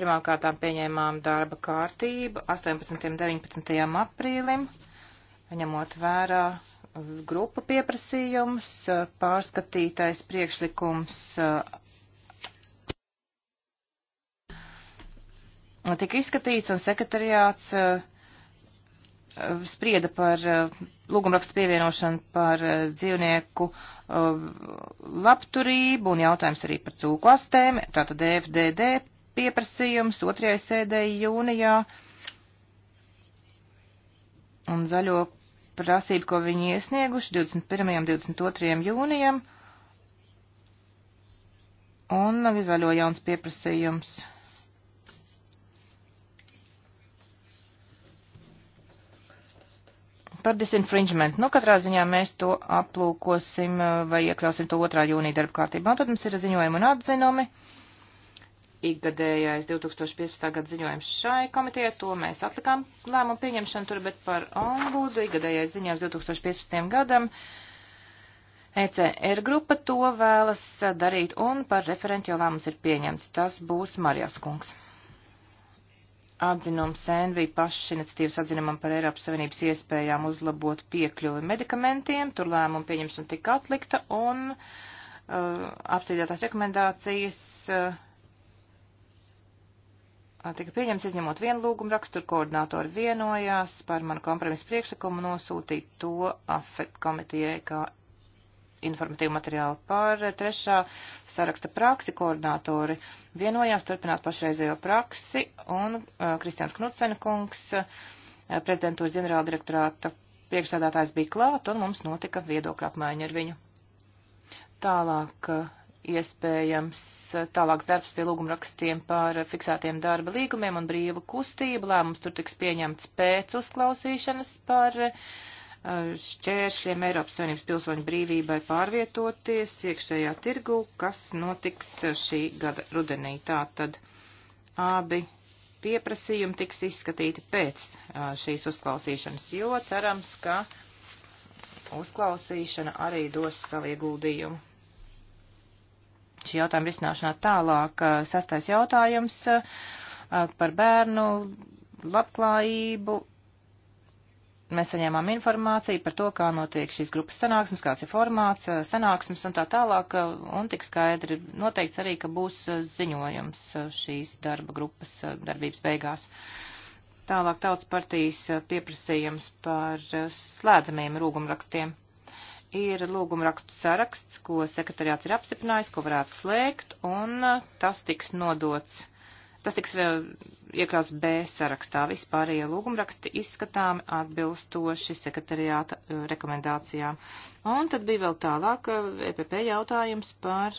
Pirmkārtām pieņēmām darba kārtību 18. un 19. aprīlim, ņemot vērā grupu pieprasījums, pārskatītais priekšlikums uh, tika izskatīts un sekretariāts uh, sprieda par uh, lūgumrakstu pievienošanu par dzīvnieku labturību un jautājums arī par cūku astēm, tātad DFDD pieprasījums otrajai sēdēji jūnijā. Un zaļo prasību, ko viņi iesnieguši 21. un 22. jūnijam. Un arī zaļo jauns pieprasījums. par disinfringement. Nu, katrā ziņā mēs to aplūkosim eh, vai iekļausim to 2. jūnija darba kārtībā. Un tad mums ir ziņojumi un atzinumi. Uh, ikgadējais 2015. gada ziņojums šai komitejai, to mēs atlikām lēmumu pieņemšanu tur, bet par ombudu ikgadējais ziņojums 2015. gadam ECR grupa to vēlas darīt un par referentu jau lēmums ir pieņemts. Tas būs Marijas kungs. Atzinums NV pašiniciatīvas atzinumam par Eiropas Savienības iespējām uzlabot piekļuvi medikamentiem, tur lēmumu pieņemšana tika atlikta un uh, apstrīdētās rekomendācijas uh, tika pieņemts izņemot vienu lūgumu raksturu, koordinātori vienojās par manu kompromisu priekšlikumu nosūtīt to AFET komitijai kā informatīvu materiālu par trešā saraksta praksi koordinātori vienojās turpināt pašreizējo praksi un uh, Kristians Knutsena kungs, uh, prezidentūras ģenerāldirektorāta priekšsādātājs bija klāt un mums notika viedokļa apmaiņa ar viņu. Tālāk uh, iespējams eh, tālāks darbs pie lūgumrakstiem par fiksētiem darba līgumiem un brīvu kustību. Lēmums tur tiks pieņemts pēc uzklausīšanas par eh, šķēršļiem Eiropas Savienības pilsoņu brīvībai pārvietoties iekšējā tirgu, kas notiks šī gada rudenī. Tātad abi pieprasījumi tiks izskatīti pēc eh, šīs uzklausīšanas, jo cerams, ka uzklausīšana arī dos savu ieguldījumu šī jautājuma risināšanā tālāk. Sastais jautājums par bērnu labklājību. Mēs saņēmām informāciju par to, kā notiek šīs grupas sanāksmes, kāds ir formāts, sanāksmes un tā tālāk, un tik skaidri noteikts arī, ka būs ziņojums šīs darba grupas darbības beigās. Tālāk tautas partijas pieprasījums par slēdzamiem rūgumrakstiem ir lūgumrakstu saraksts, ko sekretariāts ir apstiprinājis, ko varētu slēgt, un uh, tas tiks nodots, tas tiks uh, iekļauts B sarakstā. Vispārējie lūgumraksti izskatāmi atbilstoši sekretariāta uh, rekomendācijām. Un tad bija vēl tālāk EPP jautājums par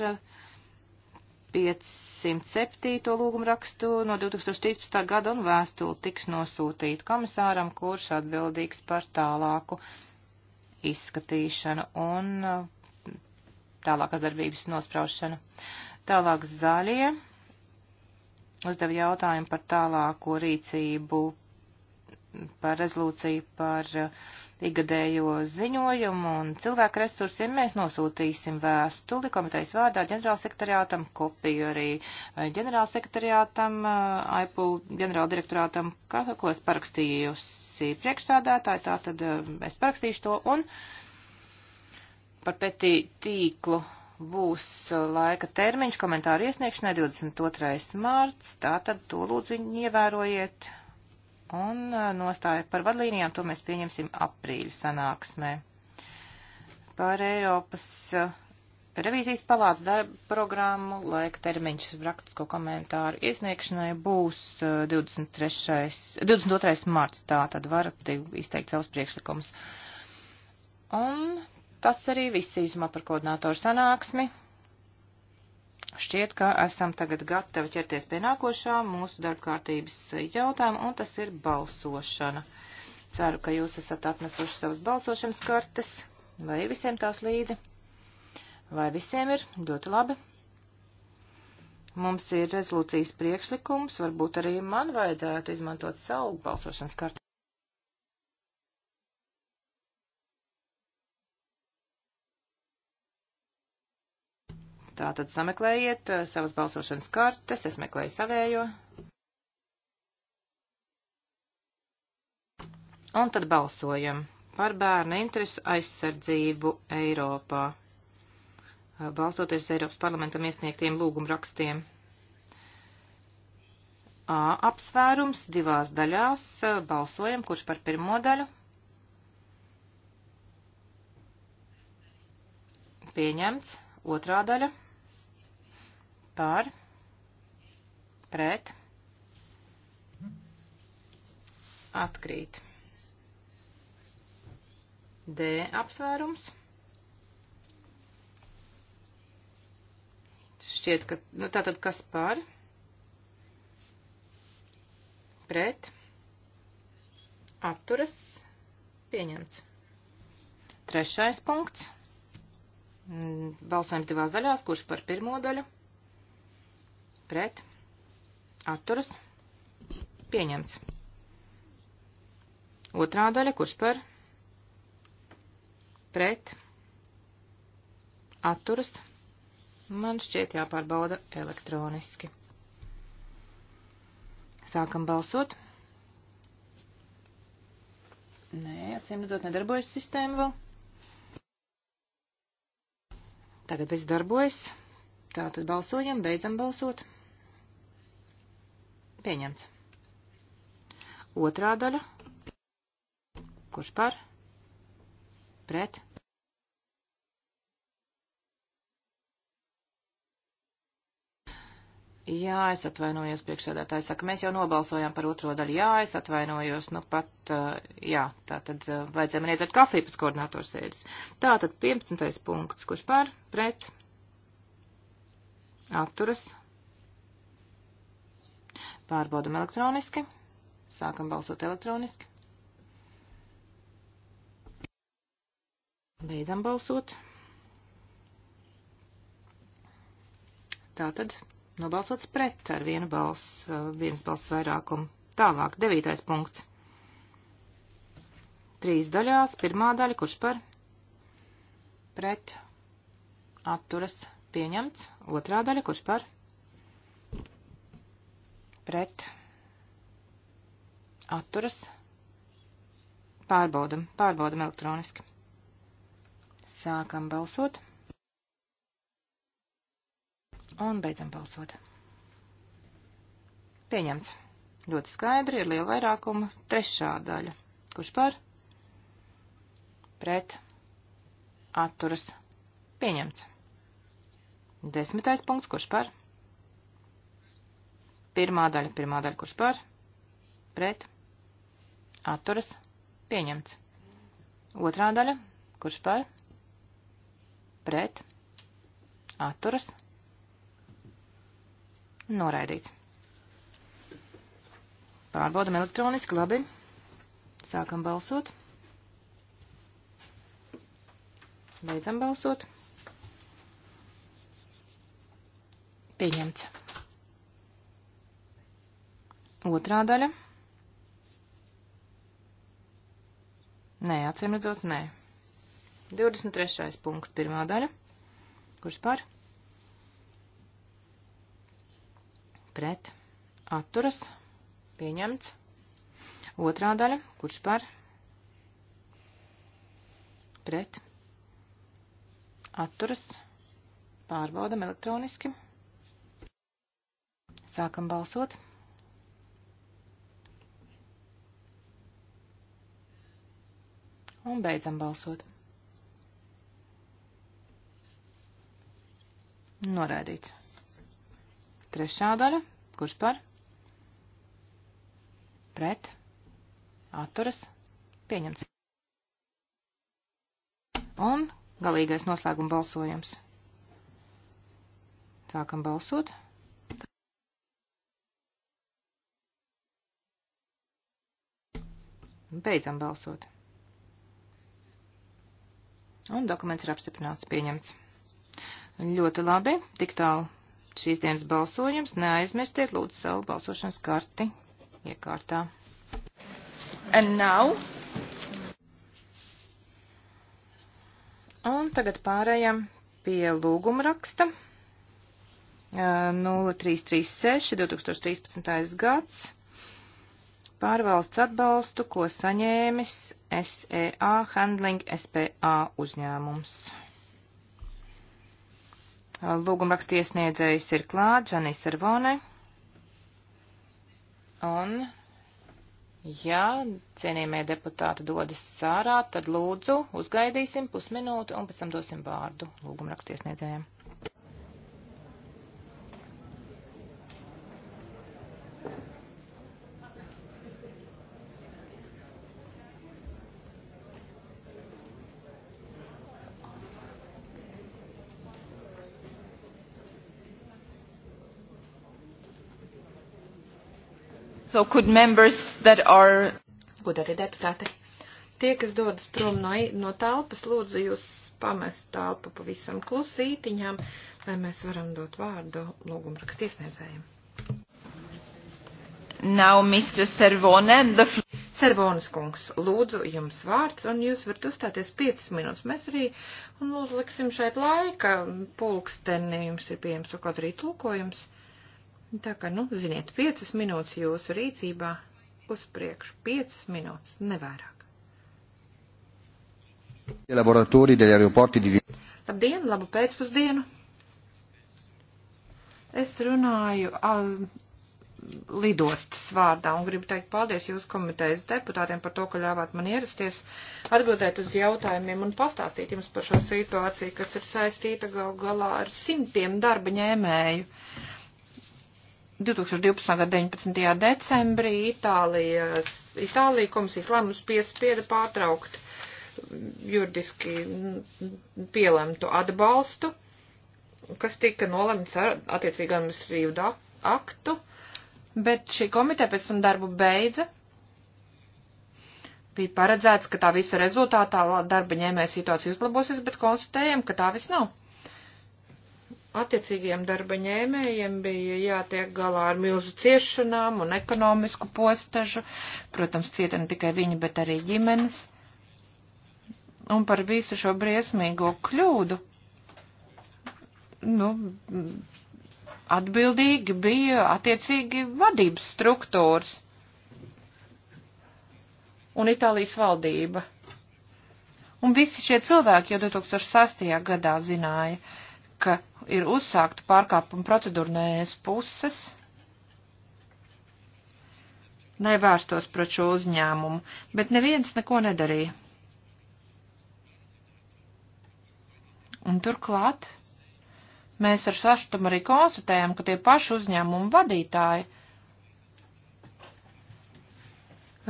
507. lūgumrakstu no 2013. gada un vēstuli tiks nosūtīta komisāram, kurš atbildīgs par tālāku izskatīšanu un eh, tālākas darbības nospraušanu. Tālāk zaļie uzdeva jautājumu par tālāko rīcību, par rezolūciju par eh, igadējo ziņojumu un cilvēku resursiem. Mēs nosūtīsim vēstuli komitejas vārdā ģenerālsekretariātam, kopiju arī eh, ģenerālsekretariātam, AIPUL ģenerāldirektorātam, kas, ko es parakstījusi komisija priekšsādātāja, tā tad eh, es parakstīšu to, un par petī tīklu būs eh, laika termiņš komentāru iesniegšanai 22. mārts, tā tad to lūdzu ievērojiet, un eh, nostāja par vadlīnijām to mēs pieņemsim aprīļa sanāksmē. Par Eiropas uh, Revīzijas palāca darba programmu laika termiņš rakstisko komentāru iesniegšanai būs 23, 22. marts, tā tad varat izteikt savus priekšlikumus. Un tas arī viss īsumā par koordinātoru sanāksmi. Šķiet, ka esam tagad gatavi ķerties pie nākošā mūsu darbkārtības jautājuma, un tas ir balsošana. Ceru, ka jūs esat atnesuši savas balsošanas kartes, vai visiem tās līdzi. Vai visiem ir? Ļoti labi. Mums ir rezolūcijas priekšlikums, varbūt arī man vajadzētu izmantot savu balsošanas kartu. Tātad sameklējiet eh, savas balsošanas kartes, es meklēju savējo. Un tad balsojam par bērnu interesu aizsardzību Eiropā balstoties Eiropas parlamentam iesniegtiem lūgumrakstiem. A, apsvērums divās daļās. Balsojam, kurš par pirmo daļu. Pieņemts. Otrā daļa. Par. Pret. Atkrīt. D apsvērums. Šķiet, ka, nu tātad kas par? Pret. Atturas. Pieņemts. Trešais punkts. Mm, balsojums divās daļās, kurš par pirmo daļu? Pret. Atturas. Pieņemts. Otrā daļa, kurš par? Pret. Atturas. Man šķiet jāpārbauda elektroniski. Sākam balsot. Nē, acīm redzot, nedarbojas sistēma vēl. Tagad viss darbojas. Tātad balsojam, beidzam balsot. Pieņemts. Otrā daļa. Kurš par? Pret? Jā, es atvainojos priekšsēdētāji. Saka, mēs jau nobalsojām par otro daļu. Jā, es atvainojos. Nu pat, uh, jā, tā tad uh, vajadzēja man iedzert kafiju pēc koordinātoru sēdes. Tā tad 15. punkts. Kurš pār? Pret? Atturas? Pārbaudam elektroniski. Sākam balsot elektroniski. Beidzam balsot. Tātad Nobalsots pret ar vienu balss, viens balss vairākumu. Tālāk, devītais punkts. Trīs daļās, pirmā daļa, kurš par? Pret. Atturas pieņemts. Otrā daļa, kurš par? Pret. Atturas. Pārbaudam, pārbaudam elektroniski. Sākam balsot. Un beidzam balsot. Pieņemts. Ļoti skaidri ir liela vairākuma trešā daļa. Kurš par? Pret. Atturas. Pieņemts. Desmitais punkts. Kurš par? Pirmā daļa. Pirmā daļa. Kurš par? Pret. Atturas. Pieņemts. Otrā daļa. Kurš par? Pret. Atturas. Noraidīts. Pārbaudam elektroniski, labi. Sākam balsot. Beidzam balsot. Pieņemts. Otrā daļa. Nē, acīm redzot, nē. 23. punkts, pirmā daļa. Kurš par? pret atturas pieņemts. Otrā daļa, kurš par pret atturas pārbaudam elektroniski. Sākam balsot. Un beidzam balsot. Noraidīts. Trešā daļa. Kurš par? Pret. Atturas. Pieņemts. Un galīgais noslēguma balsojums. Sākam balsot. Beidzam balsot. Un dokuments ir apstiprināts, pieņemts. Ļoti labi, tik tālu šīs dienas balsojums. Neaizmirstiet lūdzu savu balsošanas karti iekārtā. And now. Un tagad pārējām pie lūguma raksta. 0336 2013. gads pārvalsts atbalstu, ko saņēmis SEA Handling SPA uzņēmums. Lūgumraksta iesniedzējs ir klāt, Džanis Arvone. Un, ja cienījamie deputāti dodas sārā, tad lūdzu uzgaidīsim pusminūti un pēc tam dosim vārdu lūgumraksta iesniedzējiem. So could members that are. Godātie deputāti, tie, kas dodas prom no, no telpas, lūdzu jūs pamest telpu pavisam klusītiņām, lai mēs varam dot vārdu lūgumrakstu iesniedzējiem. Now, Mr. Servone, the floor. Servonas kungs, lūdzu, jums vārds, un jūs varat uzstāties 5 minūtes. Mēs arī, un lūdzu, liksim šeit laika pulksteni, jums ir pieejams kaut kāds arī tulkojums. Uh, Tā kā, nu, ziniet, piecas minūtes jūsu rīcībā uz priekšu, piecas minūtes, nevairāk. Labdien, labu pēcpusdienu! Es runāju al, lidostas vārdā un gribu teikt paldies jūsu komitejas deputātiem par to, ka ļāvāt man ierasties, atbildēt uz jautājumiem un pastāstīt jums par šo situāciju, kas ir saistīta gal galā ar simtiem darba ņēmēju 2012. gada 19. decembrī Itālijas, Itālija komisijas lēmums piespieda pārtraukt juridiski pielemtu atbalstu, kas tika nolemts ar attiecīgu administrīvu aktu, bet šī komiteja pēc tam darbu beidza bija paredzēts, ka tā visa rezultātā darba ņēmēja situācija uzlabosies, bet konstatējam, ka tā vis nav attiecīgiem darba ņēmējiem bija jātiek galā ar milzu ciešanām un ekonomisku postažu. Protams, cieta ne tikai viņi, bet arī ģimenes. Un par visu šo briesmīgo kļūdu, nu, atbildīgi bija attiecīgi vadības struktūras un Itālijas valdība. Un visi šie cilvēki jau 2006. gadā zināja, ka ir uzsākta pārkāpuma procedūra no ES puses, nevērstos pret šo uzņēmumu, bet neviens neko nedarīja. Un turklāt mēs ar sašutumu arī konstatējam, ka tie paši uzņēmumu vadītāji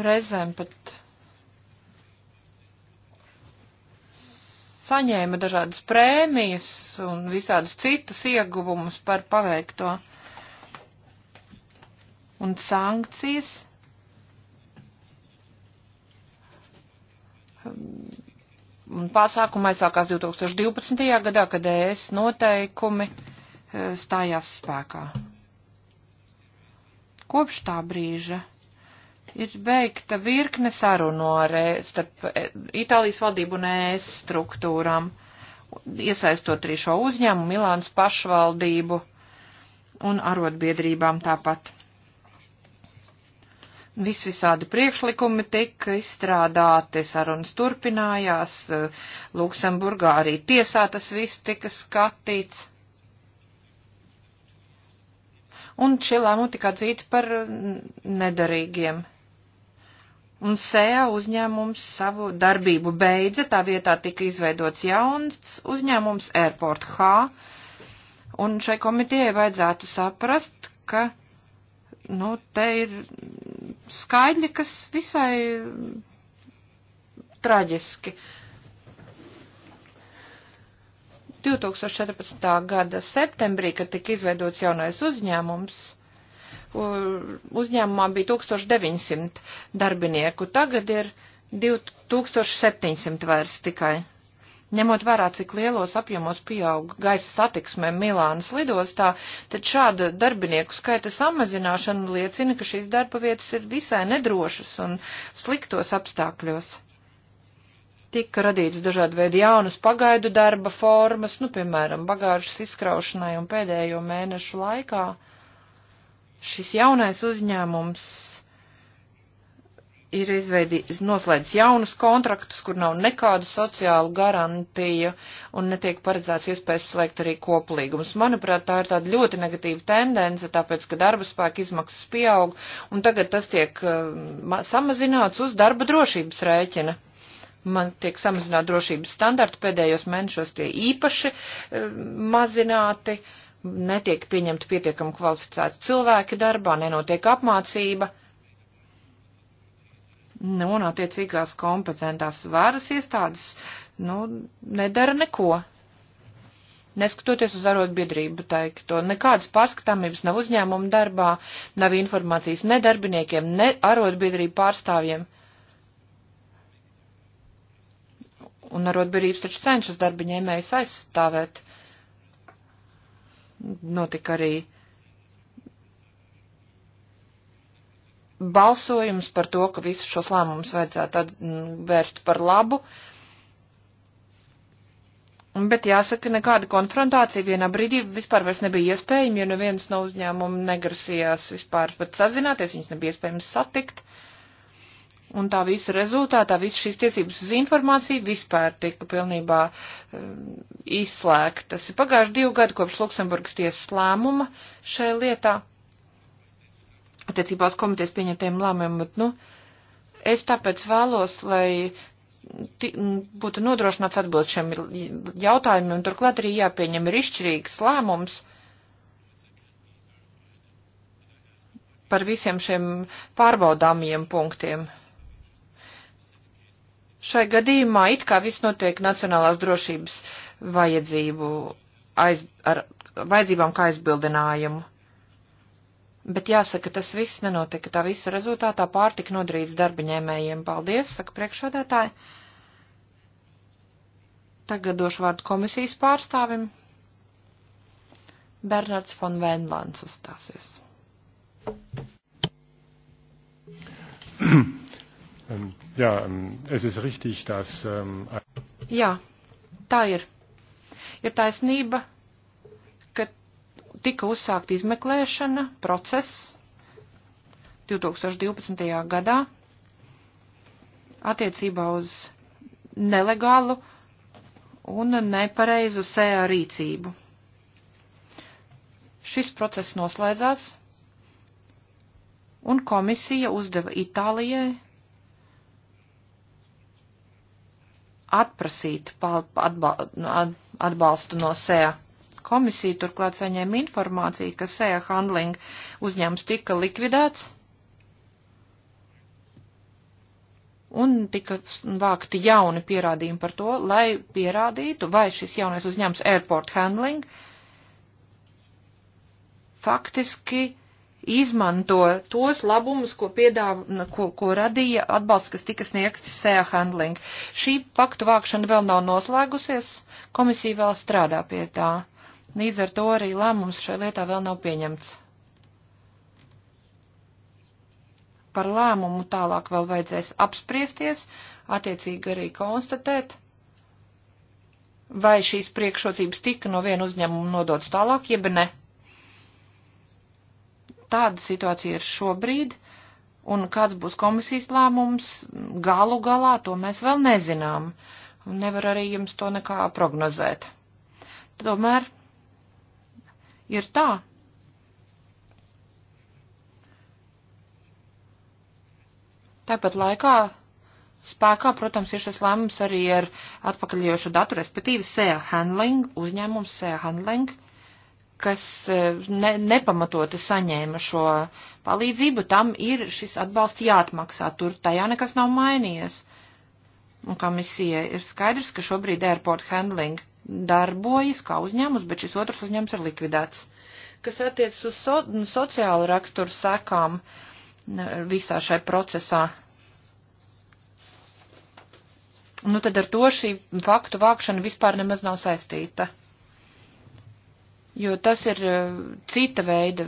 reizēm pat saņēma dažādas prēmijas un visādus citus ieguvumus par paveikto. Un sankcijas. Un pasākuma aizsākās 2012. gadā, kad ES noteikumi eh, stājās spēkā. Kopš tā brīža ir beigta virkne sarunu ar e, starp e, Itālijas valdību un ES struktūrām, iesaistot arī šo uzņēmumu, Milānas pašvaldību un arotbiedrībām tāpat. Vis visādi priekšlikumi tika izstrādāti, sarunas turpinājās, e, Luksemburgā arī tiesā tas viss tika skatīts un šie lēmumi tika atzīti par nedarīgiem un SEA uzņēmums savu darbību beidza, tā vietā tika izveidots jauns uzņēmums Airport H, un šai komitejai vajadzētu saprast, ka, nu, te ir skaidri, kas visai traģiski. 2014. gada septembrī, kad tika izveidots jaunais uzņēmums, uzņēmumā bija 1900 darbinieku, tagad ir 2700 vairs tikai. Ņemot vērā, cik lielos apjomos pieaug gaisa satiksmē Milānas lidostā, tad šāda darbinieku skaita samazināšana liecina, ka šīs darba vietas ir visai nedrošas un sliktos apstākļos. Tika radīts dažādi veidi jaunas pagaidu darba formas, nu, piemēram, bagāžas izkraušanai un pēdējo mēnešu laikā. Uh, šis jaunais uzņēmums ir izveidījis, noslēdz jaunus kontraktus, kur nav nekādu sociālu garantiju un netiek paredzēts iespējas slēgt arī koplīgumus. Manuprāt, tā ir tāda ļoti negatīva tendence, tāpēc, ka darba spēka izmaksas pieaug un tagad tas tiek uh, samazināts uz darba drošības rēķina. Man tiek samazināti drošības standarti, pēdējos mēnešos tie īpaši uh, mazināti. Uh, netiek pieņemti pietiekami kvalificēti cilvēki darbā, nenotiek apmācība. Nu, un attiecīgās kompetentās varas iestādes, nu, nedara neko. Neskatoties uz arotbiedrību teikto, nekādas pārskatāmības nav uzņēmuma darbā, nav informācijas ne darbiniekiem, ne arotbiedrību pārstāvjiem. Un arotbiedrības taču cenšas darbiņēmējus aizstāvēt. Uh, Notika arī balsojums par to, ka visus šos lēmumus vajadzētu vērst par labu. Bet jāsaka, nekāda konfrontācija vienā brīdī vispār vairs nebija iespējama, jo neviens no uzņēmuma negrasījās vispār pat sazināties, viņus nebija iespējams satikt. Uh, Un tā visa rezultātā, visas šīs tiesības uz informāciju vispār tika pilnībā um, izslēgtas. Ir pagājuši divi gadi kopš Luksemburgas tiesas lēmuma šai lietā, attiecībā uz komitejas pieņemtiem lēmumiem, bet, nu, es tāpēc vēlos, lai būtu nodrošināts atbild šiem jautājumiem, un turklāt arī jāpieņem ir izšķirīgs lēmums. par visiem šiem pārbaudāmajiem punktiem. Šai gadījumā it kā viss notiek nacionālās drošības vajadzību aiz, ar vajadzībām kā aizbildinājumu. Bet jāsaka, tas viss nenotika. Tā visa rezultātā pārtika nodarīts darbaņēmējiem. Paldies, saka priekšādētāji. Tagad došu vārdu komisijas pārstāvim. Bernards von Venlands uzstāsies. um, Jā, ähm, es esmu richtig, tas. Um... Ähm, Jā, tā ir. Ir taisnība, ka tika uzsākt izmeklēšana, process 2012. gadā attiecībā uz nelegālu un nepareizu sējā rīcību. Šis process noslēdzās, un komisija uzdeva Itālijai atprasīt nu, atbalstu no SEA. Komisija turklāt saņēma informāciju, ka SEA handling uzņēmums tika likvidēts un tika vākti jauni pierādījumi par to, lai pierādītu, vai šis jaunais uzņēmums Airport Handling faktiski izmanto tos labumus, ko, piedāv, ko, ko radīja atbalsts, kas tika sniegts SEA handling. Šī paktu vākšana vēl nav noslēgusies, komisija vēl strādā pie tā. Līdz ar to arī lēmums šai lietā vēl nav pieņemts. Par lēmumu tālāk vēl vajadzēs apspriesties, attiecīgi arī konstatēt, vai šīs priekšrocības tika no viena uzņēmuma nodotas tālāk, jeb ne tāda situācija ir šobrīd, un kāds būs komisijas lēmums galu galā, to mēs vēl nezinām, un nevar arī jums to nekā prognozēt. Tomēr ir tā, Tāpat laikā spēkā, protams, ir šis lēmums arī ar atpakaļjošu datu, respektīvi SEA handling, uzņēmums SEA handling, kas e, ne, nepamatoti saņēma šo palīdzību, tam ir šis atbalsts jāatmaksā. Tur tajā nekas nav mainījies. Un komisija ir skaidrs, ka šobrīd airport handling darbojas kā uzņēmums, bet šis otrs uzņēmums ir likvidēts. Kas attiec uz so, nu, sociālu raksturu sekām visā šai procesā, nu tad ar to šī faktu vākšana vispār nemaz nav saistīta jo tas ir eh, cita veida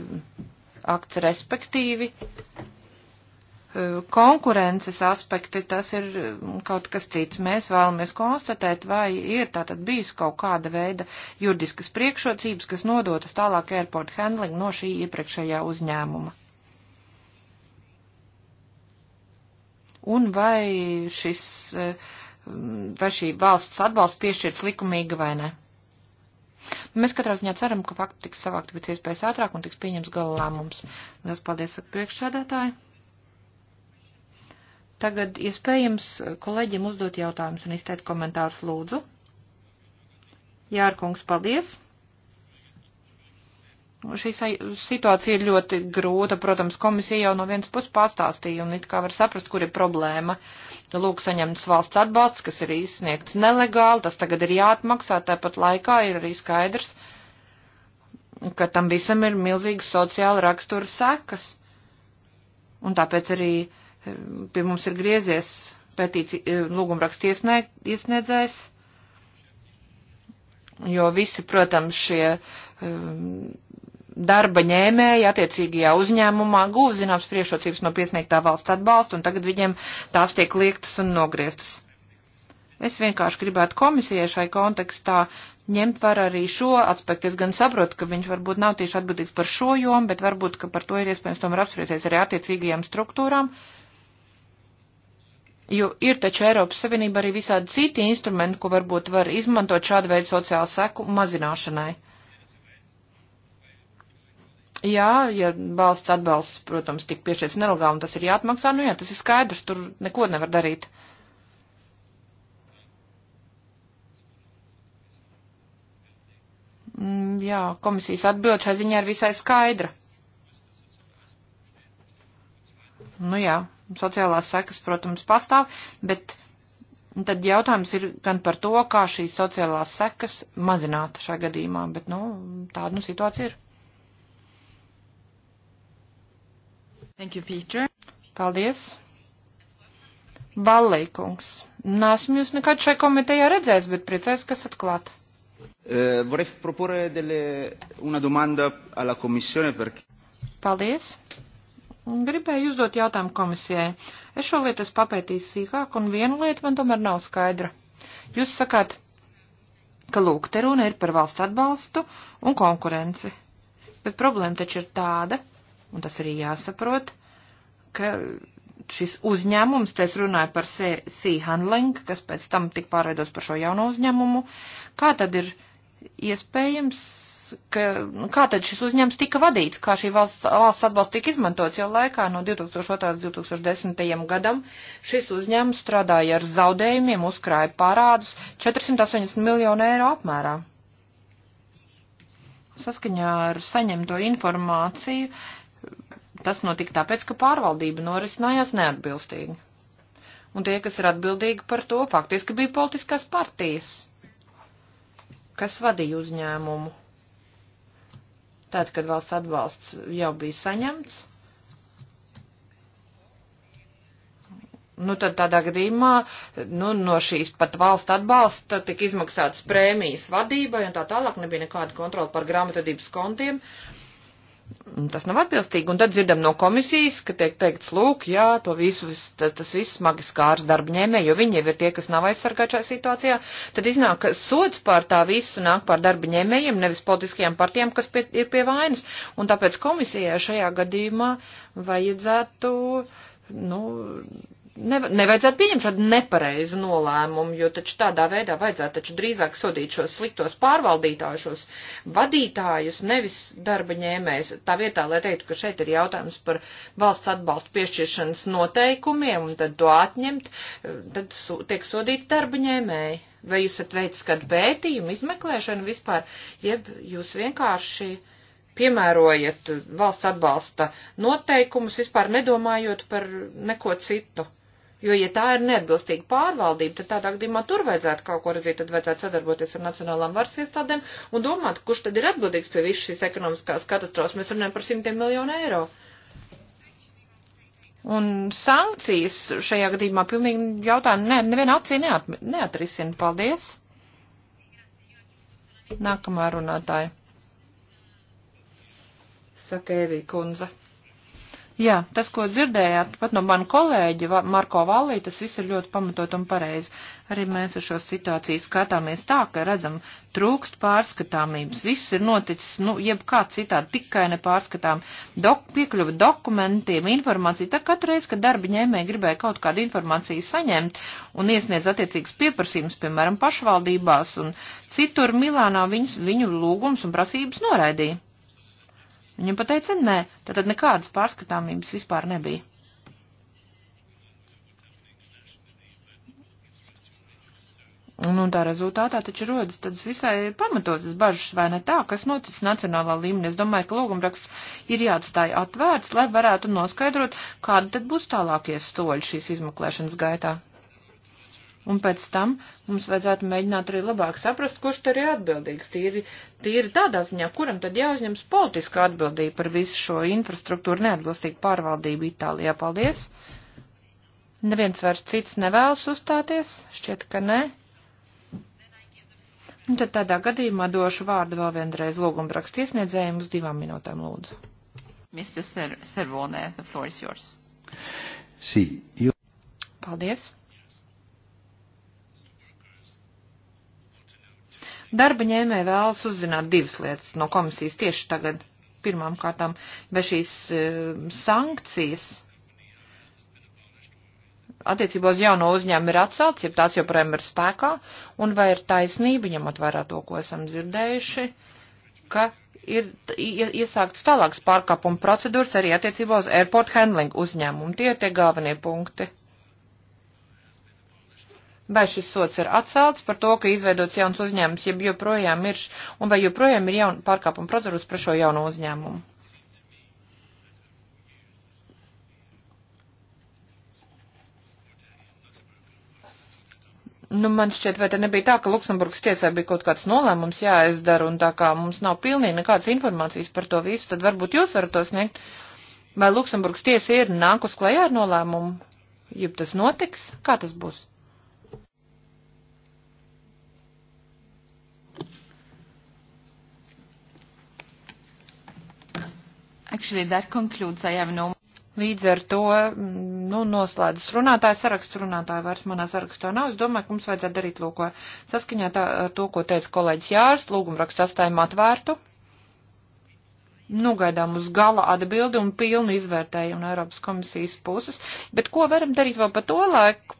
akts, respektīvi eh, konkurences aspekti, tas ir mm, kaut kas cits. Mēs vēlamies konstatēt, vai ir tātad bijusi kaut kāda veida juridiskas priekšrocības, kas nodotas tālāk airport handling no šī iepriekšējā uzņēmuma. Un vai šis, eh, mm, vai šī valsts atbalsts piešķirts likumīgi vai ne? Mēs katrā ziņā ceram, ka fakti tiks savākti pēc iespējas ātrāk un tiks pieņems gala lēmums. Lielas paldies, saka priekšsēdētāji. Tagad iespējams kolēģiem uzdot jautājumus un izteikt komentārus lūdzu. Jārkungs, paldies! Šī situācija ir ļoti grūta, protams, komisija jau no vienas puses pastāstīja un it kā var saprast, kur ir problēma. Lūk, saņemts valsts atbalsts, kas ir izsniegts nelegāli, tas tagad ir jāatmaksā, tāpat laikā ir arī skaidrs, ka tam visam ir milzīgas sociāla rakstura sekas. Un tāpēc arī eh, pie mums ir griezies pētīci eh, lūgumraksts iesniedzējs, jo visi, protams, šie um, darba ņēmēji attiecīgajā uzņēmumā gūst zināmas priekšrocības no piesniegtā valsts atbalsta, un tagad viņiem tās tiek liektas un nogrieztas. Es vienkārši gribētu komisijai šai kontekstā ņemt vērā arī šo aspektu. Es gan saprotu, ka viņš varbūt nav tieši atbildīgs par šo jomu, bet varbūt, ka par to ir iespējams tomēr apspriesties arī attiecīgajām struktūrām. Jo ir taču Eiropas Savienība arī visādi citi instrumenti, ko varbūt var izmantot šādu veidu sociālu seku mazināšanai. Jā, ja valsts atbalsts, protams, tik piešķirts nelegāli un tas ir jāatmaksā, nu jā, tas ir skaidrs, tur neko nevar darīt. Mm, jā, komisijas atbild šai ziņā ir visai skaidra. Nu jā, sociālās sekas, protams, pastāv, bet tad jautājums ir gan par to, kā šīs sociālās sekas mazināt šajā gadījumā, bet, nu, tāda nu situācija ir. Thank you, Peter. Paldies. Ballīkungs. Nesmu jūs nekad šai komitejā redzējis, bet priecājos, kas atklāt. Uh, eh, vorrei proporre delle, una domanda alla Commissione perché. Paldies. Gribēju uzdot jautājumu komisijai. Es šo lietu esmu papētījis sīkāk, un viena lieta man tomēr nav skaidra. Jūs sakāt, ka lūk, te runa ir par valsts atbalstu un konkurenci. Bet problēma taču ir tāda, un tas arī jāsaprot, ka šis uzņēmums, te es runāju par C-Handling, kas pēc tam tik pārveidos par šo jauno uzņēmumu, kā tad ir iespējams, ka, nu, kā tad šis uzņēmums tika vadīts, kā šī valsts, valsts atbalsts tika izmantots, jo laikā no 2002. līdz 2010. gadam šis uzņēmums strādāja ar zaudējumiem, uzkrāja parādus 480 miljonu eiro apmērā. Saskaņā ar saņemto informāciju Tas notika tāpēc, ka pārvaldība norisinājās neatbilstīgi. Un tie, kas ir atbildīgi par to, faktiski bija politiskās partijas, kas vadīja uzņēmumu. Tad, kad valsts atbalsts jau bija saņemts, Nu, tad tādā gadījumā nu, no šīs pat valsts atbalsta tika izmaksātas prēmijas vadībai un tā tālāk nebija nekāda kontrola par grāmatvedības kontiem. Uh, Tas nav atbilstīgi, un tad dzirdam no komisijas, ka tiek teikts, lūk, jā, to visu, tas, tas viss smagi skārs darbņēmē, jo viņi jau ir tie, kas nav aizsargāti šajā situācijā, tad iznāk, ka sods pār tā visu nāk pār darbņēmējiem, nevis politiskajām partijām, kas pie, ir pie vainas, un tāpēc komisijai šajā gadījumā vajadzētu, nu, ne, nevajadzētu pieņemt šādu nepareizu nolēmumu, jo taču tādā veidā vajadzētu taču drīzāk sodīt šos sliktos pārvaldītājušos vadītājus, nevis darba ņēmējs. Tā vietā, lai teiktu, ka šeit ir jautājums par valsts atbalstu piešķiršanas noteikumiem un tad to atņemt, tad tiek sodīti darba ņēmēji. Vai jūs esat veicis kādu pētījumu, izmeklēšanu vispār, jeb jūs vienkārši piemērojat valsts atbalsta noteikumus, vispār nedomājot par neko citu. Jo, ja tā ir neatbilstīga pārvaldība, tad tādā gadījumā tur vajadzētu kaut ko redzēt, tad vajadzētu sadarboties ar nacionālām varas iestādēm un domāt, kurš tad ir atbildīgs pie visas šīs ekonomiskās katastrofas. Mēs runājam par simtiem miljonu eiro. Un sankcijas šajā gadījumā pilnīgi jautājumu ne, neviena acī neat, neatrisina. Paldies! Nākamā runātāja. Saka Evī Kunze. Jā, tas, ko dzirdējāt pat no mana kolēģa Marko Vallī, tas viss ir ļoti pamatot un pareizi. Arī mēs uz šo situāciju skatāmies tā, ka redzam, trūkst pārskatāmības. Viss ir noticis, nu, jebkā citādi, tikai nepārskatām. Dok, piekļuva dokumentiem, informācija. Tā katru reizi, kad darba ņēmēji gribēja kaut kādu informāciju saņemt un iesniedz attiecīgas pieprasījumus, piemēram, pašvaldībās un citur Milānā, viņus, viņu lūgums un prasības noraidīja. Viņam pateica, nē, tātad nekādas pārskatāmības vispār nebija. Un, un tā rezultātā taču rodas tādas visai pamatotas bažas, vai ne tā, kas noticis nacionālā līmenī. Es domāju, ka logumraksts ir jāatstāj atvērts, lai varētu noskaidrot, kāda tad būs tālākie soļi šīs izmeklēšanas gaitā. Un pēc tam mums vajadzētu mēģināt arī labāk saprast, kurš tur ir atbildīgs. Tīri, tīri tādā ziņā, kuram tad jāuzņems politiska atbildība par visu šo infrastruktūru neatbilstīgu pārvaldību Itālijā. Paldies! Neviens vairs cits nevēlas uzstāties? Šķiet, ka nē. Un tad tādā gadījumā došu vārdu vēl vienreiz lūgumbrakstu iesniedzējiem uz divām minūtēm lūdzu. Mr. Servone, the floor is yours. Sī, jū... Paldies. Darba ņēmē vēlas uzzināt divas lietas no komisijas tieši tagad. Pirmām kārtām, vai šīs eh, sankcijas attiecībā uz jauno uzņēmumu ir atcelts, ja tās joprojām ir spēkā, un vai ir taisnība, ņemot vērā to, ko esam dzirdējuši, ka ir iesākts tālāks pārkāpuma procedūras arī attiecībā uz airport handling uzņēmumu. Tie ir tie galvenie punkti. Vai šis sots ir atcelts par to, ka izveidots jauns uzņēmums, ja joprojām ir, un vai joprojām ir jauna pārkāpuma procedūras par šo jauno uzņēmumu? Nu, man šķiet, vai te nebija tā, ka Luksemburgas tiesā bija kaut kāds nolēmums jāizdara, un tā kā mums nav pilnīgi nekādas informācijas par to visu, tad varbūt jūs varat to sniegt. Vai Luksemburgas tiesa ir nākus klajā ar nolēmumu? Jeb tas notiks? Kā tas būs? Actually, that concludes. I have no. Līdz ar to, mm, nu, noslēdzas runātāja saraksts, runātāja vairs manā sarakstā nav. Es domāju, ka mums vajadzētu darīt lūko saskaņā tā, ar to, ko teica kolēģis Jārs, lūgumrakstu atstājam atvērtu. Nugaidām uz gala atbildi un pilnu izvērtējumu no Eiropas komisijas puses, bet ko varam darīt vēl pa to laiku?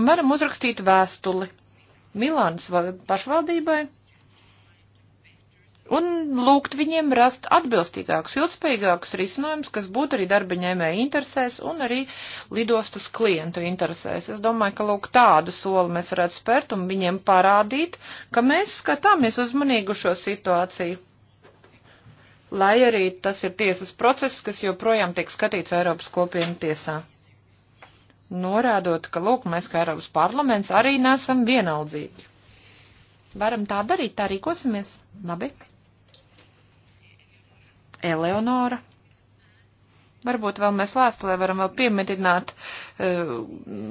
Varam uzrakstīt vēstuli Milānas pašvaldībai un lūgt viņiem rast atbilstīgākus, ilgspējīgākus risinājumus, kas būtu arī darba ņēmēja interesēs un arī lidostas klientu interesēs. Es domāju, ka lūk tādu soli mēs varētu spērt un viņiem parādīt, ka mēs skatāmies uzmanīgu šo situāciju. Lai arī tas ir tiesas process, kas joprojām tiek skatīts Eiropas kopienu tiesā. Norādot, ka lūk, mēs kā Eiropas parlaments arī nesam vienaldzīgi. Varam tā darīt, tā rīkosimies. Labi. Eleonora. Varbūt vēl mēs vēstulē varam vēl piemedināt, e,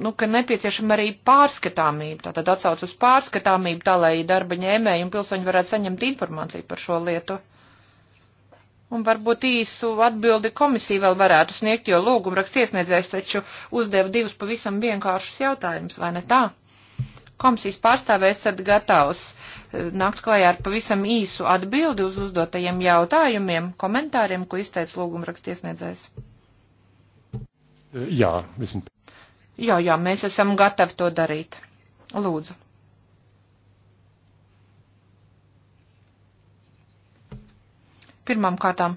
nu, ka nepieciešama arī pārskatāmība, tātad atsauc uz pārskatāmību, tā lai darba ņēmēji un pilsoņi varētu saņemt informāciju par šo lietu. Un varbūt īsu atbildi komisija vēl varētu sniegt, jo lūgumraksts iesniedzējs taču uzdeva divus pavisam vienkāršus jautājumus, vai ne tā? komisijas pārstāvē esat gatavs eh, nākt klajā ar pavisam īsu atbildi uz uzdotajiem jautājumiem, komentāriem, ko izteica lūguma rakstiesniedzējs? Eh, jā, visam. Jā, jā, mēs esam gatavi to darīt. Lūdzu. Pirmām kārtām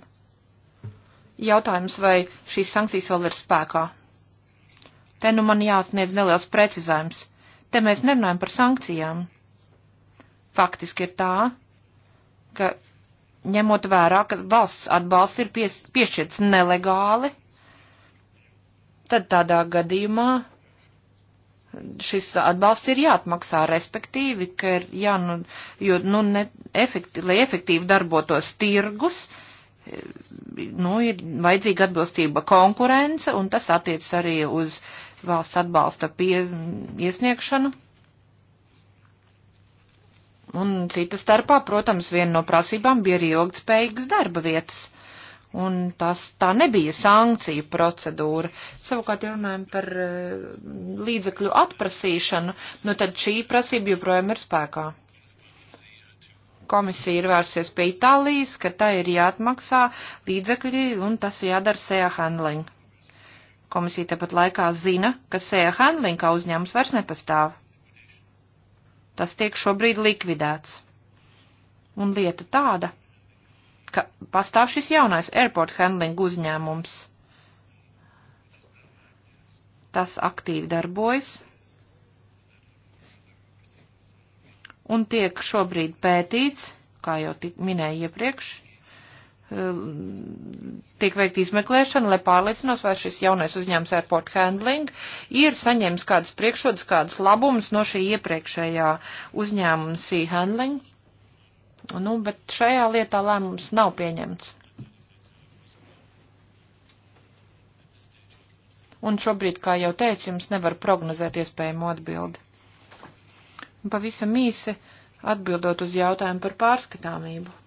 jautājums, vai šīs sankcijas vēl ir spēkā. Te nu man jāsniedz neliels precizējums Te mēs nerunājam par sankcijām. Faktiski ir tā, ka ņemot vērā, ka valsts atbalsts ir pies, piešķirts nelegāli, tad tādā gadījumā šis atbalsts ir jāatmaksā, respektīvi, ka ir jā, nu, jo, nu, ne, efekti, lai efektīvi darbotos tirgus, nu, ir vajadzīga atbilstība konkurence, un tas attiec arī uz valsts atbalsta pie iesniegšanu. Un cita starpā, protams, viena no prasībām bija arī ilgtspējīgas darba vietas. Un tas tā nebija sankcija procedūra. Savukārt, ja runājam par eh, līdzekļu atprasīšanu, nu tad šī prasība joprojām ir spēkā. Komisija ir vērsies pie Itālijas, ka tā ir jāatmaksā līdzekļi un tas jādara sejā handling. Komisija tepat laikā zina, ka Sēja Hanlinka uzņēmums vairs nepastāv. Tas tiek šobrīd likvidēts. Un lieta tāda, ka pastāv šis jaunais airport handling uzņēmums. Tas aktīvi darbojas un tiek šobrīd pētīts, kā jau tik minēju iepriekš, Um, tiek veikta izmeklēšana, lai pārliecinos, vai šis jaunais uzņēmums Airport Handling ir saņēmis kādas priekšrodas, kādas labumus no šī iepriekšējā uzņēmuma Sea Handling. Nu, bet šajā lietā lēmums nav pieņemts. Un šobrīd, kā jau teicu, jums nevar prognozēt iespējamo atbildi. Pavisam īsi atbildot uz jautājumu par pārskatāmību.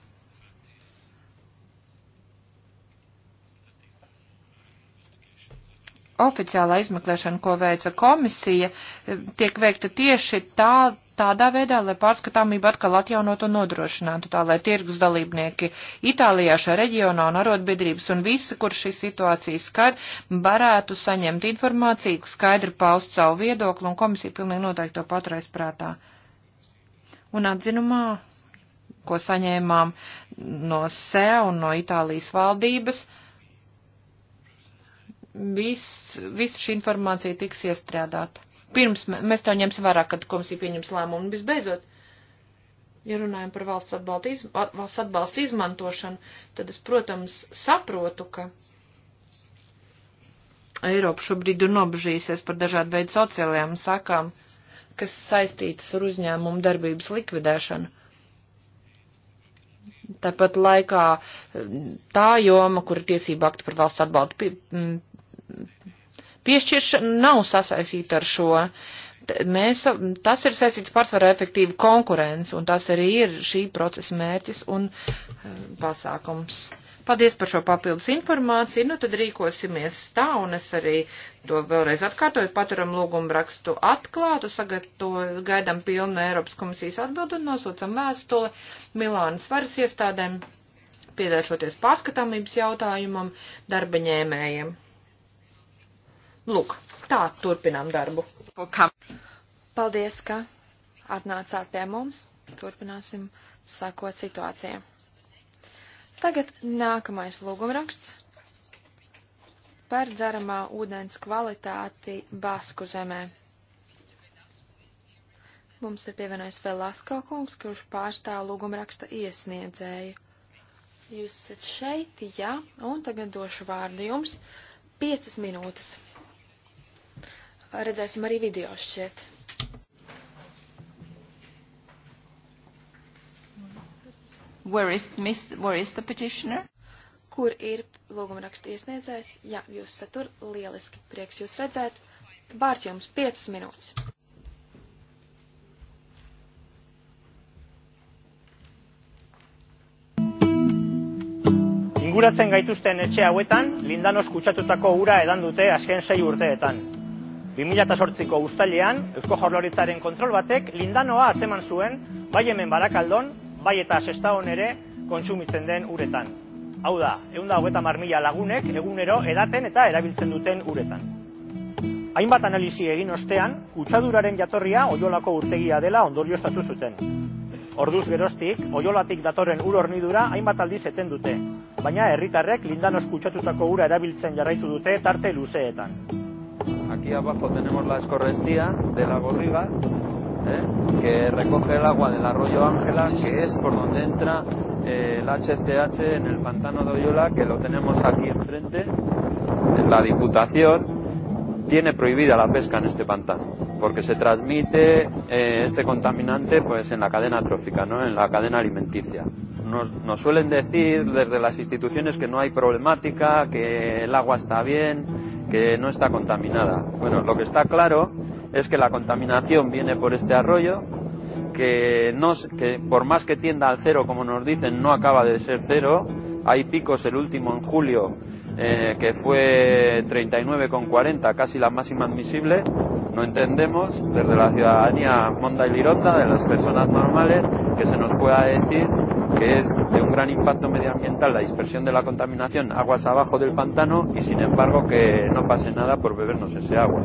oficiālā izmeklēšana, ko veica komisija, eh, tiek veikta tieši tā, tādā veidā, lai pārskatāmību atkal atjaunot un nodrošinātu, tā lai tirgus dalībnieki Itālijā šajā reģionā un arotbiedrības un visi, kur šī situācija skar, varētu saņemt informāciju, skaidri paust savu viedokli, un komisija pilnīgi noteikti to paturēs prātā. Un atzinumā, ko saņēmām no SEA un no Itālijas valdības, uh, viss, visa šī informācija tiks iestrādāta. Pirms mēs to ņemsim vērā, kad komisija pieņems lēmumu. Un visbeidzot, ja runājam par valsts atbalstu, iz, valsts atbalstu izmantošanu, tad es, protams, saprotu, ka Eiropa šobrīd ir nobežījusies par dažādu veidu sociālajām sakām, kas saistītas ar uzņēmumu darbības likvidēšanu. Tāpat laikā tā joma, kur tiesība akti par valsts atbalstu piešķiršana nav sasaistīta ar šo. Mēs, tas ir saistīts pārsvarā efektīvu konkurenci, un tas arī ir šī procesa mērķis un e, pasākums. Paldies par šo papildus informāciju. Nu, tad rīkosimies tā, un es arī to vēlreiz atkārtoju. Paturam lūgumu rakstu atklātu, sagatavoju, gaidam pilnu Eiropas komisijas atbildu un nosūcam vēstuli Milānas varas iestādēm, pievēršoties pārskatāmības jautājumam, darba ņēmējiem. Lūk, tā turpinām darbu. Paldies, ka atnācāt pie mums. Turpināsim sakot situācijai. Tagad nākamais lūgumraksts par dzeramā ūdens kvalitāti Basku zemē. Mums ir pievienojis Velasko kungs, kurš pārstāv lūgumraksta iesniedzēju. Jūs esat šeit, jā, un tagad došu vārdu jums. Piecas minūtes redzēsim arī video šķiet. Where is, miss, where is the petitioner? Kur ir lūguma raksta iesniedzējs? Jā, jūs satur lieliski. Prieks jūs redzēt. Vārds jums 5 minūtes. Inguratzen gaituzten etxe hauetan, lindanos kutsatutako ura edan dute azken sei urteetan. 2008ko uztailean Eusko Jaurlaritzaren kontrol batek lindanoa atzeman zuen bai hemen Barakaldon, bai eta Sestaon ere kontsumitzen den uretan. Hau da, 130 mila lagunek egunero edaten eta erabiltzen duten uretan. Hainbat analisi egin ostean, kutsaduraren jatorria Oiolako urtegia dela ondorioztatu zuten. Orduz geroztik, Oiolatik datorren ur hornidura hainbat aldiz eten dute, baina herritarrek lindanos kutsatutako ura erabiltzen jarraitu dute tarte luzeetan. Aquí abajo tenemos la escorrentía de la Gorriga, ¿eh? que recoge el agua del arroyo Ángela, que es por donde entra eh, el HCH en el pantano de Oyola, que lo tenemos aquí enfrente. La Diputación tiene prohibida la pesca en este pantano porque se transmite eh, este contaminante pues en la cadena trófica, ¿no? en la cadena alimenticia. Nos, nos, suelen decir desde las instituciones que no hay problemática, que el agua está bien, que no está contaminada. Bueno, lo que está claro es que la contaminación viene por este arroyo, que, no, que por más que tienda al cero, como nos dicen, no acaba de ser cero. Hay picos, el último en julio, eh, que fue 39,40, casi la máxima admisible. No entendemos, desde la ciudadanía monda y lironda, de las personas normales, que se nos pueda decir que es de un gran impacto medioambiental la dispersión de la contaminación aguas abajo del pantano y sin embargo que no pase nada por bebernos ese agua.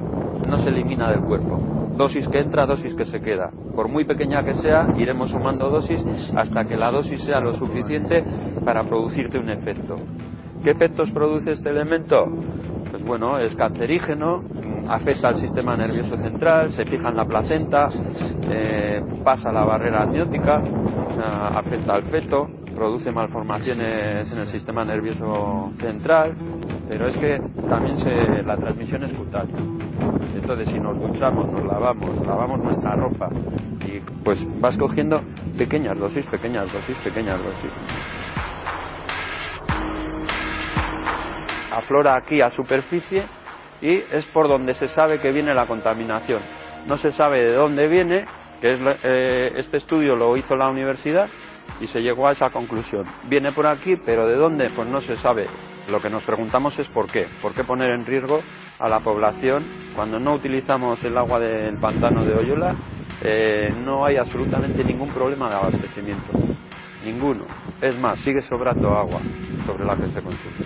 No se elimina del cuerpo. Dosis que entra, dosis que se queda. Por muy pequeña que sea, iremos sumando dosis hasta que la dosis sea lo suficiente para producirte un efecto. ¿Qué efectos produce este elemento? Pues bueno, es cancerígeno, afecta al sistema nervioso central, se fija en la placenta, eh, pasa la barrera amniótica, o sea, afecta al feto, produce malformaciones en el sistema nervioso central, pero es que también se, la transmisión es cutánea. Entonces, si nos duchamos, nos lavamos, lavamos nuestra ropa, y pues vas cogiendo pequeñas dosis, pequeñas dosis, pequeñas dosis. Aflora aquí a superficie y es por donde se sabe que viene la contaminación. No se sabe de dónde viene, que es, eh, este estudio lo hizo la universidad y se llegó a esa conclusión. Viene por aquí, pero de dónde, pues no se sabe. Lo que nos preguntamos es por qué. ¿Por qué poner en riesgo a la población cuando no utilizamos el agua del pantano de Oyola? Eh, no hay absolutamente ningún problema de abastecimiento. Ninguno. Es más, sigue sobrando agua sobre la que se consume.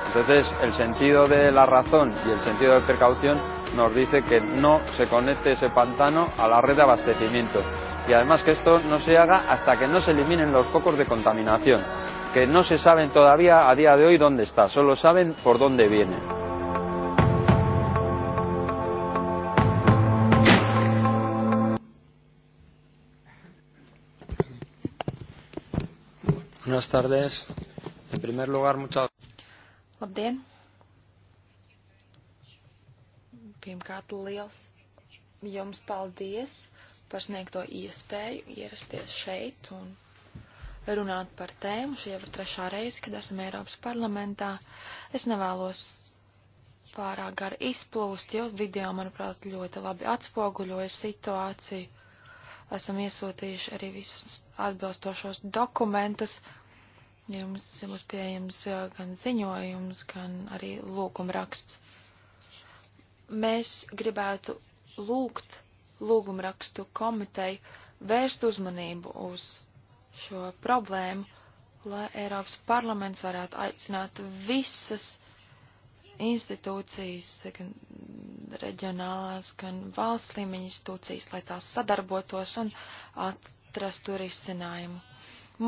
Entonces, el sentido de la razón y el sentido de precaución nos dice que no se conecte ese pantano a la red de abastecimiento y además que esto no se haga hasta que no se eliminen los focos de contaminación, que no se saben todavía a día de hoy dónde está, solo saben por dónde viene. Buenas tardes. En primer lugar, muchas Labdien! Pirmkārt, liels jums paldies par sniegto iespēju ierasties šeit un runāt par tēmu. Šī jau ir trešā reize, kad esam Eiropas parlamentā. Es nevēlos pārāk gari izplūst, jo video, manuprāt, ļoti labi atspoguļoja situāciju. Esam iesūtījuši arī visus atbilstošos dokumentus. Jums būs pieejams gan ziņojums, gan arī lūgumraksts. Mēs gribētu lūgt lūgumrakstu komiteju vērst uzmanību uz šo problēmu, lai Eiropas parlaments varētu aicināt visas institūcijas, gan reģionālās, gan valsts līmeņa institūcijas, lai tās sadarbotos un atrastu risinājumu.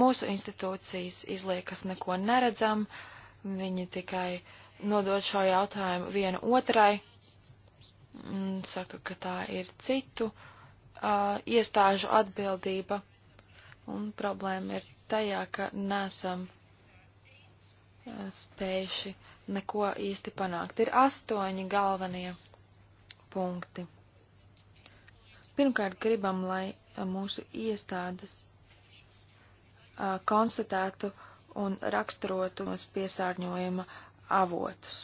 Mūsu institūcijas izliekas neko neredzam, viņi tikai nodod šo jautājumu vienu otrai, mm, saka, ka tā ir citu uh, iestāžu atbildība, un problēma ir tajā, ka nesam uh, spējuši neko īsti panākt. Ir astoņi galvenie punkti. Pirmkārt, gribam, lai mūsu iestādes konstatētu un raksturotu mums piesārņojuma avotus.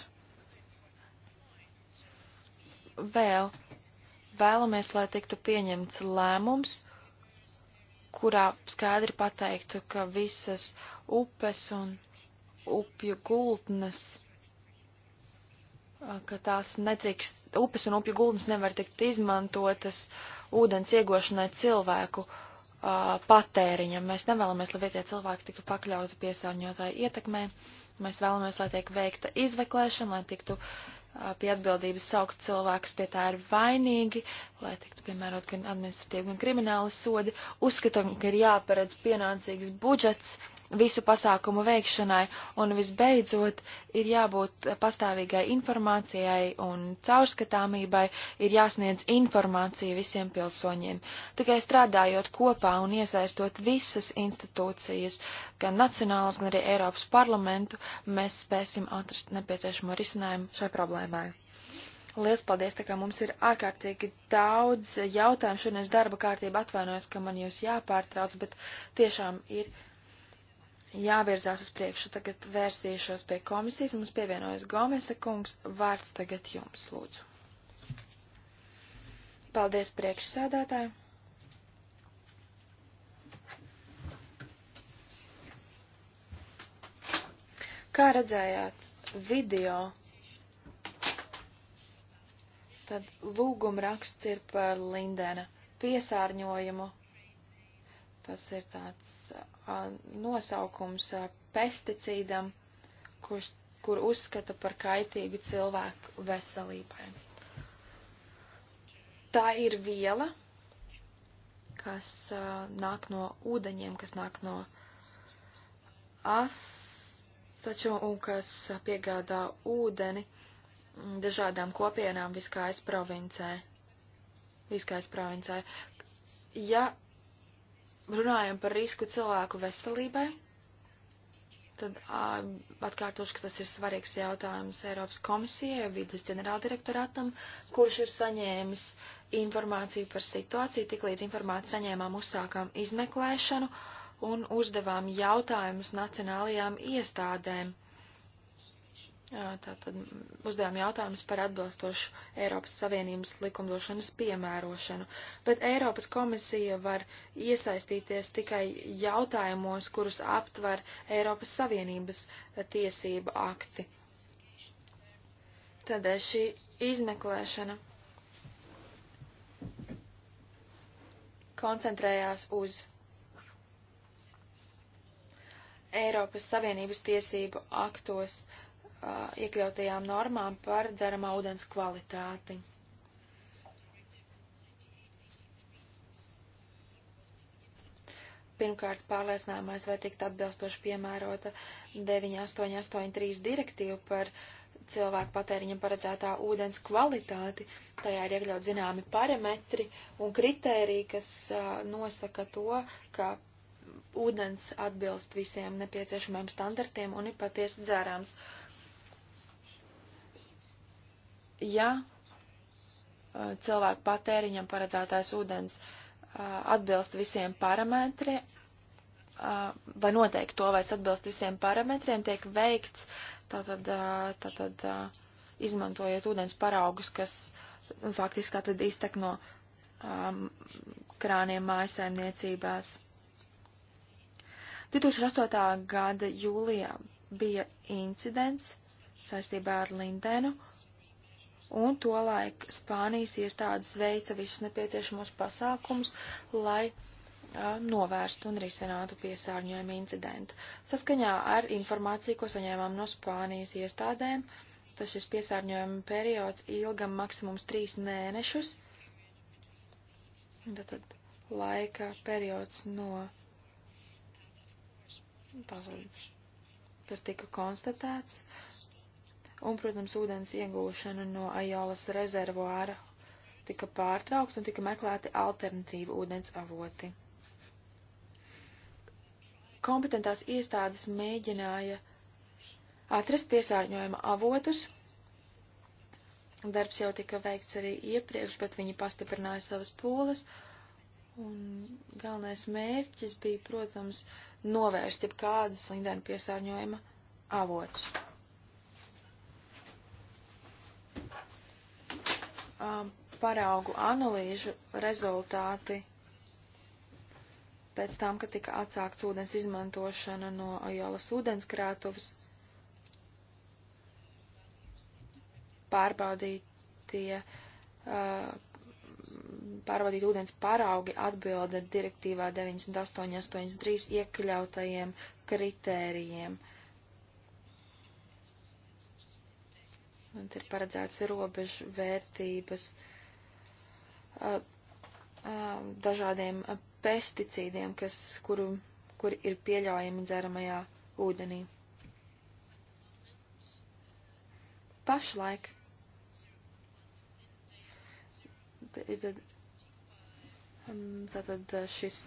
Vēl vēlamies, lai tiktu pieņemts lēmums, kurā skaidri pateiktu, ka visas upes un upju gultnes, ka tās nedrīkst, upes un upju gultnes nevar tikt izmantotas ūdens iegošanai cilvēku uh, patēriņam. Mēs nevēlamies, lai vietie cilvēki tiktu pakļauti piesārņotāju ietekmē. Mēs vēlamies, lai tiek veikta izveklēšana, lai tiktu pie atbildības saukt cilvēkus pie tā ir vainīgi, lai tiktu piemērot gan administratīvi, gan krimināli sodi. Uzskatām, ka ir jāparedz pienācīgs budžets visu pasākumu veikšanai, un visbeidzot ir jābūt pastāvīgai informācijai un caurskatāmībai, ir jāsniedz informācija visiem pilsoņiem. Tikai strādājot kopā un iesaistot visas institūcijas, gan nacionālas, gan arī Eiropas parlamentu, mēs spēsim atrast nepieciešamo risinājumu šai problēmai. Lielas paldies, tā kā mums ir ārkārtīgi daudz jautājumu šodienas darba kārtība. Atvainojos, ka man jūs jāpārtrauc, bet tiešām ir jāvirzās uz priekšu. Tagad vērsīšos pie komisijas. Mums pievienojas Gomesa kungs. Vārds tagad jums, lūdzu. Paldies priekšsēdētāji. Kā redzējāt video, tad lūgumraksts ir par Lindena piesārņojumu Tas ir tāds a, nosaukums a, pesticīdam, kurš, kur uzskata par kaitīgu cilvēku veselībai. Tā ir viela, kas uh, nāk no ūdeņiem, kas nāk no asaču un kas piegādā ūdeni dažādām kopienām Viskājas provincē. Viskājas provincē. Ja runājam par risku cilvēku veselībai, tad atkārtošu, ka tas ir svarīgs jautājums Eiropas komisijai, vidas ģenerāldirektorātam, kurš ir saņēmis informāciju par situāciju, tiklīdz informāciju saņēmām, uzsākām izmeklēšanu un uzdevām jautājumus nacionālajām iestādēm Tātad uzdevām jautājumus par atbilstošu Eiropas Savienības likumdošanas piemērošanu, bet Eiropas komisija var iesaistīties tikai jautājumos, kurus aptver Eiropas Savienības tiesība akti. Tādēļ šī izmeklēšana koncentrējās uz Eiropas Savienības tiesību aktos uh, iekļautajām normām par dzeramā ūdens kvalitāti. Pirmkārt, pārliecinājumais, vai tikt atbilstoši piemērota 9883 direktīva par cilvēku patēriņam paredzētā ūdens kvalitāti. Tajā ir iekļaut zināmi parametri un kritēriji, kas uh, nosaka to, ka ūdens atbilst visiem nepieciešamiem standartiem un ir patiesi dzērāms. Uh, ja uh, cilvēku patēriņam paredzētais ūdens uh, atbilst visiem parametriem, uh, vai noteikti to vairs atbilst visiem parametriem, tiek veikts, tātad, tātad izmantojot ūdens paraugus, kas faktiski tātad iztek no um, krāniem mājasaimniecībās. 2008. gada jūlijā bija incidents saistībā ar Lindenu, un tolaik Spānijas iestādes veica visus nepieciešamos pasākumus, lai a, novērstu un risinātu piesārņojumu incidentu. Saskaņā ar informāciju, ko saņēmām no Spānijas iestādēm, tas šis piesārņojuma periods ilga maksimums trīs mēnešus. Tātad laika periods no tātad, kas tika konstatēts, un, protams, ūdens iegūšana no Ajolas rezervuāra tika pārtraukta un tika meklēti alternatīvi ūdens avoti. Kompetentās iestādes mēģināja atrast piesārņojuma avotus. Darbs jau tika veikts arī iepriekš, bet viņi pastiprināja savas pūles. Un galvenais mērķis bija, protams, novērst jebkādus lindēnu piesārņojuma avotus. um, paraugu analīžu rezultāti pēc tam, kad tika atsākts ūdens izmantošana no Ajolas ūdenskrātuvas, pārbaudītie, uh, pārbaudīt ūdens paraugi atbilda direktīvā 98.83 iekļautajiem kritērijiem. Uh, Un ir paredzēts robežu vērtības dažādiem pesticīdiem, kas, kuru, kuri ir pieļaujami dzeramajā ūdenī. Pašlaik tātad šis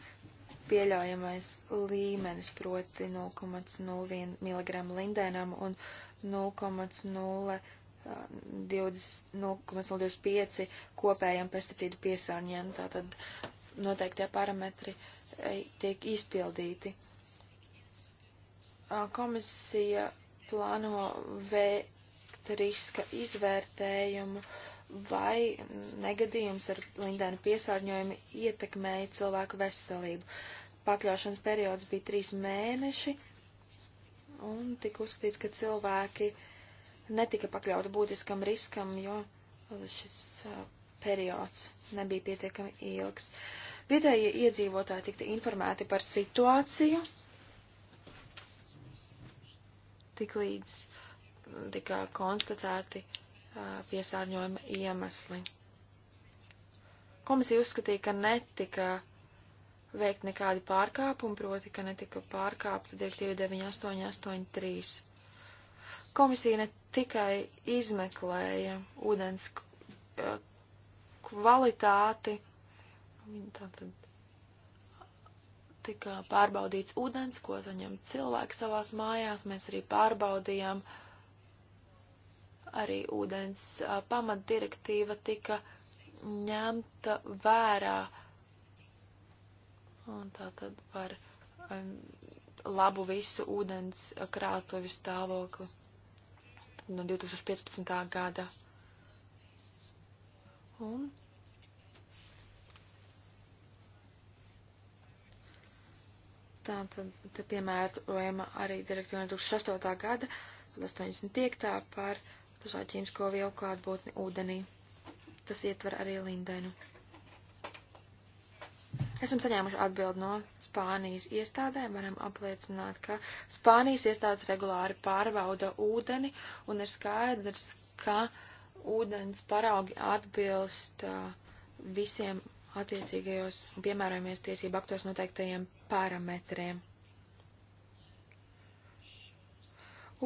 pieļaujamais līmenis proti 0,01 mg lindēnam un 0,0 0,25 nu, kopējam pesticīdu piesārņiem. Tātad noteiktie parametri tiek izpildīti. Komisija plāno veikt riska izvērtējumu, vai negadījums ar lindēnu piesārņojumu ietekmēja cilvēku veselību. Pakļaušanas periods bija trīs mēneši, un tika uzskatīts, ka cilvēki uh, netika pakļauta būtiskam riskam, jo uh, šis uh, periods nebija pietiekami ilgs. Vietējie iedzīvotāji tika informēti par situāciju, tiklīdz uh, tika konstatēti piesārņojuma iemesli. Komisija uzskatīja, ka netika veikt nekādi pārkāpumi, proti, ka netika pārkāpta direktīva 98883. Komisija ne tikai izmeklēja ūdens e, kvalitāti. Viņi tātad tika pārbaudīts ūdens, ko saņem cilvēki savās mājās. Mēs arī pārbaudījām arī ūdens e, pamatdirektīva tika ņemta vērā. Un tā tad par um, labu visu ūdens krātuvi stāvokli no 2015. gada. Un tā tad te piemērojama arī direktīva 2008. gada 85. par dažādu ķīmisko vielu klātbūtni ūdenī. Tas ietver arī lindenu. Esam saņēmuši atbildi no Spānijas iestādēm, varam apliecināt, ka Spānijas iestādes regulāri pārbauda ūdeni un ir skaidrs, ka ūdens paraugi atbilst uh, visiem attiecīgajos piemērojamies tiesību aktos noteiktajiem parametriem.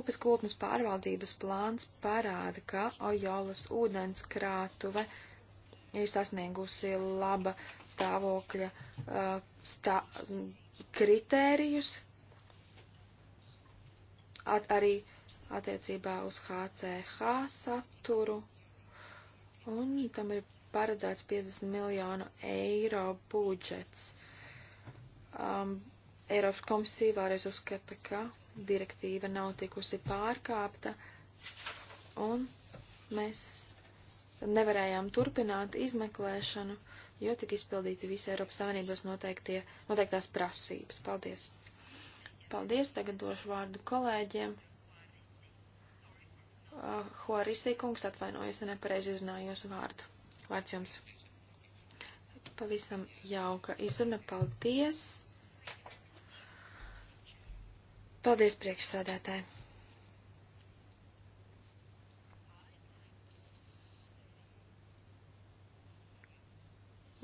Upes kultnes pārvaldības plāns parāda, ka Ojolas ūdens krātuve ir sasniegusi laba stāvokļa uh, stā, kritērijus, at, arī attiecībā uz HCH saturu, un tam ir paredzēts 50 miljonu eiro budžets. Um, Eiropas komisija vēlreiz uzskata, ka direktīva nav tikusi pārkāpta, un mēs nevarējām turpināt izmeklēšanu, jo tika izpildīti visi Eiropas Savienības noteiktie, noteiktās prasības. Paldies! Paldies! Tagad došu vārdu kolēģiem. Uh, Horisī kungs atvainojas, ja nepareiz izrunājos vārdu. Vārds jums. Pavisam jauka izruna. Paldies! Paldies priekšsādātāji!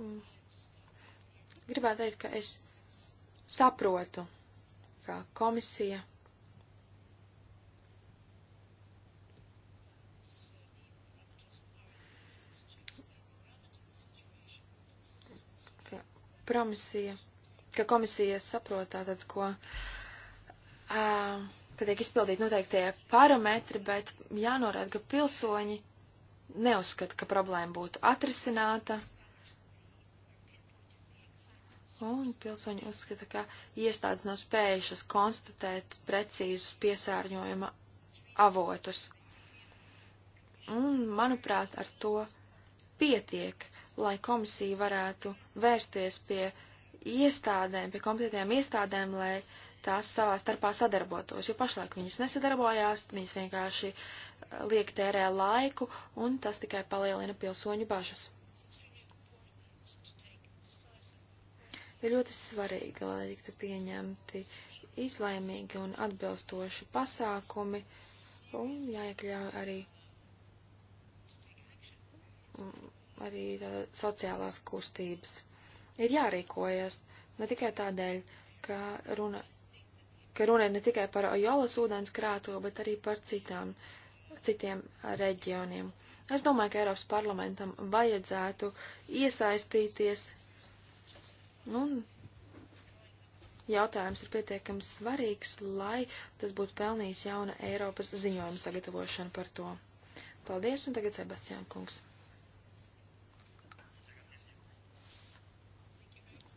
Mm. gribētu teikt, ka es saprotu, kā komisija promisija, ka komisija saprot tātad, ko, uh, ka tiek izpildīti noteiktie parametri, bet jānorāda, ka pilsoņi neuzskata, ka problēma būtu atrisināta, Un pilsoņi uzskata, ka iestādes nav spējušas konstatēt precīzus piesārņojuma avotus. Un, manuprāt, ar to pietiek, lai komisija varētu vērsties pie iestādēm, pie kompetentiem iestādēm, lai tās savā starpā sadarbotos, jo pašlaik viņas nesadarbojās, viņas vienkārši uh, liek tērē laiku, un tas tikai palielina pilsoņu bažas. ir ļoti svarīgi, lai tiktu pieņemti izlēmīgi un atbilstoši pasākumi un jāiekļauj arī, mm, arī sociālās kustības. Ir jārīkojas ne tikai tādēļ, ka runa, ka runa ir ne tikai par Ojolas ūdens krāto, bet arī par citām, citiem reģioniem. Es domāju, ka Eiropas parlamentam vajadzētu iesaistīties Un nu, jautājums ir pietiekami svarīgs, lai tas būtu pelnījis jauna Eiropas ziņojuma sagatavošanu par to. Paldies, un tagad Sebastiāna kungs.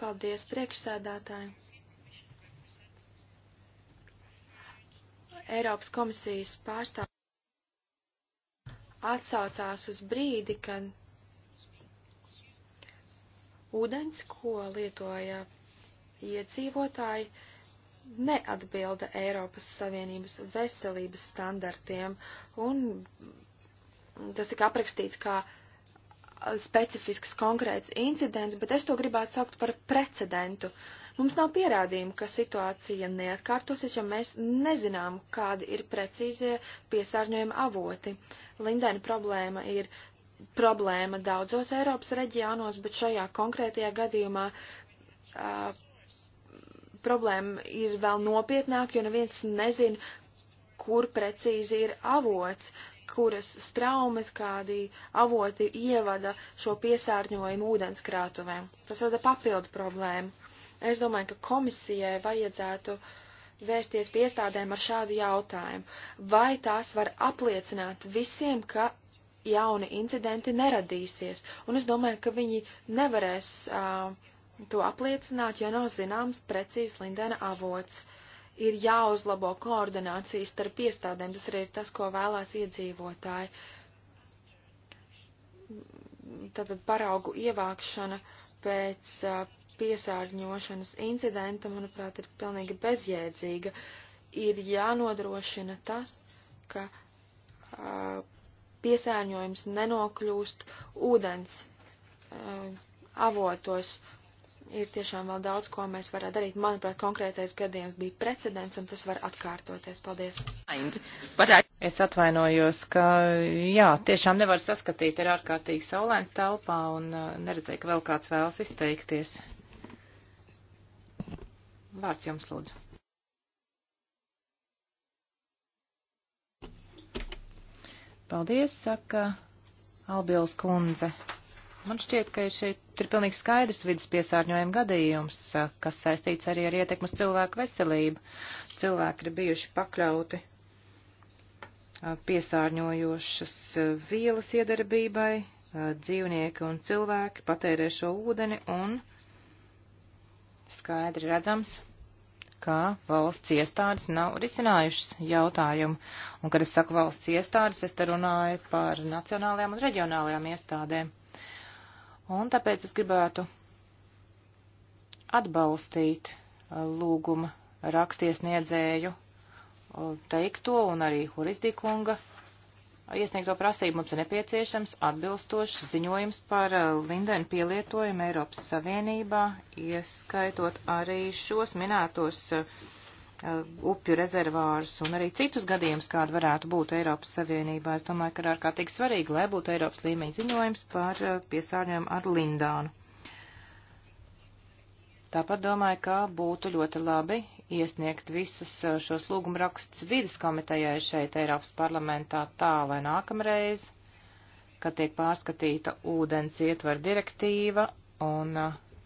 Paldies, priekšsēdētāji. Eiropas komisijas pārstāvja atsaucās uz brīdi, kad ūdens, ko lietoja iedzīvotāji, neatbilda Eiropas Savienības veselības standartiem, un tas tika aprakstīts kā specifisks konkrēts incidents, bet es to gribētu saukt par precedentu. Mums nav pierādījumu, ka situācija neatkārtosies, jo mēs nezinām, kādi ir precīzie piesārņojuma avoti. Lindēna problēma ir problēma daudzos Eiropas reģionos, bet šajā konkrētajā gadījumā a, problēma ir vēl nopietnāk, jo neviens nezin, kur precīzi ir avots, kuras straumes kādi avoti ievada šo piesārņojumu ūdenskrātuvēm. Tas rada papildu problēmu. Es domāju, ka komisijai vajadzētu vērsties pie iestādēm ar šādu jautājumu. Vai tās var apliecināt visiem, ka jauni incidenti neradīsies, un es domāju, ka viņi nevarēs uh, to apliecināt, jo nav zināms precīzi Lindena avots. Ir jāuzlabo koordinācijas starp iestādēm, tas arī ir tas, ko vēlās iedzīvotāji. Tātad paraugu ievākšana pēc uh, piesārņošanas incidenta, manuprāt, ir pilnīgi bezjēdzīga. Ir jānodrošina tas, ka uh, piesārņojums nenokļūst ūdens eh, avotos. Ir tiešām vēl daudz, ko mēs varētu darīt. Manuprāt, konkrētais gadījums bija precedents, un tas var atkārtoties. Paldies! Es atvainojos, ka, jā, tiešām nevar saskatīt, ir ārkārtīgi saulēns telpā, un eh, neredzēju, ka vēl kāds vēlas izteikties. Vārds jums lūdzu. Paldies, saka Albils kundze. Man šķiet, ka šeit ir pilnīgi skaidrs vidas piesārņojuma gadījums, kas saistīts arī ar ietekmas cilvēku veselību. Cilvēki ir bijuši pakļauti piesārņojošas vielas iedarbībai, dzīvnieki un cilvēki patērē šo ūdeni un skaidri redzams, ka valsts iestādes nav risinājušas jautājumu. Un, kad es saku valsts iestādes, es te runāju par nacionālajām un reģionālajām iestādēm. Un tāpēc es gribētu atbalstīt uh, lūguma rakstiesniedzēju uh, teikto un arī Hurisdikunga iesniegto prasību mums ir nepieciešams atbilstošs ziņojums par eh, lindenu pielietojumu Eiropas Savienībā, ieskaitot arī šos minētos eh, upju rezervārus un arī citus gadījumus, kāda varētu būt Eiropas Savienībā. Es domāju, ka ir ārkārtīgi svarīgi, lai būtu Eiropas līmeņa ziņojums par eh, piesārņojumu ar lindānu. Tāpat domāju, ka būtu ļoti labi, iesniegt visus šos lūgumrakstus vidas komitejai šeit Eiropas parlamentā tā vai nākamreiz, kad tiek pārskatīta ūdens ietver direktīva un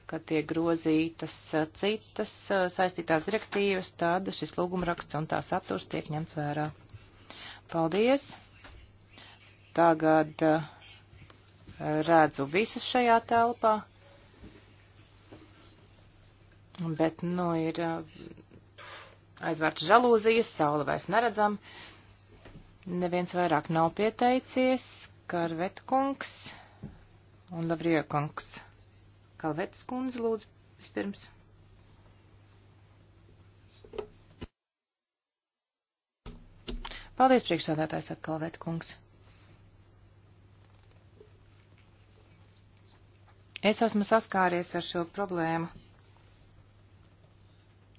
kad tiek grozītas citas saistītās direktīvas, tad šis lūgumraksts un tā saturs tiek ņemts vērā. Paldies! Tagad redzu visus šajā telpā, bet, nu, ir aizvērts žalūzijas, saula vairs neredzam. Neviens vairāk nav pieteicies. Karvetkungs un Lavriekungs. Kalvetas kundze lūdzu vispirms. Paldies, priekšsādātājs atkal Vetkungs. Es esmu saskāries ar šo problēmu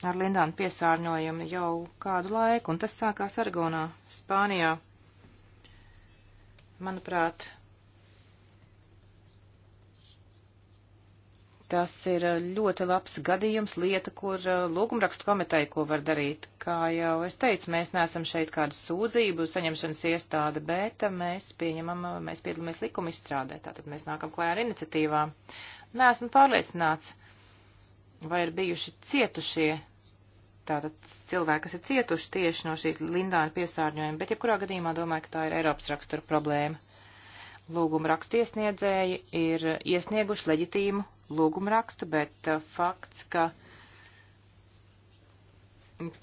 ar Lindānu piesārņojumu jau kādu laiku, un tas sākās Argonā, Spānijā. Manuprāt, tas ir eh, ļoti labs gadījums, lieta, kur eh, lūgumrakstu komiteja ko var darīt. Kā jau es teicu, mēs neesam šeit kādu sūdzību saņemšanas iestāde, bet eh, mēs pieņemam, mēs piedalāmies likuma izstrādē, tātad mēs nākam klājā ar iniciatīvām. Neesmu pārliecināts, vai ir bijuši cietušie tātad cilvēki, kas ir cietuši tieši no šīs lindāņu piesārņojuma, bet jebkurā gadījumā domāju, ka tā ir Eiropas rakstura problēma. Lūguma rakstu iesniedzēji ir iesnieguši leģitīmu lūguma rakstu, bet uh, fakts, ka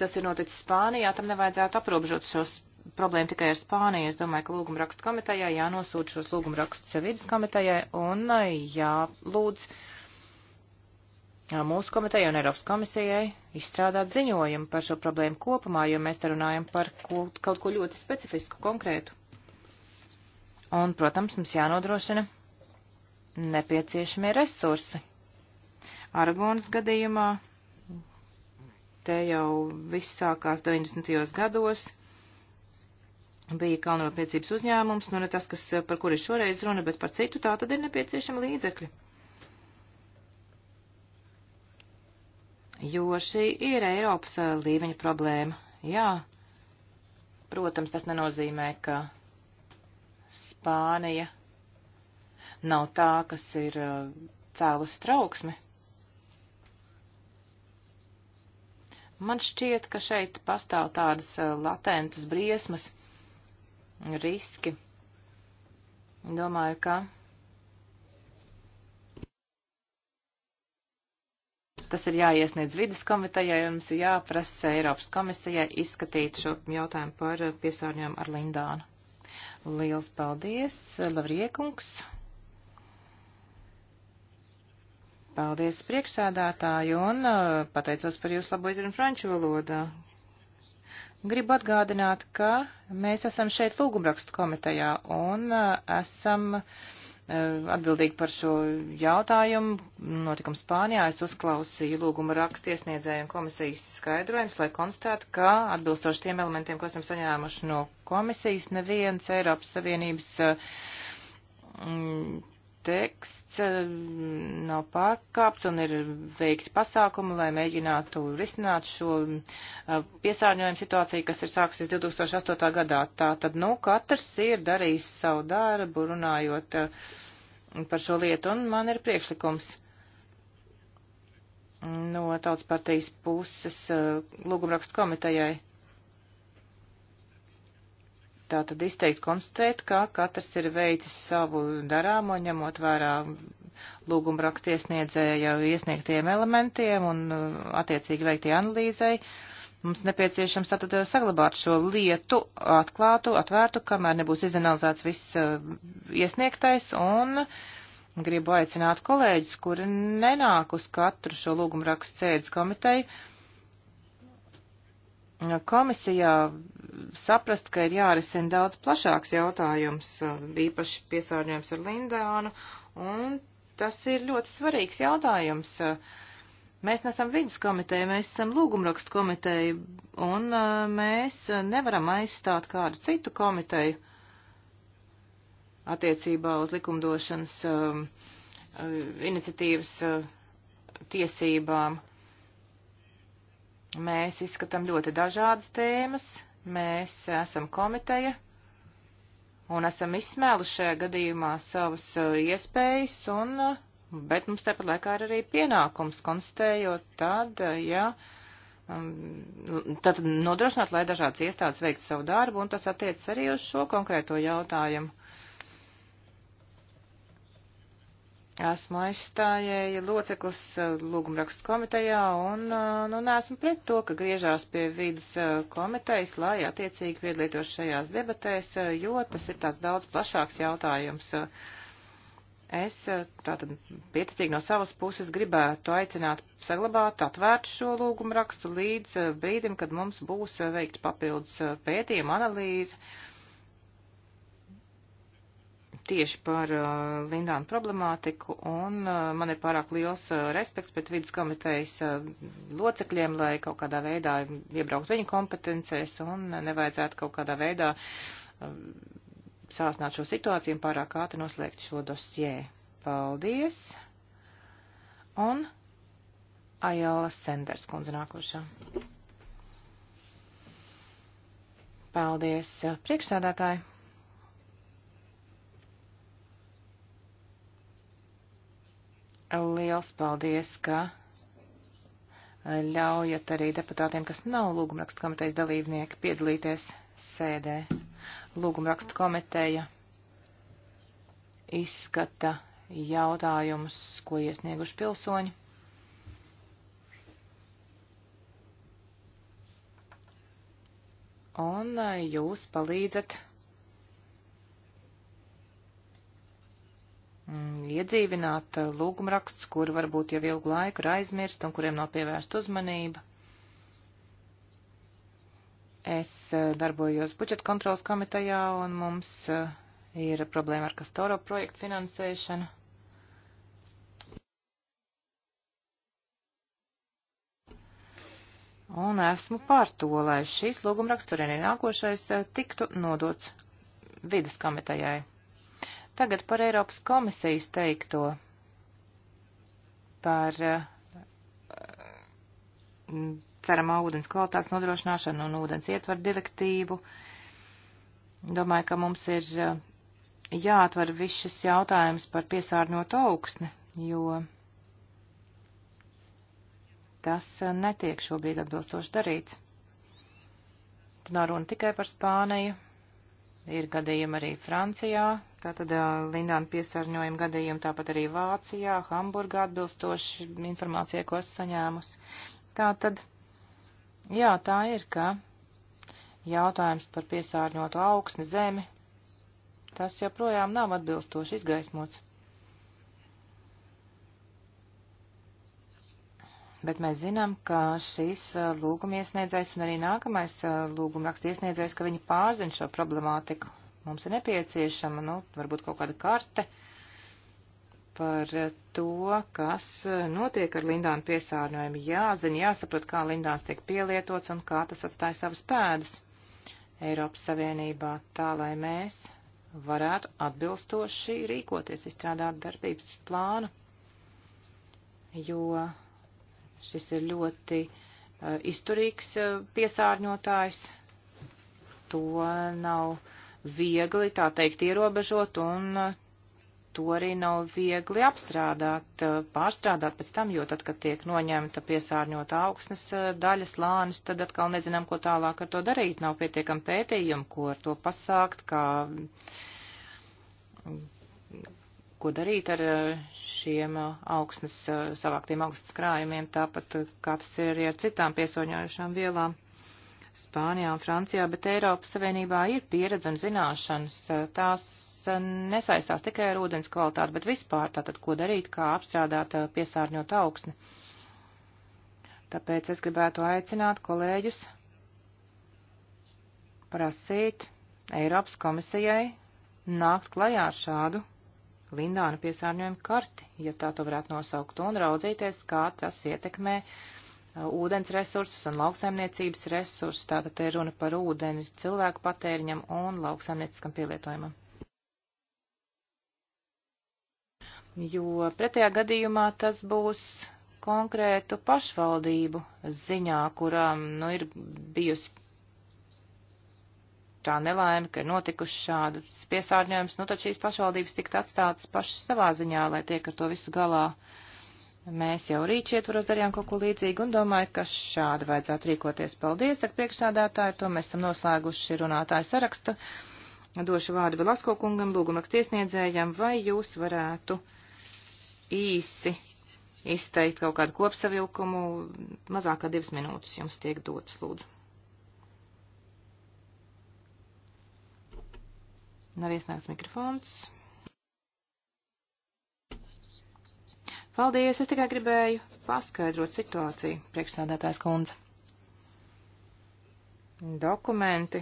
tas ir noticis Spānijā, tam nevajadzētu aprobežot šos problēmu tikai ar Spāniju. Es domāju, ka lūguma rakstu komitejai jānosūta šos lūguma rakstus vidas komitejai un uh, jālūdz. Ja mūsu komiteja un Eiropas komisijai izstrādāt ziņojumu par šo problēmu kopumā, jo mēs te runājam par ko, kaut ko ļoti specifisku, konkrētu. Un, protams, mums jānodrošina nepieciešamie resursi. Aragonas gadījumā te jau viss sākās 90. gados. Bija kalnrūpniecības uzņēmums, nu ne tas, kas, par kuri šoreiz runa, bet par citu tā tad ir nepieciešama līdzekļi. jo šī ir Eiropas līmeņa problēma. Jā, protams, tas nenozīmē, ka Spānija nav tā, kas ir cēlus trauksmi. Man šķiet, ka šeit pastāv tādas latentas briesmas, riski. Domāju, ka Tas ir jāiesniedz vidas komitejai un mums ir jāprasa Eiropas komisijai izskatīt šo jautājumu par piesārņojumu ar Lindānu. Liels paldies, Lavriekungs. Paldies priekšsēdētāju un uh, pateicos par jūsu labo izrunu franču valodā. Gribu atgādināt, ka mēs esam šeit lūgumrakstu komitejā un uh, esam uh, Eh, atbildīgi par šo jautājumu. Notikums Spānijā es uzklausīju lūguma rakstu iesniedzēju un komisijas skaidrojums, lai konstatētu, ka atbilstoši tiem elementiem, ko esam saņēmuši no komisijas, neviens Eiropas Savienības eh, mm, teksts eh, nav pārkāpts un ir veikti pasākumi, lai mēģinātu risināt šo eh, piesārņojumu situāciju, kas ir sāksies 2008. gadā. Tā tad, nu, katrs ir darījis savu darbu, runājot eh, par šo lietu, un man ir priekšlikums no tautas partijas puses lūgumrakstu komitejai Tā tad izteikti konstatēt, ka katrs ir veicis savu darāmo, ņemot vērā lūguma rakstiesniedzēja iesniegtiem elementiem un uh, attiecīgi veiktie analīzei. Mums nepieciešams tātad uh, saglabāt šo lietu atklātu, atvērtu, kamēr nebūs izanalizēts viss uh, iesniegtais un gribu aicināt kolēģis, kuri nenāk uz katru šo lūguma rakstu sēdes komiteju komisijā saprast, ka ir jārisina daudz plašāks jautājums, īpaši piesārņojums ar Lindānu, un tas ir ļoti svarīgs jautājums. Mēs nesam vidas komiteja, mēs esam lūgumrakstu komiteja, un uh, mēs nevaram aizstāt kādu citu komiteju attiecībā uz likumdošanas um, uh, iniciatīvas uh, tiesībām. Uh, Mēs izskatām ļoti dažādas tēmas, mēs esam komiteja un esam izsmēluši šajā gadījumā savas uh, iespējas, un, uh, bet mums tepat laikā ir arī pienākums konstatējot tad, uh, ja. Um, tad nodrošināt, lai dažādas iestādes veiktu savu darbu, un tas attiec arī uz šo konkrēto jautājumu. Esmu aizstājēja loceklis eh, lūgumrakstu komitejā un, eh, nu, neesmu pret to, ka griežās pie vidas eh, komitejas, lai attiecīgi piedalītos šajās debatēs, jo tas ir tāds daudz plašāks jautājums. Es tātad pieticīgi no savas puses gribētu aicināt saglabāt atvērtu šo lūgumrakstu līdz brīdim, kad mums būs veikta papildus pētījuma analīze tieši par uh, Lindānu problemātiku, un uh, man ir pārāk liels uh, respekts pret vidus komitejas uh, locekļiem, lai kaut kādā veidā iebraukt viņu kompetencēs un uh, nevajadzētu kaut kādā veidā uh, sāsnāt šo situāciju un pārāk ātri noslēgt šo dosjē. Paldies! Un Ajala Senders kundze nākošā. Paldies, priekšsādātāji! Liels paldies, ka ļaujat arī deputātiem, kas nav lūgumrakstu komitejas dalībnieki, piedalīties sēdē. Lūgumrakstu komiteja izskata jautājumus, ko iesnieguši pilsoņi. Un eh, jūs palīdzat Mm, iedzīvināt eh, lūgumrakstus, kuri varbūt jau ilgu laiku ir aizmirst un kuriem nav pievērsta uzmanība. Es eh, darbojos budžeta kontrolas komitejā un mums eh, ir problēma ar Kastoro projektu finansēšanu. Un esmu pār to, lai šīs lūgumraksts arī nākošais tiktu nodots vidas komitejai. Tagad par Eiropas komisijas teikto par eh, ceramā ūdens kvalitātes nodrošināšanu un ūdens ietvaru direktīvu. Domāju, ka mums ir eh, jāatver viss šis jautājums par piesārņotu augsni, jo tas eh, netiek šobrīd atbilstoši darīts. Nav runa tikai par Spāniju, ir gadījumi arī Francijā, tātad Lindāna piesārņojuma gadījumi, tāpat arī Vācijā, Hamburgā atbilstoši informācijai, ko esmu saņēmusi. Tātad, jā, tā ir, ka jautājums par piesārņotu augsni zemi, tas joprojām nav atbilstoši izgaismots. Bet mēs zinām, ka šis uh, lūguma iesniedzējs un arī nākamais uh, lūguma raksta iesniedzējs, ka viņi pārzina šo problemātiku. Mums ir nepieciešama, nu, varbūt kaut kāda karte par uh, to, kas notiek ar Lindānu piesārņojumu. Jāzina, jāsaprot, kā Lindāns tiek pielietots un kā tas atstāja savas pēdas Eiropas Savienībā, tā lai mēs varētu atbilstoši rīkoties, izstrādāt darbības plānu, jo Šis ir ļoti uh, izturīgs uh, piesārņotājs. To nav viegli, tā teikt, ierobežot, un uh, to arī nav viegli apstrādāt, pārstrādāt pēc tam, jo tad, kad tiek noņemta piesārņota augsnes daļas lānis, tad atkal nezinām, ko tālāk ar to darīt. Nav pietiekami pētījumi, ko ar to pasākt, kā ko darīt ar eh, šiem eh, augsnes, eh, savāktiem augsnes krājumiem, tāpat kā tas ir arī ar citām piesauņojušām vielām Spānijā un Francijā, bet Eiropas Savienībā ir pieredze un zināšanas. Tās nesaistās tikai ar ūdens kvalitāti, bet vispār tātad, ko darīt, kā apstrādāt piesārņot augsni. Tāpēc es gribētu aicināt kolēģus prasīt Eiropas komisijai nākt klajā ar šādu lindāna piesārņojuma karti, ja tā to varētu nosaukt, un raudzīties, kā tas ietekmē uh, ūdens resursus un lauksaimniecības resursus, tātad te runa par ūdeni cilvēku patēriņam un lauksaimnieciskam pielietojumam. Jo pretējā gadījumā tas būs konkrētu pašvaldību ziņā, kurām nu, ir bijusi tā nelaime, ka ir notikuši šādas piesārņojums, nu tad šīs pašvaldības tikt atstātas pašas savā ziņā, lai tiek ar to visu galā. Mēs jau rīt ietvaros darījām kaut ko līdzīgu un domāju, ka šādi vajadzētu rīkoties. Paldies, ak, priekšsādātāji, to mēs esam noslēguši runātāju sarakstu. Došu vārdu Velasko kungam, lūgumrakstiesniedzējam, vai jūs varētu īsi izteikt kaut kādu kopsavilkumu, mazāk kā divas minūtes jums tiek dotas, lūdzu. Nav iesnēgts mikrofons. Paldies, es tikai gribēju paskaidrot situāciju, priekšsādātājs kundze. Dokumenti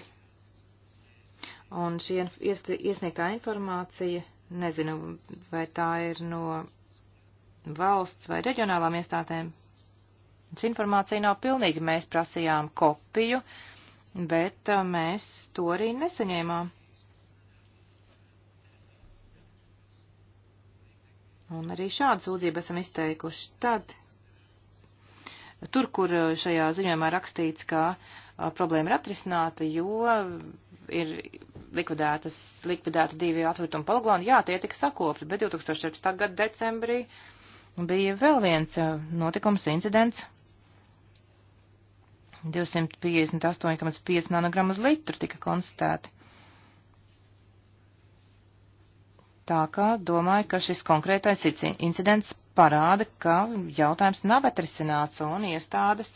un šī iesniegtā informācija, nezinu, vai tā ir no valsts vai reģionālām iestādēm. Šī informācija nav pilnīga, mēs prasījām kopiju, bet uh, mēs to arī nesaņēmām. Un arī šādu sūdzību esam izteikuši. Tad, tur, kur uh, šajā ziņojumā rakstīts, ka a, uh, problēma ir atrisināta, jo ir likvidētas, likvidēta divi atvērtuma poligoni, jā, tie tika sakopti, bet 2014. gada decembrī bija vēl viens uh, notikums, incidents. 258,5 nanogrammas litru tika konstatēti. Tā kā domāju, ka šis konkrētais incidents parāda, ka jautājums nav atrisināts un iestādes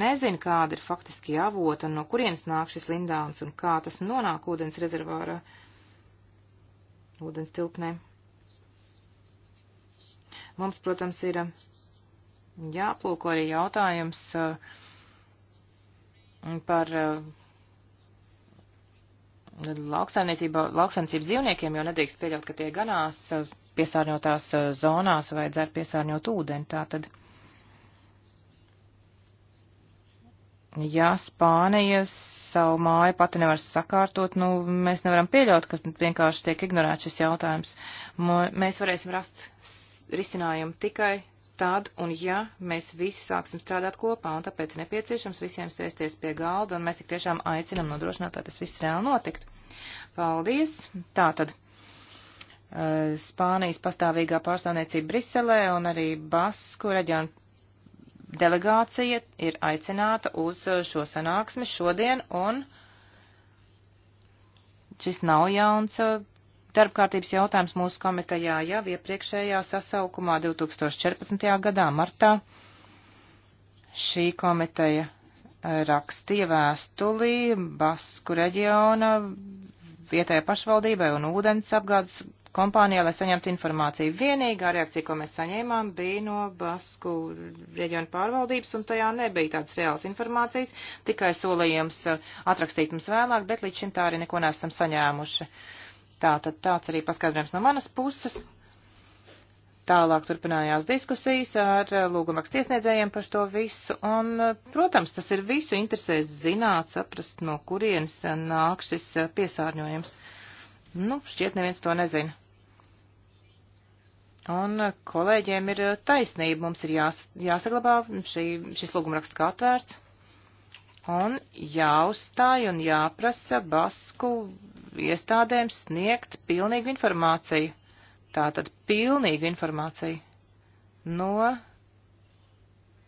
nezina, kāda ir faktiski avota un no kurienes nāk šis lindāns un kā tas nonāk ūdens rezervārā, ūdens tilpnē. Mums, protams, ir um, jāplūko arī jautājums uh, par uh, lauksaimniecības dzīvniekiem, jo nedrīkst pieļaut, ka tie ganās piesārņotās eh, zonās vai dzer piesārņot ūdeni. Tātad, ja Spānija savu māju pati nevar sakārtot, nu, mēs nevaram pieļaut, ka vienkārši tiek ignorēts šis jautājums. Mēs varēsim rast risinājumu tikai tad un ja mēs visi sāksim strādāt kopā, un tāpēc nepieciešams visiem sēsties pie galda, un mēs tik tiešām aicinam nodrošināt, lai tas viss reāli notiktu. Paldies! Tātad eh, Spānijas pastāvīgā pārstāvniecība Briselē un arī Basku reģionu delegācija ir aicināta uz eh, šo sanāksmi šodien, un šis nav jauns eh, darbkārtības jautājums mūsu komitejā jau iepriekšējā sasaukumā 2014. gadā martā. Šī komiteja rakstīja vēstulī Basku reģiona vietējā pašvaldībai un ūdens apgādes kompānijā, lai saņemtu informāciju. Vienīgā reakcija, ko mēs saņēmām, bija no Basku reģiona pārvaldības, un tajā nebija tādas reālas informācijas, tikai solījums eh, atrakstīt mums vēlāk, bet līdz šim tā arī neko nesam saņēmuši. Uh, Tā tad tāds arī paskaidrojums no manas puses. Tālāk turpinājās diskusijas ar eh, lūgumrakstu iesniedzējiem par to visu, un, eh, protams, tas ir visu interesēs zināt, saprast, no kurienes eh, nāk šis piesārņojums. Nu, šķiet neviens to nezina. Un kolēģiem ir taisnība, mums ir jās, jāsaglabā šī, šis lūgumraksts kā atvērts un jāuzstāj un jāprasa basku iestādēm sniegt pilnīgu informāciju. Tātad pilnīgu informāciju no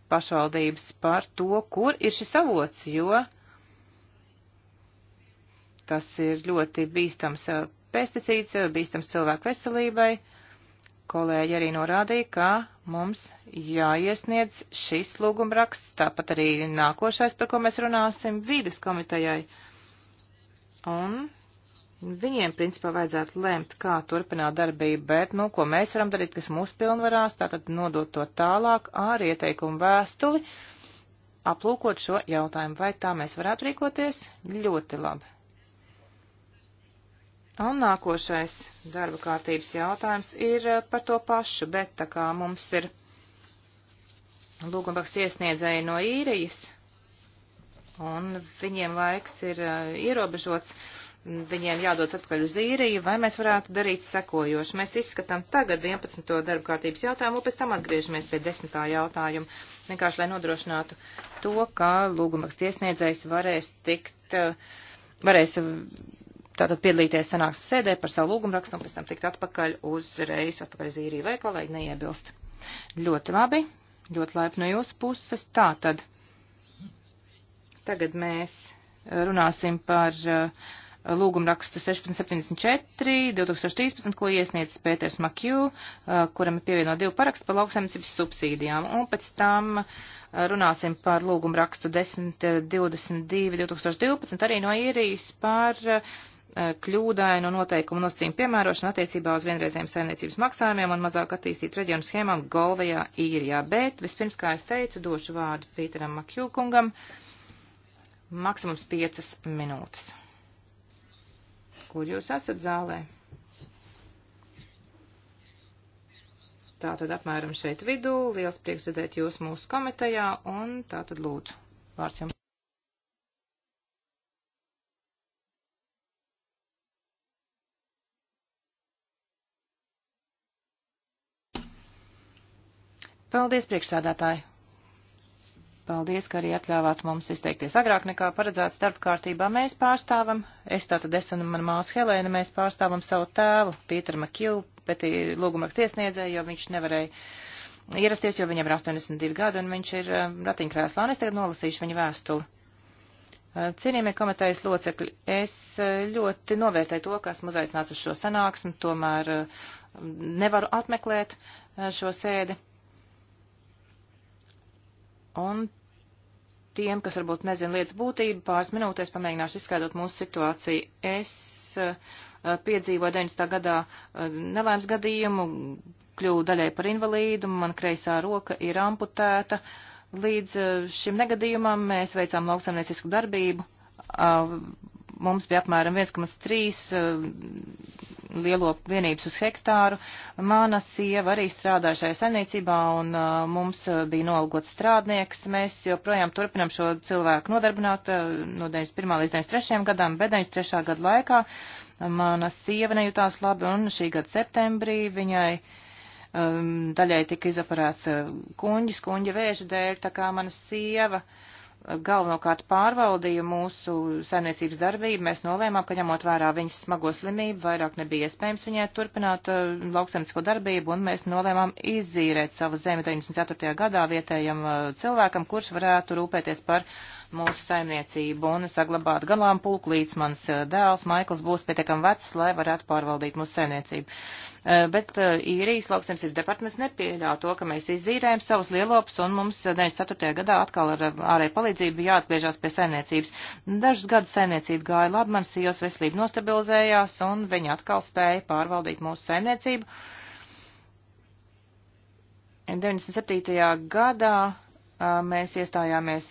pašvaldības par to, kur ir šis avots, jo tas ir ļoti bīstams eh, pesticīds, eh, bīstams cilvēku veselībai. Kolēģi arī norādīja, ka mums jāiesniedz šis lūgumraksts, tāpat arī nākošais, par ko mēs runāsim, vīdes komitejai. Un viņiem, principā, vajadzētu lēmt, kā turpināt darbību, bet, nu, ko mēs varam darīt, kas mūsu pilnvarās, tātad nodot to tālāk ar ieteikumu vēstuli, aplūkot šo jautājumu, vai tā mēs varētu rīkoties ļoti labi. Un nākošais darba kārtības jautājums ir eh, par to pašu, bet tā kā mums ir lūgumraksta iesniedzēji no īrijas, un viņiem laiks ir eh, ierobežots, viņiem jādodas atpakaļ uz īriju, vai mēs varētu darīt sekojoši. Mēs izskatām tagad 11. darba kārtības jautājumu, un pēc tam atgriežamies pie 10. jautājumu, vienkārši lai nodrošinātu to, ka lūgumraksta iesniedzējs varēs tikt, eh, varēs tātad piedalīties sanāksmes sēdē par savu lūgumrakstu un pēc tam tikt atpakaļ uzreiz, atpakaļ uz īriju vai kolēģi neiebilst. Ļoti labi, ļoti laipni no jūsu puses. Tātad tagad mēs runāsim par uh, lūgumrakstu 1674 2013, ko iesniedz Pēters Makju, uh, kuram ir pievieno divu parakstu par lauksaimniecības subsīdijām. Un pēc tam uh, runāsim par lūgumu rakstu 1022 2012 arī no īrijas par Eh, kļūdainu noteikumu nosacījumu piemērošanu attiecībā uz vienreizējiem saimniecības maksājumiem un mazāk attīstīt reģionu schēmām Golvajā, Īrijā. Bet vispirms, kā es teicu, došu vārdu Pīteram Makjūkungam. Maksimums piecas minūtes. Kur jūs esat zālē? Tātad apmēram šeit vidū. Liels prieks redzēt jūs mūsu komitejā un tātad lūdzu. Vārds jums. Paldies, priekšsādātāji! Paldies, ka arī atļāvāt mums izteikties agrāk nekā paredzēts darba kārtībā. Mēs pārstāvam, es tātad es un mana māsa Helēna, mēs pārstāvam savu tēvu, Pīteru Makju, bet lūgumrakstu iesniedzēju, jo viņš nevarēja ierasties, jo viņam ir 82 gadi un viņš ir um, ratiņkrēslā, un es tagad nolasīšu viņa vēstuli. Uh, cienījamie komitejas locekļi, es uh, ļoti novērtēju to, ka esmu uzaicināts uz šo sanāksmi, tomēr uh, nevaru atmeklēt šo sēdi Un tiem, kas varbūt nezina lietas būtību, pāris minūtēs pamēģināšu izskaidrot mūsu situāciju. Es uh, piedzīvoju 90. gadā uh, eh, nelēms gadījumu, kļuvu daļai par invalīdu, man kreisā roka ir amputēta. Līdz uh, šim negadījumam mēs veicām lauksamniecisku darbību, mums bija apmēram 1,3 eh, lielo vienības uz hektāru. Mana sieva arī strādāja šajā saimniecībā un eh, mums eh, bija nolgots strādnieks. Mēs joprojām turpinam šo cilvēku nodarbināt no 91. līdz 93. gadam, bet 93. gada laikā mana sieva nejūtās labi un šī gada septembrī viņai um, daļai tika izoperēts kuņģis, kuņģa vēža dēļ, tā kā mana sieva. Uh, galvenokārt pārvaldīja mūsu saimniecības darbību, mēs nolēmām, ka ņemot vērā viņas smago slimību, vairāk nebija iespējams viņai turpināt uh, lauksaimniecisko darbību, un mēs nolēmām izīrēt savu zemi 94. gadā vietējam uh, cilvēkam, kurš varētu rūpēties par uh, mūsu saimniecību un saglabāt galām pulku, līdz mans eh, dēls Maikls būs pietiekam vecs, lai varētu pārvaldīt mūsu saimniecību. Eh, bet eh, īrijas lauksemsības departaments nepieļā to, ka mēs izīrējam savus lielopus un mums 94. gadā atkal ar ārēju palīdzību jāatgriežās pie saimniecības. Dažus gadus saimniecība gāja labi, man sijos veselība nostabilizējās un viņa atkal spēja pārvaldīt mūsu saimniecību. 97. gadā mēs iestājāmies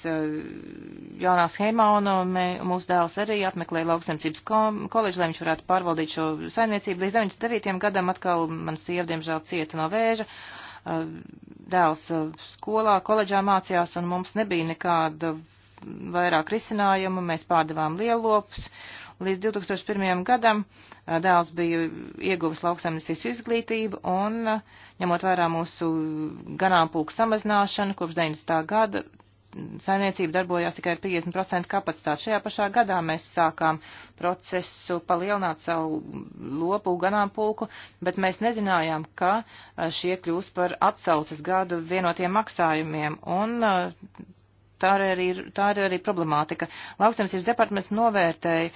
jaunā schēmā un mē, mūsu dēls arī apmeklēja lauksemcības koledžu, lai viņš varētu pārvaldīt šo saimniecību. Līdz 99. gadam atkal man sieva, diemžēl, cieta no vēža. Dēls skolā, koledžā mācījās un mums nebija nekāda vairāk risinājumu. Mēs pārdevām lielopus. Uh, Līdz 2001. gadam dēls bija ieguvis lauksaimniecības izglītību un, ņemot vērā mūsu ganāmpulku samazināšanu kopš 90. gada, saimniecība darbojās tikai ar 50% kapacitāti. Šajā pašā gadā mēs sākām procesu palielināt savu lopu ganāmpulku, bet mēs nezinājām, ka šie kļūs par atsaucas gadu vienotiem maksājumiem, un tā ir arī, tā ir arī problemātika. Lauksaimniecības departaments novērtēja e,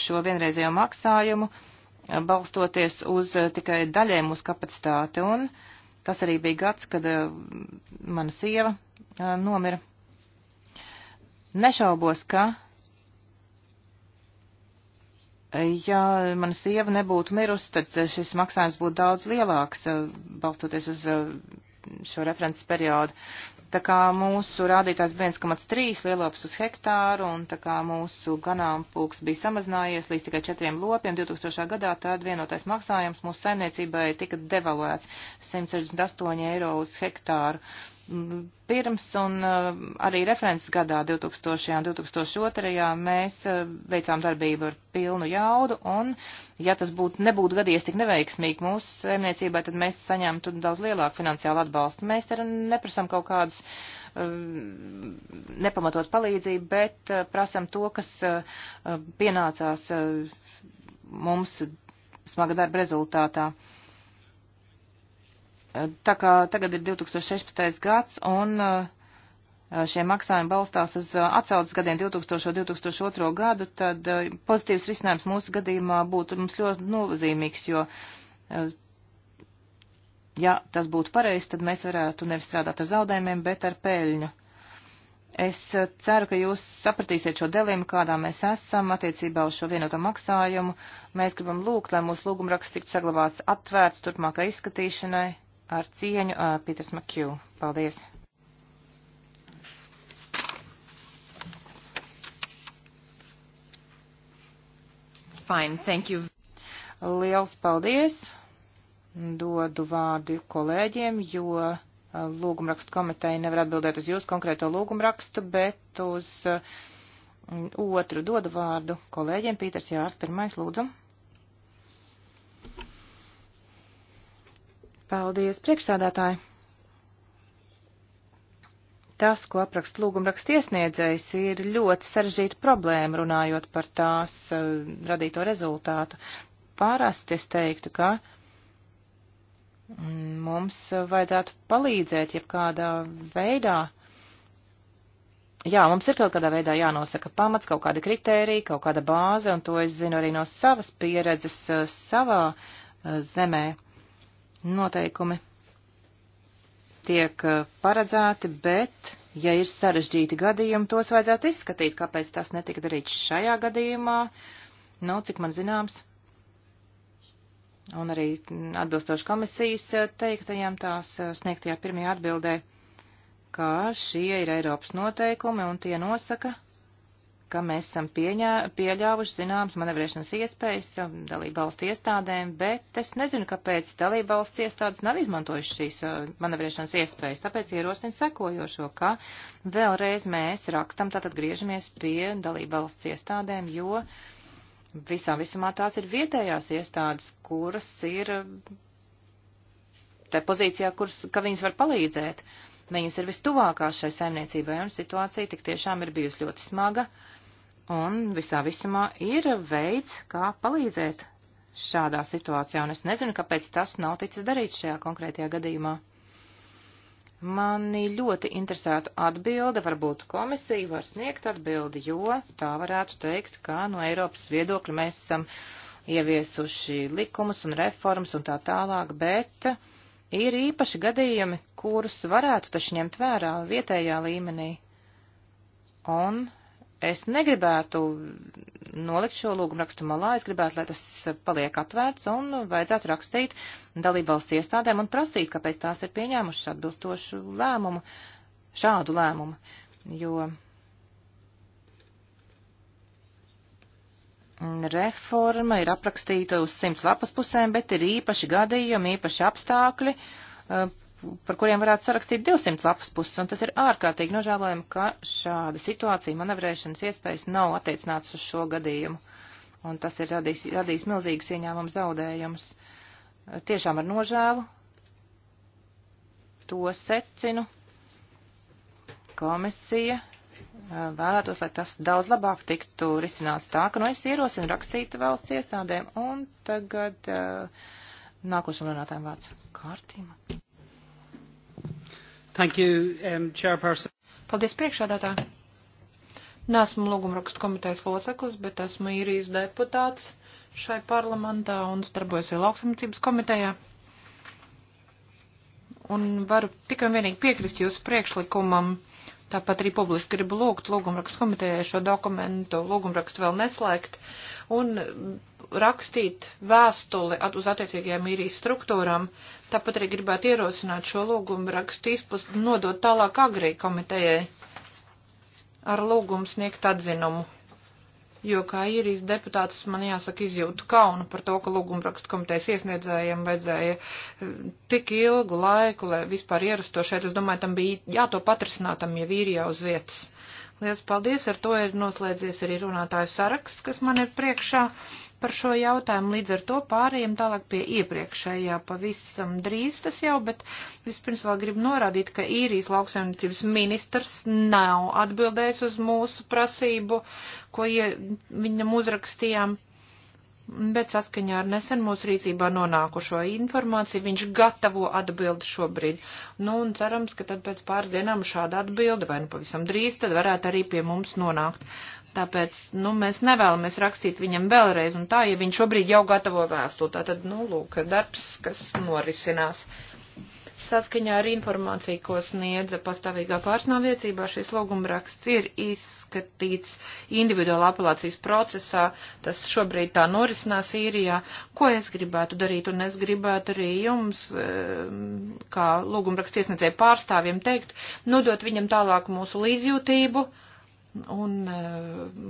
šo vienreizējo maksājumu, e, balstoties uz e, tikai daļai mūsu kapacitāti, un tas arī bija gads, kad mana sieva nomira. Nešaubos, ka ja mana sieva nebūtu mirusi, tad šis maksājums būtu daudz lielāks, balstoties uz šo references periodu. Tā kā mūsu rādītājs 1,3 lielops uz hektāru un tā kā mūsu ganāmpulks bija samazinājies līdz tikai četriem lopiem 2000. gadā, tad vienotais maksājums mūsu saimniecībai tika devaluēts 168 eiro uz hektāru. Uh, Pirms un eh, arī referents gadā 2000. un 2002. mēs eh, veicām darbību ar pilnu jaudu, un ja tas būtu, nebūtu gadies tik neveiksmīgi mūsu saimniecībai, tad mēs saņemtu daudz lielāku finansiālu atbalstu. Mēs te neprasam kaut kādus eh, nepamatot palīdzību, bet prasam to, kas pienācās mums smaga darba rezultātā. Uh, Tā kā tagad ir 2016. gads un eh, šie maksājumi balstās uz eh, atcaucas gadiem 2000. un 2002. gadu, tad eh, pozitīvs risinājums mūsu gadījumā būtu mums ļoti nozīmīgs, jo, ja tas būtu pareizi, tad mēs varētu nevis strādāt ar zaudējumiem, bet ar pēļņu. Es ceru, ka jūs sapratīsiet šo dilemmu, kādā mēs esam attiecībā uz šo vienoto maksājumu. Mēs gribam lūgt, lai mūsu lūgumraksts tiktu saglabāts atvērts turpmākai izskatīšanai ar cieņu uh, Pīters Makju. Paldies! Fine, thank you. Liels paldies! Dodu vārdu kolēģiem, jo uh, lūgumrakstu komiteja nevar atbildēt uz jūsu konkrēto lūgumrakstu, bet uz uh, otru dodu vārdu kolēģiem. Pīters Jārs, pirmais lūdzu. Paldies, priekšsādātāji! Tas, ko aprakst lūgumraksta iesniedzējs, ir ļoti sarežģīta problēma, runājot par tās uh, radīto rezultātu. Parasti es teiktu, ka mm, mums vajadzētu palīdzēt jebkādā veidā. Jā, mums ir kaut kādā veidā jānosaka pamats, kaut kāda kritērija, kaut kāda bāze, un to es zinu arī no savas pieredzes eh, savā eh, zemē noteikumi tiek eh, paredzēti, bet, ja ir sarežģīti gadījumi, tos vajadzētu izskatīt, kāpēc tas netika darīts šajā gadījumā, nu, cik man zināms. Un arī atbilstoši komisijas eh, teiktajām tās eh, sniegtajā pirmajā atbildē, kā šie ir Eiropas noteikumi un tie nosaka, ka mēs esam pieņā, pieļāvuši zināmas manevrēšanas iespējas um, dalībvalstu iestādēm, bet es nezinu, kāpēc dalībvalsts iestādes nav izmantojušas šīs uh, manevrēšanas iespējas. Tāpēc ierosinu sekojošo, ka vēlreiz mēs rakstam, tātad griežamies pie dalībvalsts iestādēm, jo visā visumā tās ir vietējās iestādes, kuras ir te pozīcijā, kuras, ka viņas var palīdzēt. Viņas ir vistuvākās šai saimniecībai, un situācija tik tiešām ir bijusi ļoti smaga. Uh, Un visā visumā ir veids, kā palīdzēt šādā situācijā, un es nezinu, kāpēc tas nav ticis darīts šajā konkrētajā gadījumā. Mani ļoti interesētu atbilde, varbūt komisija var sniegt atbildi, jo tā varētu teikt, ka no Eiropas viedokļa mēs esam ieviesuši likumus un reformas un tā tālāk, bet ir īpaši gadījumi, kurus varētu taču ņemt vērā vietējā līmenī. Un Es negribētu nolikt šo lūgumu rakstu malā, es gribētu, lai tas paliek atvērts un vajadzētu rakstīt dalībvalsts iestādēm un prasīt, kāpēc tās ir pieņēmušas atbilstošu lēmumu, šādu lēmumu, jo reforma ir aprakstīta uz simts lapas pusēm, bet ir īpaši gadījumi, īpaši apstākļi, par kuriem varētu sarakstīt 200 lapas puses, un tas ir ārkārtīgi nožēlojami, ka šāda situācija manevrēšanas iespējas nav attiecināts uz šo gadījumu, un tas ir radījis, radījis milzīgus ieņēmumu zaudējumus. Tiešām ar nožēlu to secinu. Komisija eh, vēlētos, lai tas daudz labāk tiktu risināts tā, ka no nu, es ierosinu rakstīt valsts iestādēm, un tagad eh, nākošam runātājiem vārds kārtīma. Thank you, um, chairperson. Paldies priekšādātā. Nesmu lūgumrakstu komitejas loceklis, bet esmu īrijas deputāts šai parlamentā un darbojos vēl lauksamniecības komitejā. Un varu tikai un vienīgi piekrist jūsu priekšlikumam. Tāpat arī publiski gribu lūgt lūgumrakstu komitejai šo dokumentu, lūgumrakstu vēl neslēgt. Un rakstīt vēstuli at uz attiecīgajām īrijas struktūrām. Tāpat arī gribētu ierosināt šo lūgumu rakstu izpust nodot tālāk agrī komitejai ar lūgumu sniegt atzinumu. Jo kā īrijas deputāts man jāsaka izjūtu kaunu par to, ka lūgumrakstu komitejas iesniedzējiem vajadzēja eh, tik ilgu laiku, lai vispār ierasto šeit. Es domāju, tam bija jāto patrisinātam, ja vīri jau uz vietas. Lielas paldies, ar to ir noslēdzies arī runātāju saraksts, kas man ir priekšā par šo jautājumu, līdz ar to pārējiem tālāk pie iepriekšējā pavisam drīz tas jau, bet vispirms vēl gribu norādīt, ka īrijas lauksaimniecības ministrs nav atbildējis uz mūsu prasību, ko ja viņam uzrakstījām. Bet saskaņā ar nesen mūsu rīcībā nonākušo informāciju viņš gatavo atbildi šobrīd. Nu, un cerams, ka tad pēc pāris dienām šāda atbilde, vai nu pavisam drīz, tad varētu arī pie mums nonākt. Tāpēc, nu, mēs nevēlamies rakstīt viņam vēlreiz, un tā, ja viņš šobrīd jau gatavo vēstuli, tā tad, nu, lūk, darbs, kas norisinās. Saskaņā ar informāciju, ko sniedza pastāvīgā pārstāvniecībā, šis logumraksts ir izskatīts individuāla apelācijas procesā, tas šobrīd tā norisinās īrijā. Ko es gribētu darīt, un es gribētu arī jums, ehm, kā logumraksts iesniedzēju pārstāvjiem, teikt, nodot viņam tālāk mūsu līdzjūtību. Uh, un e,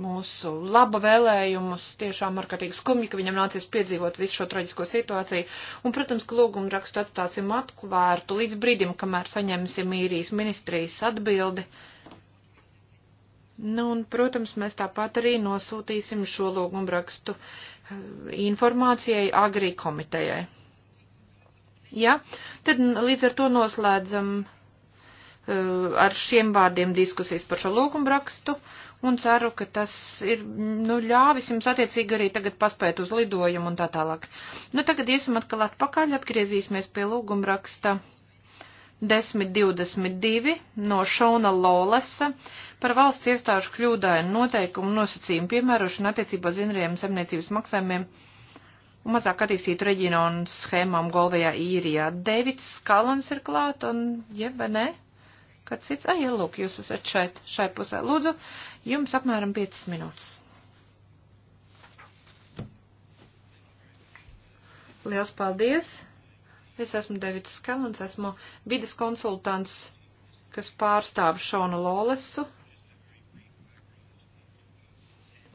mūsu laba vēlējumus tiešām ārkārtīgi skumji, ka viņam nācies piedzīvot visu šo traģisko situāciju. Un, protams, ka lūgumu rakstu atstāsim atklārtu līdz brīdim, kamēr saņemsim īrijas ministrijas atbildi. Nu, un, protams, mēs tāpat arī nosūtīsim šo lūgumu rakstu e, informācijai agrī komitejai. Ja? Tad līdz ar to noslēdzam. Um, Eh, ar šiem vārdiem diskusijas par šo lūgumrakstu un ceru, ka tas ir, nu, ļāvis jums attiecīgi arī tagad paspēt uz lidojumu un tā tālāk. Nu, tagad iesim atkal atpakaļ, atgriezīsimies pie lūgumraksta 1022 no Šona Lolesa par valsts iestāžu kļūdainu noteikumu nosacījumu piemērošanu attiecībā uz vienreiem zemniecības maksājumiem un mazāk attīstītu reģionu schēmām Golvajā īrijā. Deivids Skalons ir klāt un, jeb, ja, ne? Kāds cits? Ai, ja, lūk, jūs esat šeit, šai pusē. Lūdzu, jums apmēram 5 minūtes. Liels paldies! Es esmu Devits Skelens, esmu vidas konsultants, kas pārstāv Šonu Lolesu.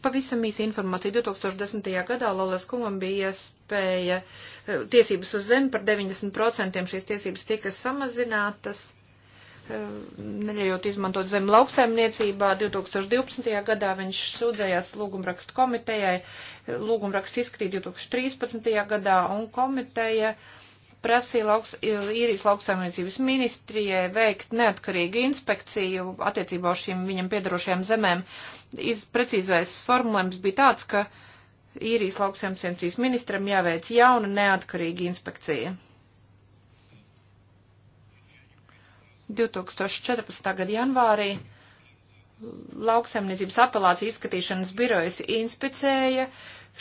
Pavisam īsi informācija. 2010. gadā Loles kungam bija iespēja eh, tiesības uz zemi par 90% šīs tiesības tika samazinātas neļaujot izmantot zem lauksaimniecībā. 2012. gadā viņš sūdzējās lūgumrakstu komitejai, lūgumrakstu izskatīja 2013. gadā un komiteja prasīja lauks, īrijas lauksaimniecības ministrijai veikt neatkarīgu inspekciju attiecībā uz šīm viņam piedarošajām zemēm. Iz, precīzais formulējums bija tāds, ka īrijas lauksaimniecības ministram jāveic jauna neatkarīga inspekcija. 2014. gada janvārī lauksaimniecības apelācija izskatīšanas birojas inspicēja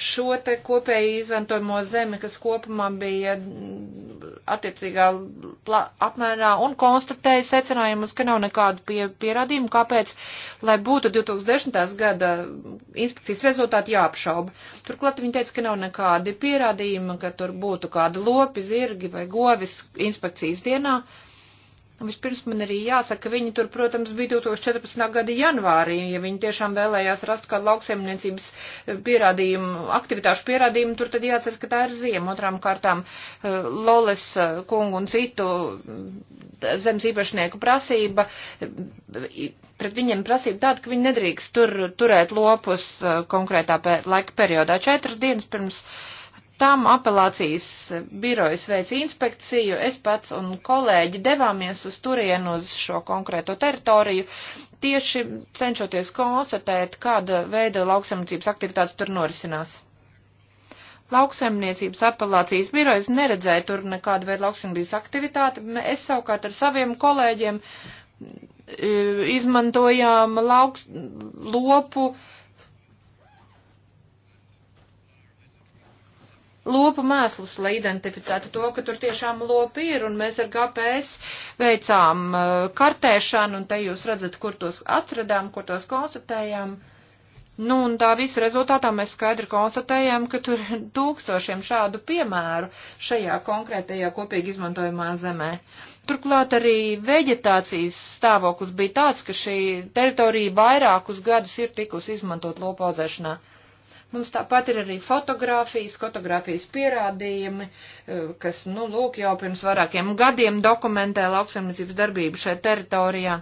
šo te kopēju izventojamo zemi, kas kopumā bija attiecīgā apmērā un konstatēja secinājumus, ka nav nekādu pie, pierādījumu, kāpēc, lai būtu 2010. gada inspekcijas rezultāti jāapšauba. Turklāt viņi teica, ka nav nekādi pierādījumi, ka tur būtu kādi lopi, zirgi vai govis inspekcijas dienā. Uh, Vispirms man arī jāsaka, ka viņi tur, protams, bija 2014. gada janvārī, ja viņi tiešām vēlējās rast kādu lauksaimniecības eh, pierādījumu, aktivitāšu pierādījumu, tur tad jāatceras, ka tā ir ziema. Otrām kārtām eh, Loles eh, kungu un citu zemes īpašnieku prasība, pret viņiem prasība tāda, ka viņi nedrīkst tur turēt lopus konkrētā laika periodā. Četras dienas pirms Tam apelācijas birojas veic inspekciju, es pats un kolēģi devāmies uz turienu uz šo konkrēto teritoriju, tieši cenšoties konstatēt, kāda veida lauksaimniecības aktivitātes tur norisinās. Lauksaimniecības apelācijas birojas neredzēja tur nekādu veidu lauksaimniecības aktivitāti, es savukārt ar saviem kolēģiem e, izmantojām lauks, lopu lopu mēslus, lai identificētu to, ka tur tiešām lopi ir, un mēs ar GPS veicām uh, kartēšanu, un te jūs redzat, kur tos atradām, kur tos konstatējām. Nu, un tā visa rezultātā mēs skaidri konstatējām, ka tur ir tūkstošiem šādu piemēru šajā konkrētajā kopīgi izmantojumā zemē. Turklāt arī veģetācijas stāvoklis bija tāds, ka šī teritorija vairākus gadus ir tikusi izmantot lopaudzēšanā. Uh, Mums tāpat ir arī fotografijas, fotografijas pierādījumi, eh, kas, nu, lūk, jau pirms vairākiem gadiem dokumentē lauksaimniecības darbību šajā teritorijā.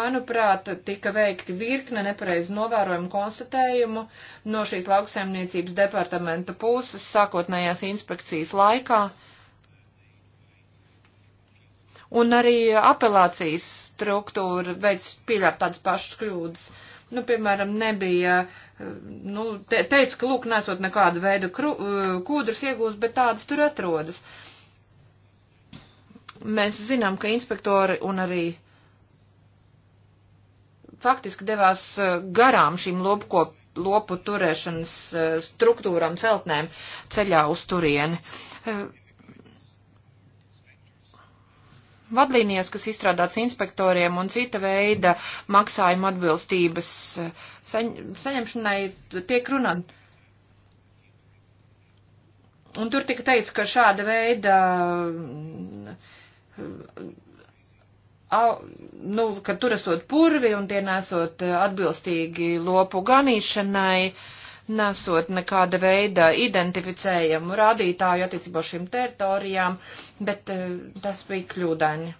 Manuprāt, tika veikti virkne nepareizi novērojumu konstatējumu no šīs lauksaimniecības departamenta puses sākotnējās inspekcijas laikā un arī apelācijas struktūra veids pieļāp tādas pašas kļūdas nu, piemēram, nebija, nu, te, teica, ka, lūk, nesot nekādu veidu kru, kūdrus iegūst, bet tādas tur atrodas. Mēs zinām, ka inspektori un arī faktiski devās eh, garām šīm lopkop, lopu turēšanas eh, struktūram celtnēm ceļā uz turieni. Eh, vadlīnijas, kas izstrādāts inspektoriem un cita veida maksājuma atbilstības eh, saņ saņemšanai, tiek runāt. Un tur tika teikts, ka šāda veida eh, Au, nu, ka tur esot purvi un tie nesot atbilstīgi lopu ganīšanai, uh, nesot nekāda veida identificējumu rādītāju attiecībā šīm teritorijām, bet eh, tas bija kļūdaini.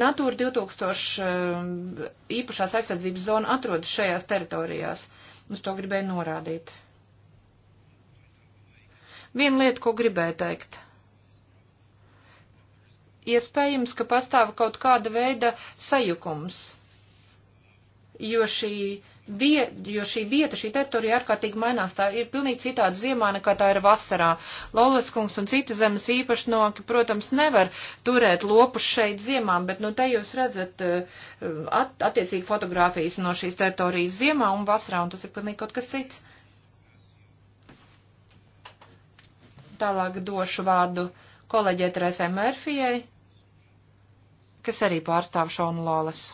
Natūra 2000 eh, īpašās aizsardzības zona atrodas šajās teritorijās. Uz to gribēju norādīt. Viena lieta, ko gribēju teikt iespējams, ka pastāv kaut kāda veida sajukums, jo šī Vie, jo šī vieta, šī teritorija ārkārtīgi mainās. Tā ir pilnīgi citāda ziemā nekā tā ir vasarā. Lolas kungs un citi zemes īpašnoki, protams, nevar turēt lopus šeit ziemām, bet nu te jūs redzat eh, at, attiecīgi fotogrāfijas no šīs teritorijas ziemā un vasarā, un tas ir pilnīgi kaut kas cits. Tālāk došu vārdu kolēģē Teresai Mērfijai, kas arī pārstāv Šonu Lolas.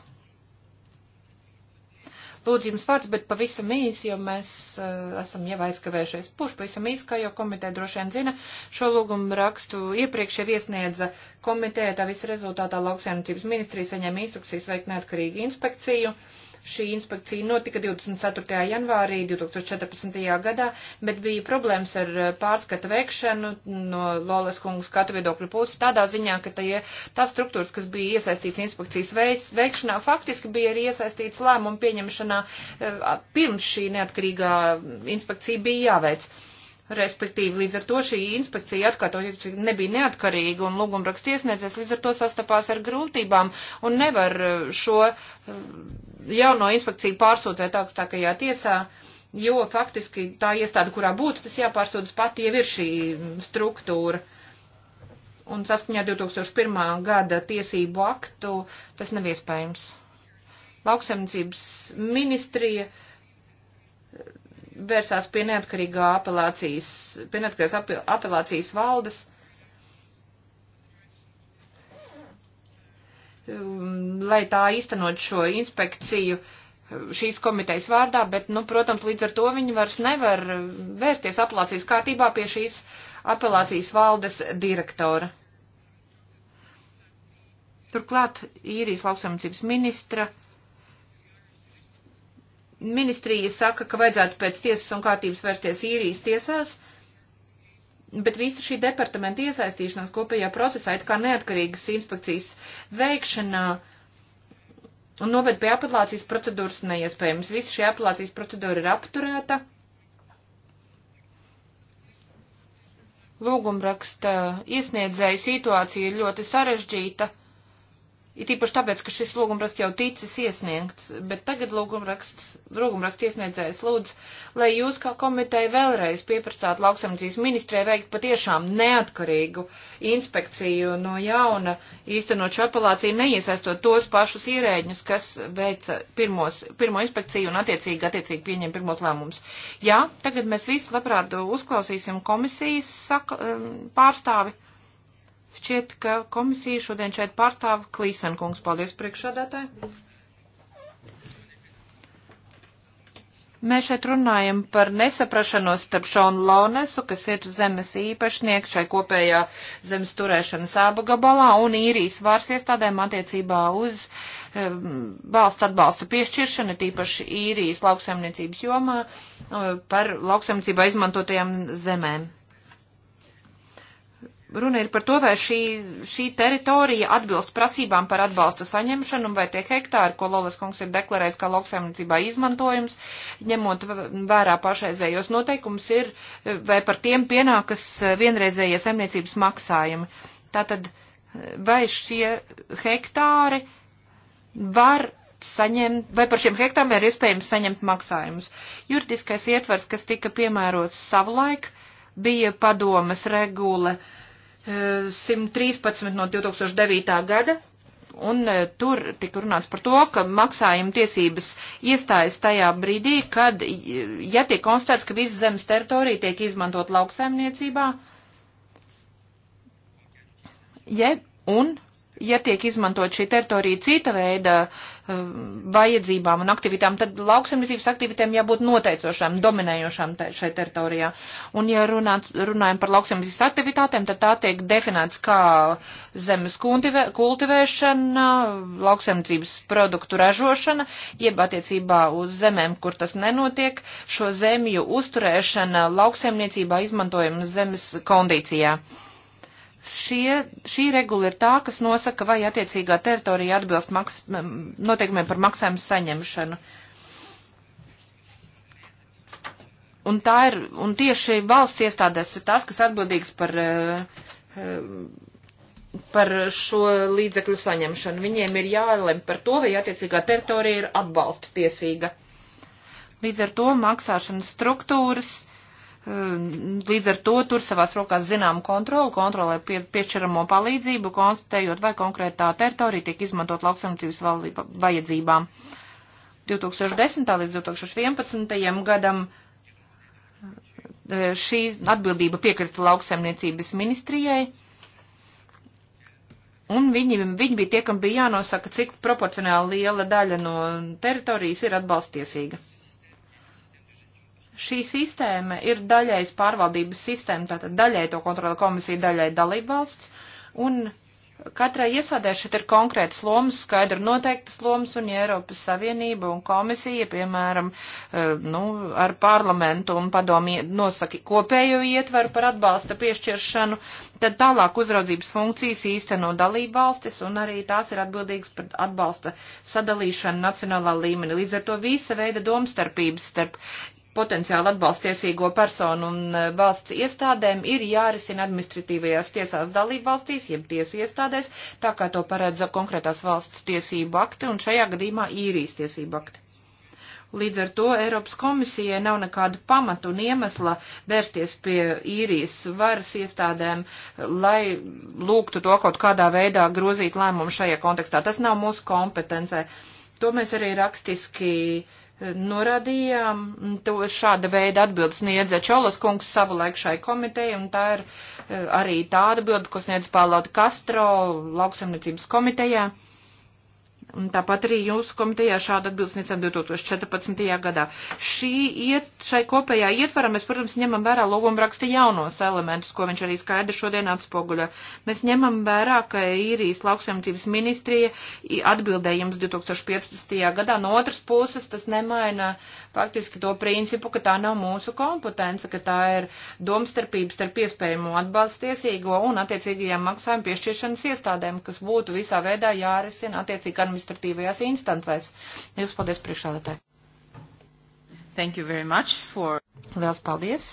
Lūdzu, jums vārds, bet pavisam īsi, jo mēs uh, esam jau aizkavējušies. Puš, pavisam īsi, kā jau komiteja droši vien zina, šo lūgumu rakstu iepriekš jau iesniedza komiteja, tā visa rezultātā lauksainicības ministrija saņēma instrukcijas veikt neatkarīgu inspekciju. Uh, Šī inspekcija notika 24. janvārī 2014. gadā, bet bija problēmas ar eh, pārskata veikšanu no Lolas kungas skatu viedokļu puses tādā ziņā, ka tie, tās struktūras, kas bija iesaistīts inspekcijas veids, veikšanā, faktiski bija arī iesaistīts lēmumu pieņemšanā eh, pirms šī neatkarīgā inspekcija bija jāveic. Respektīvi, līdz ar to šī inspekcija atkārtot nebija neatkarīga un lūgumraksts iesniedzēs līdz ar to sastapās ar grūtībām un nevar eh, šo eh, jauno inspekciju pārsūtēt augstākajā tiesā, jo faktiski tā iestāde, kurā būtu, tas jāpārsūtas pati jau ir šī mm, struktūra. Un saskaņā 2001. gada tiesību aktu tas nav iespējams. Lauksaimniecības ministrija vērsās pie neatkarīgā apelācijas, pie neatkarīgās apel, apelācijas valdes. Um, lai tā īstenot šo inspekciju šīs komitejas vārdā, bet, nu, protams, līdz ar to viņi vairs nevar vērsties apelācijas kārtībā pie šīs apelācijas valdes direktora. Turklāt īrijas lauksaimniecības ministra Ministrija saka, ka vajadzētu pēc tiesas un kārtības vērsties īrijas tiesās, bet visa šī departamenta iesaistīšanās kopējā procesā, it kā neatkarīgas inspekcijas veikšanā, un noved pie apelācijas procedūras neiespējams. Visa šī apelācijas procedūra ir apturēta. Lūgumraksta iesniedzēja situācija ir ļoti sarežģīta It īpaši tāpēc, ka šis lūgumraksts jau ticis iesniegts, bet tagad lūgumraksts, lūgumraksts iesniedzējs lūdz, lai jūs kā komiteja vēlreiz pieprasāt lauksamdzīs ministrē veikt patiešām neatkarīgu inspekciju no jauna, īstenot šo apelāciju, neiesaistot tos pašus ierēģņus, kas veica pirmos, pirmo inspekciju un attiecīgi, attiecīgi pieņem pirmos lēmumus. Jā, tagad mēs visi labprāt uzklausīsim komisijas saka, um, pārstāvi. Šķiet, ka komisija šodien šeit pārstāv Klīsenkungs. Paldies priekšādātāji. Mēs šeit runājam par nesaprašanos starp Šonu Launesu, kas ir zemes īpašnieks šai kopējā zemes turēšanas apgabalā, un īrijas vārs iestādēm attiecībā uz um, valsts atbalsta piešķiršanu, tīpaši īrijas lauksaimniecības jomā, um, par lauksaimniecībā izmantotajām zemēm runa ir par to, vai šī, šī teritorija atbilst prasībām par atbalsta saņemšanu, vai tie hektāri, ko Lolas kungs ir deklarējis kā lauksaimniecībā izmantojums, ņemot vērā pašreizējos noteikumus, ir, vai par tiem pienākas eh, vienreizējie saimniecības maksājumi. Tātad, eh, vai šie hektāri var saņemt, vai par šiem hektāriem ir iespējams saņemt maksājumus. Juridiskais ietvers, kas tika piemērots savulaik, bija padomas regula 2008.2 113 eh, no 2009. gada, un eh, tur tika runāts par to, ka maksājuma tiesības iestājas tajā brīdī, kad, ja tiek konstatēts, ka visa zemes teritorija tiek izmantot lauksaimniecībā, jeb un ja tiek izmantot šī teritorija cita veida eh, vajadzībām un aktivitām, tad lauksemniecības aktivitēm jābūt noteicošām, dominējošām te, šai teritorijā. Un ja runāt, runājam par lauksemniecības aktivitātēm, tad tā tiek definēts kā zemes kultivē, kultivēšana, lauksemniecības produktu ražošana, jeb attiecībā uz zemēm, kur tas nenotiek, šo zemju uzturēšana lauksemniecībā izmantojuma zemes kondīcijā. Šie, šī regula ir tā, kas nosaka, vai attiecīgā teritorija atbilst maks, noteikumiem par maksājumu saņemšanu. Un tā ir, un tieši valsts iestādēs ir tās, kas atbildīgs par uh, par šo līdzekļu saņemšanu. Viņiem ir jālem par to, vai attiecīgā teritorija ir atbalsta tiesīga. Līdz ar to maksāšanas struktūras Ehm, līdz ar to tur savās rokās zinām kontroli, kontrolē pie, piešķiramo palīdzību, konstatējot, vai konkrētā teritorija tiek izmantot lauksaimniecības vajadzībām. 2010. līdz 2011. gadam eh, šī atbildība piekrita lauksaimniecības ministrijai. Un viņi, viņi bija tie, kam bija jānosaka, cik proporcionāli liela daļa no teritorijas ir atbalstiesīga. Šī sistēma ir daļais pārvaldības sistēma, tātad daļai to kontrola komisija, daļai dalībvalsts, un katrai iesādē šeit ir konkrētas lomas, skaidri noteiktas lomas, un ja Eiropas Savienība un komisija, piemēram, eh, nu, ar parlamentu un padomi nosaka kopējo ietveru par atbalsta piešķiršanu, tad tālāk uzraudzības funkcijas īsteno dalību valstis, un arī tās ir atbildīgas par atbalsta sadalīšanu nacionālā līmenī. Līdz ar to visa veida domstarpības starp potenciāli atbalstiesīgo personu un e, valsts iestādēm ir jārisina administratīvajās tiesās dalību valstīs, jeb tiesu iestādēs, tā kā to paredz konkrētās valsts tiesību akti un šajā gadījumā īrijas tiesību akti. Līdz ar to Eiropas komisijai nav nekādu pamatu un iemesla vērsties pie īrijas varas iestādēm, lai lūgtu to kaut kādā veidā grozīt lēmumu šajā kontekstā. Tas nav mūsu kompetencē. To mēs arī rakstiski uh, norādījām, to šāda veida atbildes sniedza Čolas kungs savulaik šai komitejai, un tā ir eh, arī tā atbilde, ko sniedz Pālauta Kastro lauksaimniecības komitejā. Uh, Un tāpat arī jūsu komitejā šādu atbildes niecam 2014. gadā. Šī iet, šai kopējā ietvarā mēs, protams, ņemam vērā logumu raksta jaunos elementus, ko viņš arī skaidri šodien atspoguļo. Mēs ņemam vērā, ka īrijas lauksaimniecības ministrija atbildējums 2015. gadā. No otras puses, tas nemaina faktiski to principu, ka tā nav mūsu kompetence, ka tā ir domstarpības starp iespējamo atbalstu tiesīgo un attiecīgajām maksājumu piešķiršanas iestādēm, kas būtu visā veidā jārisina attiecīgi administratīvajās instancēs. Jūs paldies priekšādātē. Thank you very much for. Liels paldies.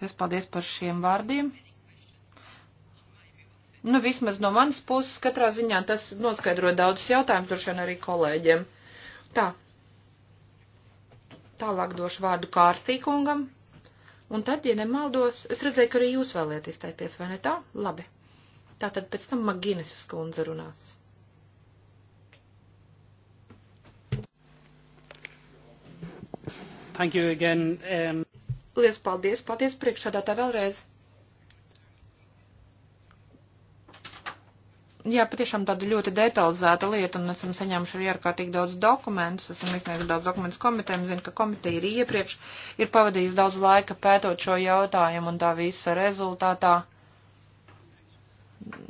Liels paldies par šiem vārdiem. Nu, vismaz no manas puses, katrā ziņā tas noskaidro daudzus jautājumus, droši vien arī kolēģiem. Tā, Tālāk došu vārdu Kārtīkungam. Un tad, ja nemaldos, es redzēju, ka arī jūs vēliet izteikties, vai ne tā? Labi. Tātad pēc tam Maginas skundze runās. Thank you again. Um... Liels paldies, paldies priekšādā tā vēlreiz. jā, patiešām tāda ļoti detalizēta lieta, un esam saņēmuši arī ārkārtīgi daudz dokumentus, esam izsnieguši daudz dokumentus komitēm, zinu, ka komiteja ir iepriekš, ir pavadījis daudz laika pētot šo jautājumu, un tā visa rezultātā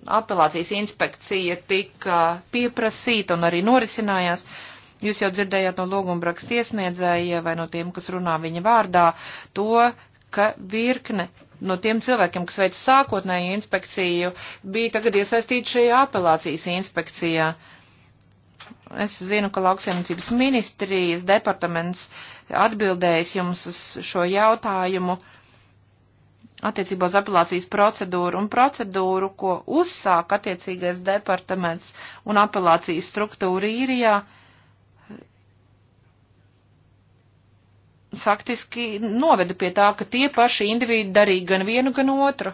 apelācijas inspekcija tika pieprasīta un arī norisinājās. Jūs jau dzirdējāt no logumbraks tiesniedzēja vai no tiem, kas runā viņa vārdā, to, ka virkne no tiem cilvēkiem, kas veica sākotnēju inspekciju, bija tagad iesaistīti šajā apelācijas inspekcijā. Es zinu, ka lauksaimniecības ministrijas departaments atbildējis jums uz šo jautājumu attiecībā uz apelācijas procedūru un procedūru, ko uzsāk attiecīgais departaments un apelācijas struktūra īrijā. Ja faktiski noveda pie tā, ka tie paši individi darīja gan vienu, gan otru.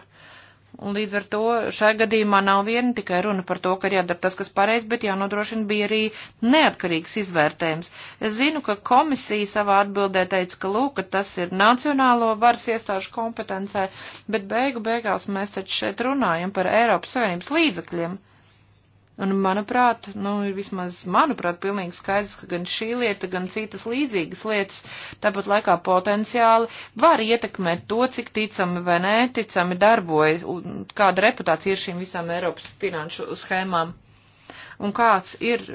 Un līdz ar to šai gadījumā nav viena tikai runa par to, ka ir jādara tas, kas pareizi, bet jānodrošina bija arī neatkarīgs izvērtējums. Es zinu, ka komisija savā atbildē teica, ka lūk, ka tas ir nacionālo varas iestāžu kompetencē, bet beigu beigās mēs taču šeit runājam par Eiropas Savienības līdzakļiem. Uh, Un, manuprāt, nu, ir vismaz, manuprāt, pilnīgi skaidrs, ka gan šī lieta, gan citas līdzīgas lietas tāpat laikā potenciāli var ietekmēt to, cik ticami vai neticami darbojas, un kāda reputācija ir šīm visām Eiropas finanšu schēmām. Un kāds ir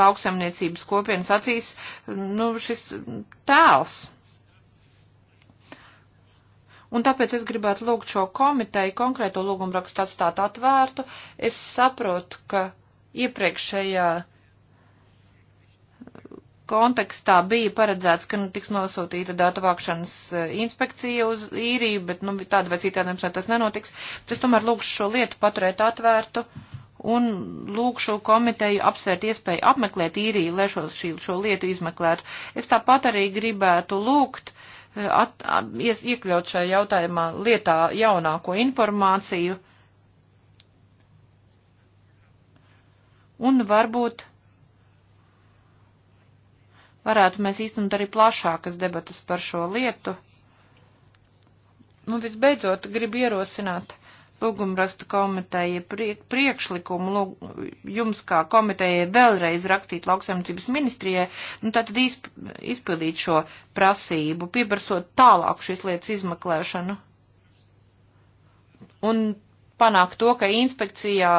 lauksaimniecības kopienas acīs, nu, šis tēls Un tāpēc es gribētu lūgt šo komiteju konkrēto lūgumu rakstu atstāt atvērtu. Es saprotu, ka iepriekšējā kontekstā bija paredzēts, ka nu, tiks nosūtīta datu vākšanas eh, inspekcija uz īriju, bet nu, tāda vai citādi mums tas nenotiks. Bet es tomēr lūgšu šo lietu paturēt atvērtu un lūgšu komiteju apsvērt iespēju apmeklēt īriju, lai šo, šī, šo lietu izmeklētu. Es tāpat arī gribētu lūgt uh, at, at, ies, iekļaut šajā jautājumā lietā jaunāko informāciju. Un varbūt varētu mēs īstenot arī plašākas debatas par šo lietu. Nu, visbeidzot, gribu ierosināt lūgumraksta komiteja priek, priekšlikumu lūg, jums kā komitejai vēlreiz rakstīt lauksaimniecības ministrijai, nu tātad izp, izpildīt šo prasību, pieprasot tālāk šīs lietas izmeklēšanu. Un panākt to, ka inspekcijā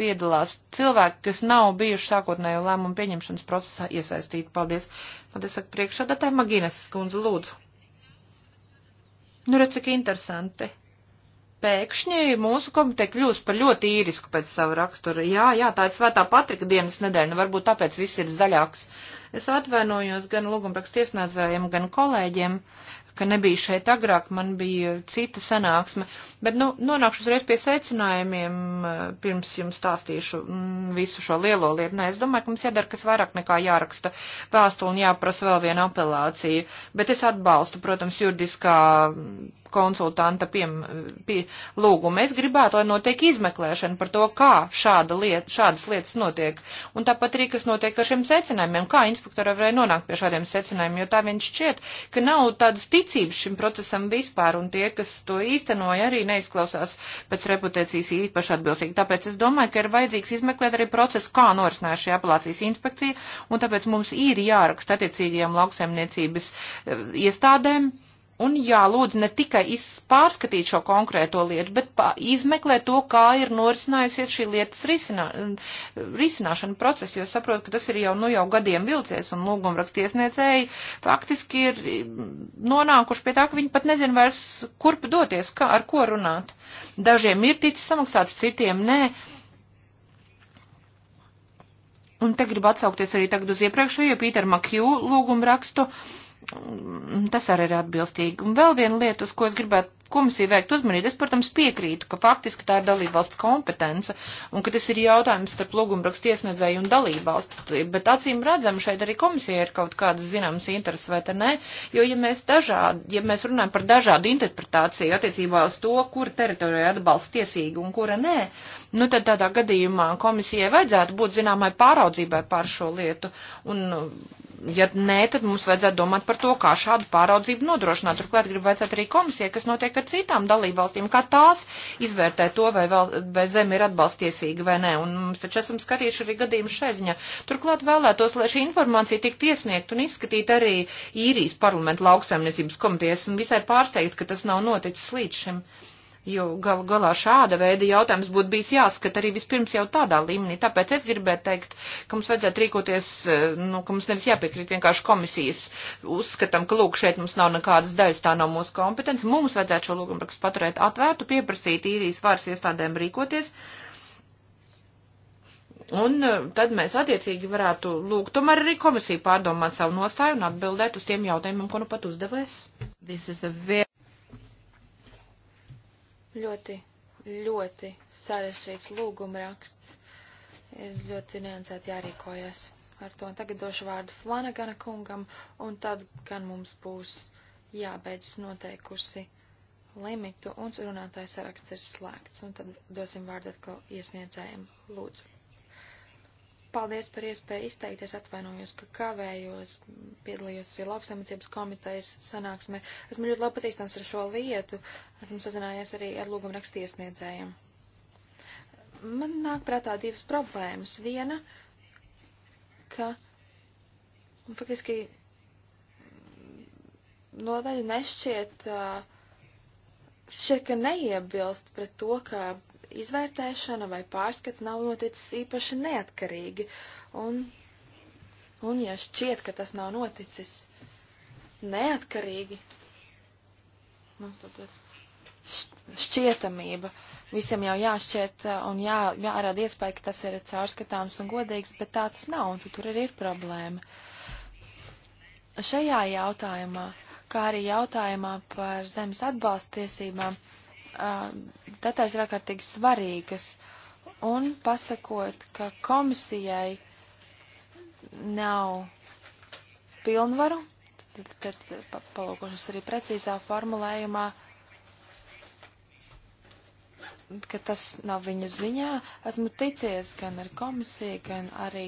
piedalās cilvēki, kas nav bijuši sākotnējo lēmumu pieņemšanas procesā iesaistīti. Paldies. Paldies, saka priekšsādātāji Maginas skundze, lūdzu. Nu, redz, cik interesanti pēkšņi mūsu komiteja kļūst par ļoti īrisku pēc savu raksturu. Jā, jā, tā ir svētā Patrika dienas nedēļa, nu varbūt tāpēc viss ir zaļāks. Es atvainojos gan lūgumprakstu iesnādzējiem, gan kolēģiem, ka nebija šeit agrāk, man bija cita sanāksme, bet, nu, nonākšu uzreiz pie secinājumiem, eh, pirms jums stāstīšu mm, visu šo lielo lietu. Nē, es domāju, ka mums jādara kas vairāk nekā jāraksta vēstuli un jāprasa vēl viena apelācija, bet es atbalstu, protams, juridiskā konsultanta pie, pie lūguma. Es gribētu, lai notiek izmeklēšana par to, kā šāda liet, šādas lietas notiek. Un tāpat arī, kas notiek ar šiem secinājumiem, kā inspektora varēja nonākt pie šādiem secinājumiem, jo tā viņš šķiet, ka nav tādas ticības šim procesam vispār, un tie, kas to īstenoja, arī neizklausās pēc reputācijas īpaši atbilstīgi. Tāpēc es domāju, ka ir vajadzīgs izmeklēt arī procesu, kā norisinās šī apelācijas inspekcija, un tāpēc mums ir jāraksta attiecīgajām lauksaimniecības eh, iestādēm. Uh, Un jālūdz ne tikai pārskatīt šo konkrēto lietu, bet izmeklēt to, kā ir norisinājusies šī lietas risinā, risināšana procesa, jo saprotu, ka tas ir jau, nu, jau gadiem vilcies, un lūgumrakstiesniecēji faktiski ir mm, nonākuši pie tā, ka viņi pat nezin vairs, kurp doties, kā, ar ko runāt. Dažiem ir ticis samaksāts, citiem nē. Un te gribu atsaukties arī tagad uz iepriekšējo Pīteru Makju lūgumu rakstu. Uh, Mm, tas arī ir atbilstīgi. Un vēl viena lieta, uz ko es gribētu komisiju vērkt uzmanību, es, protams, piekrītu, ka faktiski tā ir dalībvalsts kompetence un ka tas ir jautājums starp lūgumrakstu iesniedzēju un dalībvalstu, bet acīm redzam, šeit arī komisija ir kaut kādas zināmas intereses vai te nē, jo ja mēs dažādi, ja mēs runājam par dažādu interpretāciju attiecībā uz to, kura teritorija atbalsta tiesīgi un kura nē, nu tad tādā gadījumā komisijai vajadzētu būt zināmai pāraudzībai pār šo lietu un ja nē, tad mums vajadzētu domāt par to, kā šādu pāraudzību nodrošināt. Turklāt gribu vajadzētu arī komisijai, kas notiek ar citām dalībvalstīm, kā tās izvērtē to, vai, vēl, vai zemi ir atbalstiesīga vai nē. Un mēs taču esam skatījuši arī gadījumu šai ziņā. Turklāt vēlētos, lai šī informācija tiktu iesniegt un izskatīt arī īrijas parlamentu lauksaimniecības komitejas. Esmu visai pārsteigta, ka tas nav noticis līdz šim. Uh, jo gal galā šāda veida jautājums būtu bijis jāskat arī vispirms jau tādā līmenī. Tāpēc es gribētu teikt, ka mums vajadzētu rīkoties, e, nu, ka mums nevis jāpiekrīt vienkārši komisijas uzskatam, ka lūk, šeit mums nav nekādas daļas, tā nav mūsu kompetence. Mums vajadzētu šo lūgumrakstu paturēt atvērtu, pieprasīt īrijas varas iestādēm rīkoties. Un e, tad mēs attiecīgi varētu lūgt tomēr arī komisiju pārdomāt savu nostāju un atbildēt uz tiem jautājumiem, ko nu pat uzdevēs. Very... Ļoti, ļoti sarežģīts lūgumraksts. Ir ļoti niansēti jārīkojas ar to. Tagad došu vārdu Flanagana kungam, un tad gan mums būs jābeidz noteikusi limitu, un runātājs saraksts ir slēgts, un tad dosim vārdu atkal iesniedzējiem. Lūdzu. Paldies par iespēju izteikties, atvainojos, ka kavējos, piedalījos arī lauksaimniecības komitejas sanāksmē. Esmu ļoti labi pazīstams ar šo lietu, esmu sazinājies arī ar lūgumu rakstiesniedzējiem. Man nāk prātā divas problēmas. Viena, ka faktiski nodaļa nešķiet, šķiet, ka neiebilst pret to, ka izvērtēšana vai pārskats nav noticis īpaši neatkarīgi, un, un ja šķiet, ka tas nav noticis neatkarīgi, nu, tad šķietamība. Visam jau jāšķiet uh, un jā, jārada iespēja, ka tas ir caurskatāms un godīgs, bet tā tas nav, un tu tur arī ir problēma. Šajā jautājumā, kā arī jautājumā par zemes atbalsta tiesībām, uh, Um, datās ir ārkārtīgi svarīgas, un pasakot, ka komisijai nav pilnvaru, tad, tad, tad palūkošos arī precīzā formulējumā, ka tas nav viņu ziņā, esmu ticies gan ar komisiju, gan arī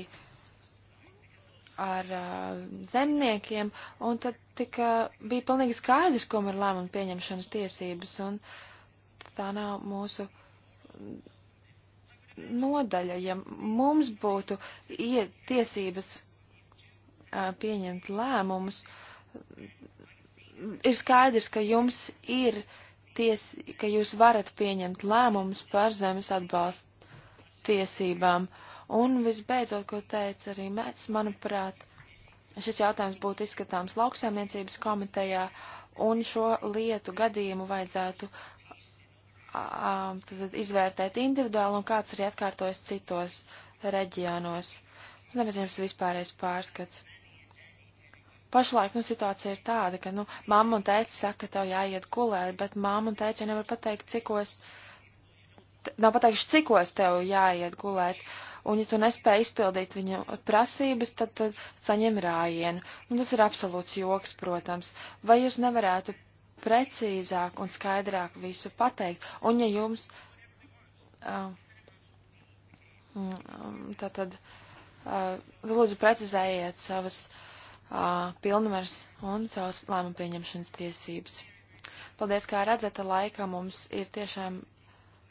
ar uh, zemniekiem, un tad tika, bija pilnīgi skaidrs, ko man lēmuma pieņemšanas tiesības, un uh, tā nav mūsu nodaļa. Ja mums būtu tiesības pieņemt lēmumus, ir skaidrs, ka jums ir ties, ka jūs varat pieņemt lēmumus par zemes atbalstu tiesībām. Un visbeidzot, ko teica arī Mēts, manuprāt, šis jautājums būtu izskatāms lauksēmniecības komitejā, un šo lietu gadījumu vajadzētu tad izvērtēt individuāli un kāds arī atkārtojas citos reģionos. Tāpēc jums vispārējais pārskats. Pašlaik, nu, situācija ir tāda, ka, nu, mamma un tēti saka, tev jāiet gulēt, bet mamma un tēti jau nevar pateikt, cikos, nav pateikuši, cikos tev jāiet gulēt. Un, ja tu nespēji izpildīt viņu prasības, tad tu saņem rājienu. Nu, tas ir absolūts joks, protams. Vai jūs nevarētu precīzāk un skaidrāk visu pateikt. Un ja jums uh, mm, mm, tātad uh, lūdzu precizējiet savas uh, pilnvars un savas lēmuma pieņemšanas tiesības. Paldies, kā redzat, laika mums ir tiešām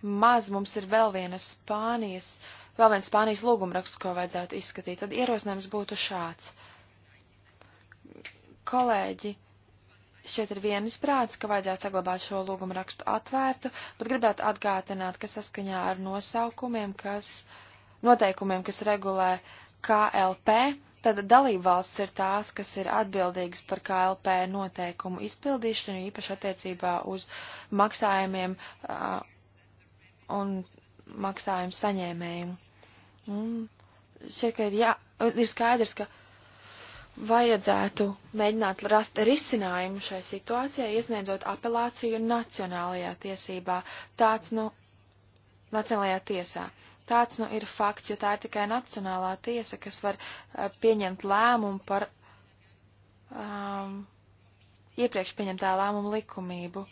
maz, mums ir vēl viena Spānijas, vēl viens Spānijas lūgumraksts, ko vajadzētu izskatīt. Tad ierosinājums būtu šāds. Kolēģi, uh, šeit ir vienas prāts, ka vajadzētu saglabāt šo lūgumu rakstu atvērtu, bet gribētu atgātināt, ka saskaņā ar nosaukumiem, kas, noteikumiem, kas regulē KLP, tad dalību valsts ir tās, kas ir atbildīgas par KLP noteikumu izpildīšanu, īpaši attiecībā uz maksājumiem uh, un maksājumu saņēmējiem. Mm. Šeit ir, jā, ir skaidrs, ka vajadzētu mēģināt rast risinājumu šai situācijai, iesniedzot apelāciju nacionālajā tiesībā. Tāds nu, nacionālajā tiesā. Tāds nu ir fakts, jo tā ir tikai nacionālā tiesa, kas var uh, pieņemt lēmumu par um, iepriekš pieņemtā lēmuma likumību.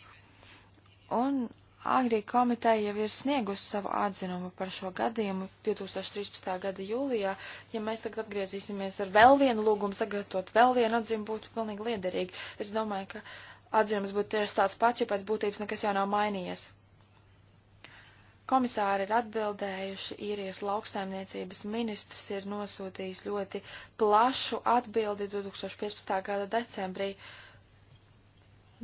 Un Agri komiteja jau ir sniegusi savu atzinumu par šo gadījumu 2013. gada jūlijā. Ja mēs tagad atgriezīsimies ar vēl vienu lūgumu sagatavot vēl vienu atzinumu, būtu pilnīgi liederīgi. Es domāju, ka atzinums būtu tieši tāds pats, ja pēc būtības nekas jau nav mainījies. Komisāri ir atbildējuši, īrijas lauksaimniecības ministrs ir nosūtījis ļoti plašu atbildi 2015. gada decembrī. Uh,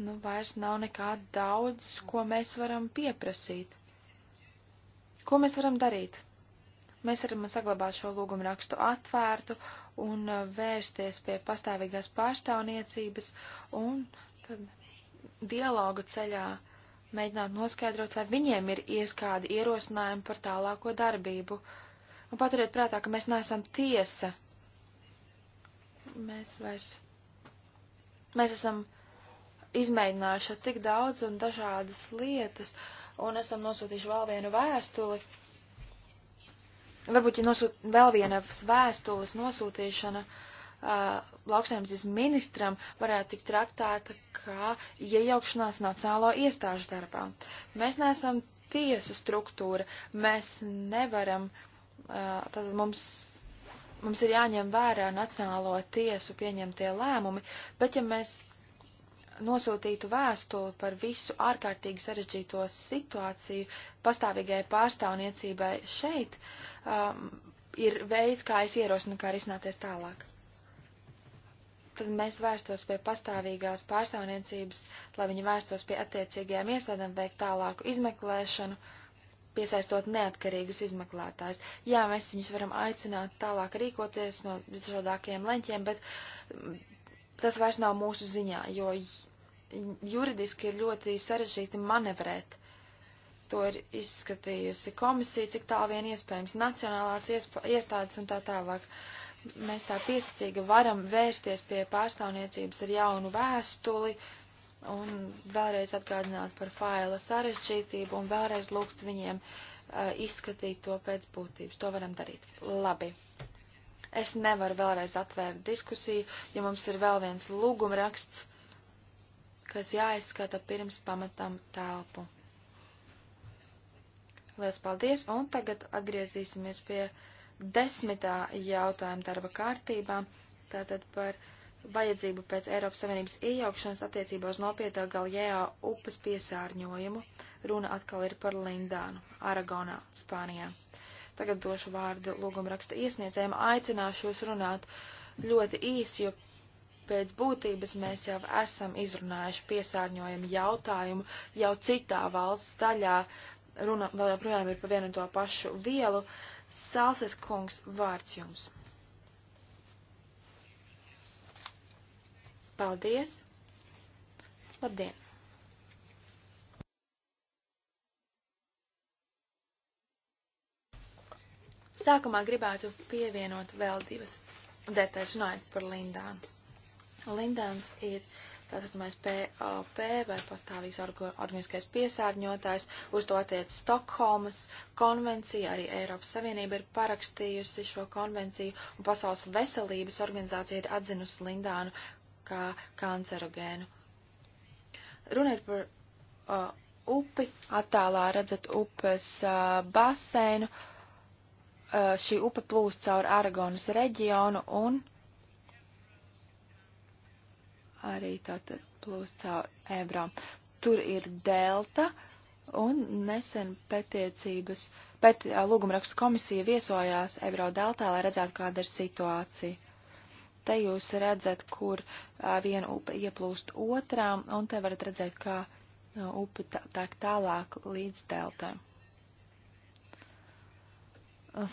nu, vairs nav nekā daudz, ko mēs varam pieprasīt. Ko mēs varam darīt? Mēs varam saglabāt šo lūgumu rakstu atvērtu un uh, vērsties pie pastāvīgās pārstāvniecības un tad dialoga ceļā mēģināt noskaidrot, vai viņiem ir ieskādi ierosinājumi par tālāko darbību. Un paturiet prātā, ka mēs neesam tiesa. Mēs vairs. Mēs esam izmēģinājuši tik daudz un dažādas lietas, un esam nosūtījuši vēl vienu vēstuli. Varbūt, ja nosūt, vēl vienas vēstules nosūtīšana uh, lauksaimniecības ministram varētu tikt traktēta kā iejaukšanās nacionālo iestāžu darbā. Mēs neesam tiesu struktūra, mēs nevaram, uh, tad mums mums ir jāņem vērā nacionālo tiesu pieņemtie lēmumi, bet ja mēs nosūtītu vēstuli par visu ārkārtīgi sarežģīto situāciju pastāvīgai pārstāvniecībai šeit, um, ir veids, kā es ierosinu, kā risināties tālāk. Tad mēs vērstos pie pastāvīgās pārstāvniecības, lai viņi vērstos pie attiecīgajām iestādēm veikt tālāku izmeklēšanu, piesaistot neatkarīgus izmeklētājus. Jā, mēs viņus varam aicināt tālāk rīkoties no visdažādākajiem leņķiem, bet mm, tas vairs nav mūsu ziņā, jo juridiski ir ļoti sarežģīti manevrēt. To ir izskatījusi komisija, cik tālu vien iespējams, nacionālās iestādes un tā tālāk. Mēs tā pieticīgi varam vērsties pie pārstāvniecības ar jaunu vēstuli un vēlreiz atgādināt par faila sarežģītību un vēlreiz lūgt viņiem uh, izskatīt to pēc būtības. To varam darīt. Labi. Es nevaru vēlreiz atvērt diskusiju, ja mums ir vēl viens lūgumraksts kas jāizskata pirms pamatām telpu. Lielas paldies, un tagad atgriezīsimies pie desmitā jautājuma darba kārtībā, tātad par vajadzību pēc Eiropas Savienības iejaukšanas attiecībā uz nopietno Galjējā upes piesārņojumu. Runa atkal ir par Lindānu, Aragonā, Spānijā. Tagad došu vārdu lūguma raksta iesniedzējiem, aicināšu jūs runāt ļoti īsi, jo pēc būtības mēs jau esam izrunājuši piesārņojumu jautājumu jau citā valsts daļā, runa vēl joprojām ir par vienu to pašu vielu. Salses kungs, vārds jums. Paldies! Labdien! Sākumā gribētu pievienot vēl divas detaļas, runājot par lindām. Lindens ir tā saucamais PAP vai pastāvīgs organiskais piesārņotājs. Uz to attiec Stokholmas konvencija, arī Eiropas Savienība ir parakstījusi šo konvenciju, un Pasaules veselības organizācija ir atzinusi Lindānu kā kancerogēnu. Runa ir par uh, upi, attālā redzat upes uh, basēnu. Uh, šī upe plūst caur Aragonas reģionu un uh, arī tātad plūst caur ebrām. Tur ir delta un nesen pētiecības, pēt, lūgumrakstu komisija viesojās ebro deltā, lai redzētu, kāda ir situācija. Te jūs redzat, kur viena upe ieplūst otrām, un te varat redzēt, kā upe tek tālāk līdz deltai.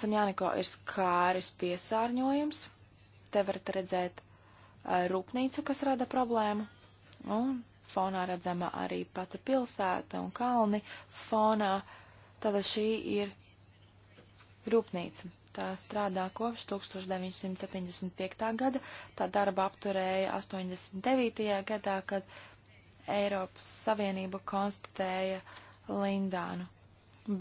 Samjāniko ir skāris piesārņojums. Te varat redzēt, uh, Eh, rūpnīcu, kas rada problēmu, un fonā redzama arī pati pilsēta un kalni fonā. Tātad šī ir rūpnīca. Tā strādā kopš 1975. gada, tā darba apturēja 89. gadā, kad Eiropas Savienība konstatēja Lindānu.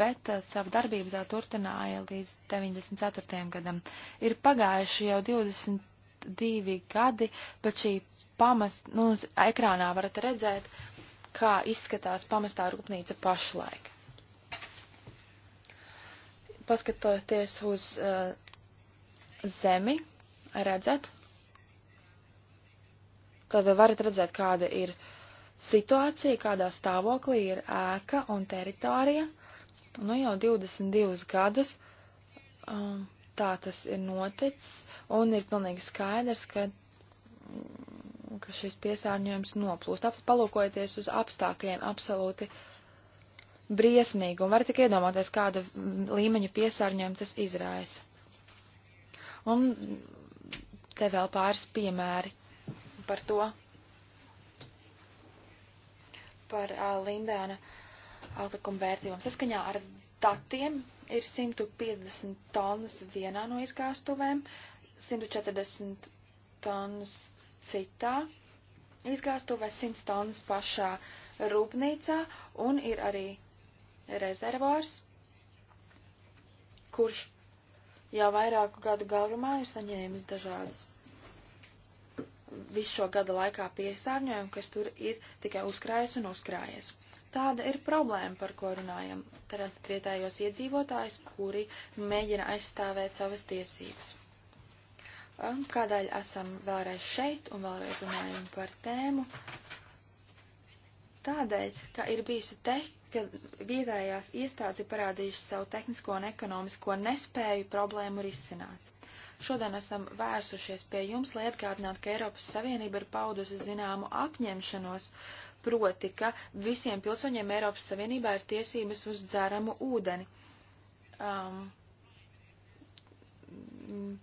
Bet uh, savu darbību tā turpināja līdz 94. gadam. Ir pagājuši jau 20 divi gadi, bet šī pamest, nu, ekrānā varat redzēt, kā izskatās pamestā rūpnīca pašlaik. Paskatoties uz uh, zemi, redzat, tad varat redzēt, kāda ir situācija, kādā stāvoklī ir ēka un teritorija. Nu, jau 22 gadus um, tā tas ir noticis, un ir pilnīgi skaidrs, ka, mm, ka šis piesārņojums noplūst. Palūkojieties uz apstākļiem absolūti briesmīgi, un var tik iedomāties, kāda līmeņa piesārņojuma tas izraisa. Un te vēl pāris piemēri par to, par uh, Lindēna atlikumu vērtībām. Saskaņā ar datiem ir 150 tonnas vienā no izgāstuvēm, 140 tonnas citā izgāstuvē, 100 tonnas pašā rūpnīcā un ir arī rezervors, kurš jau vairāku gadu garumā ir saņēmis dažādas visu šo gadu laikā piesārņojumu, kas tur ir tikai uzkrājies un uzkrājies. Tāda ir problēma, par ko runājam. Tad vietējos iedzīvotājus, kuri mēģina aizstāvēt savas tiesības. Un kādēļ esam vēlreiz šeit un vēlreiz runājam par tēmu? Tādēļ, ka ir bijusi te, ka vietējās iestādes ir parādījušas savu tehnisko un ekonomisko nespēju problēmu risināt. Šodien esam vērsušies pie jums, lai atgādinātu, ka Eiropas Savienība ir paudusi zināmu apņemšanos proti, ka visiem pilsoņiem Eiropas Savienībā ir tiesības uz dzēramu ūdeni. Um,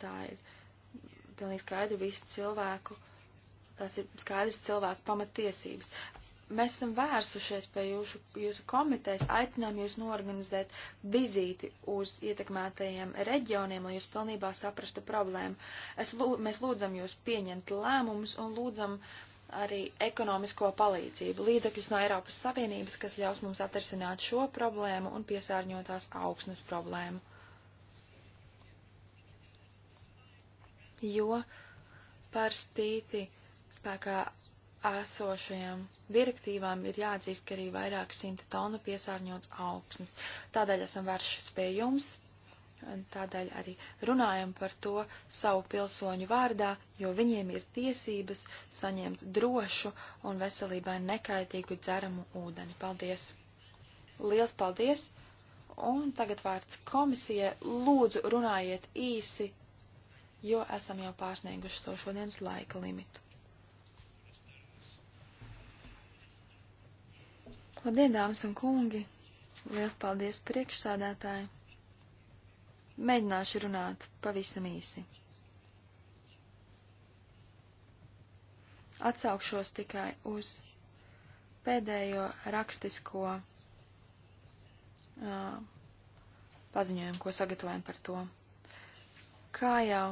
tā ir pilnīgi skaidra visu cilvēku, tās ir skaidrs cilvēku pamatiesības. Mēs esam vērsušies pie jūsu, jūsu komitejas, aicinām jūs norganizēt vizīti uz ietekmētajiem reģioniem, lai jūs pilnībā saprastu problēmu. Es, lūd, mēs lūdzam jūs pieņemt lēmumus un lūdzam uh, arī ekonomisko palīdzību, līdzekļus no Eiropas Savienības, kas ļaus mums atrisināt šo problēmu un piesārņotās augsnes problēmu. Jo par spīti spēkā esošajām direktīvām ir jāatzīst, ka arī vairāk simta tonu piesārņots augsnes. Tādēļ esam vēršas pie jums, Tādēļ arī runājam par to savu pilsoņu vārdā, jo viņiem ir tiesības saņemt drošu un veselībai nekaitīgu dzeramu ūdeni. Paldies! Liels paldies! Un tagad vārds komisijai. Lūdzu, runājiet īsi, jo esam jau pārsnieguši to šodienas laika limitu. Labdien, dāmas un kungi! Liels paldies priekšsādātāji! Mēģināšu runāt pavisam īsi. Atsaukšos tikai uz pēdējo rakstisko uh, paziņojumu, ko sagatavojam par to. Kā jau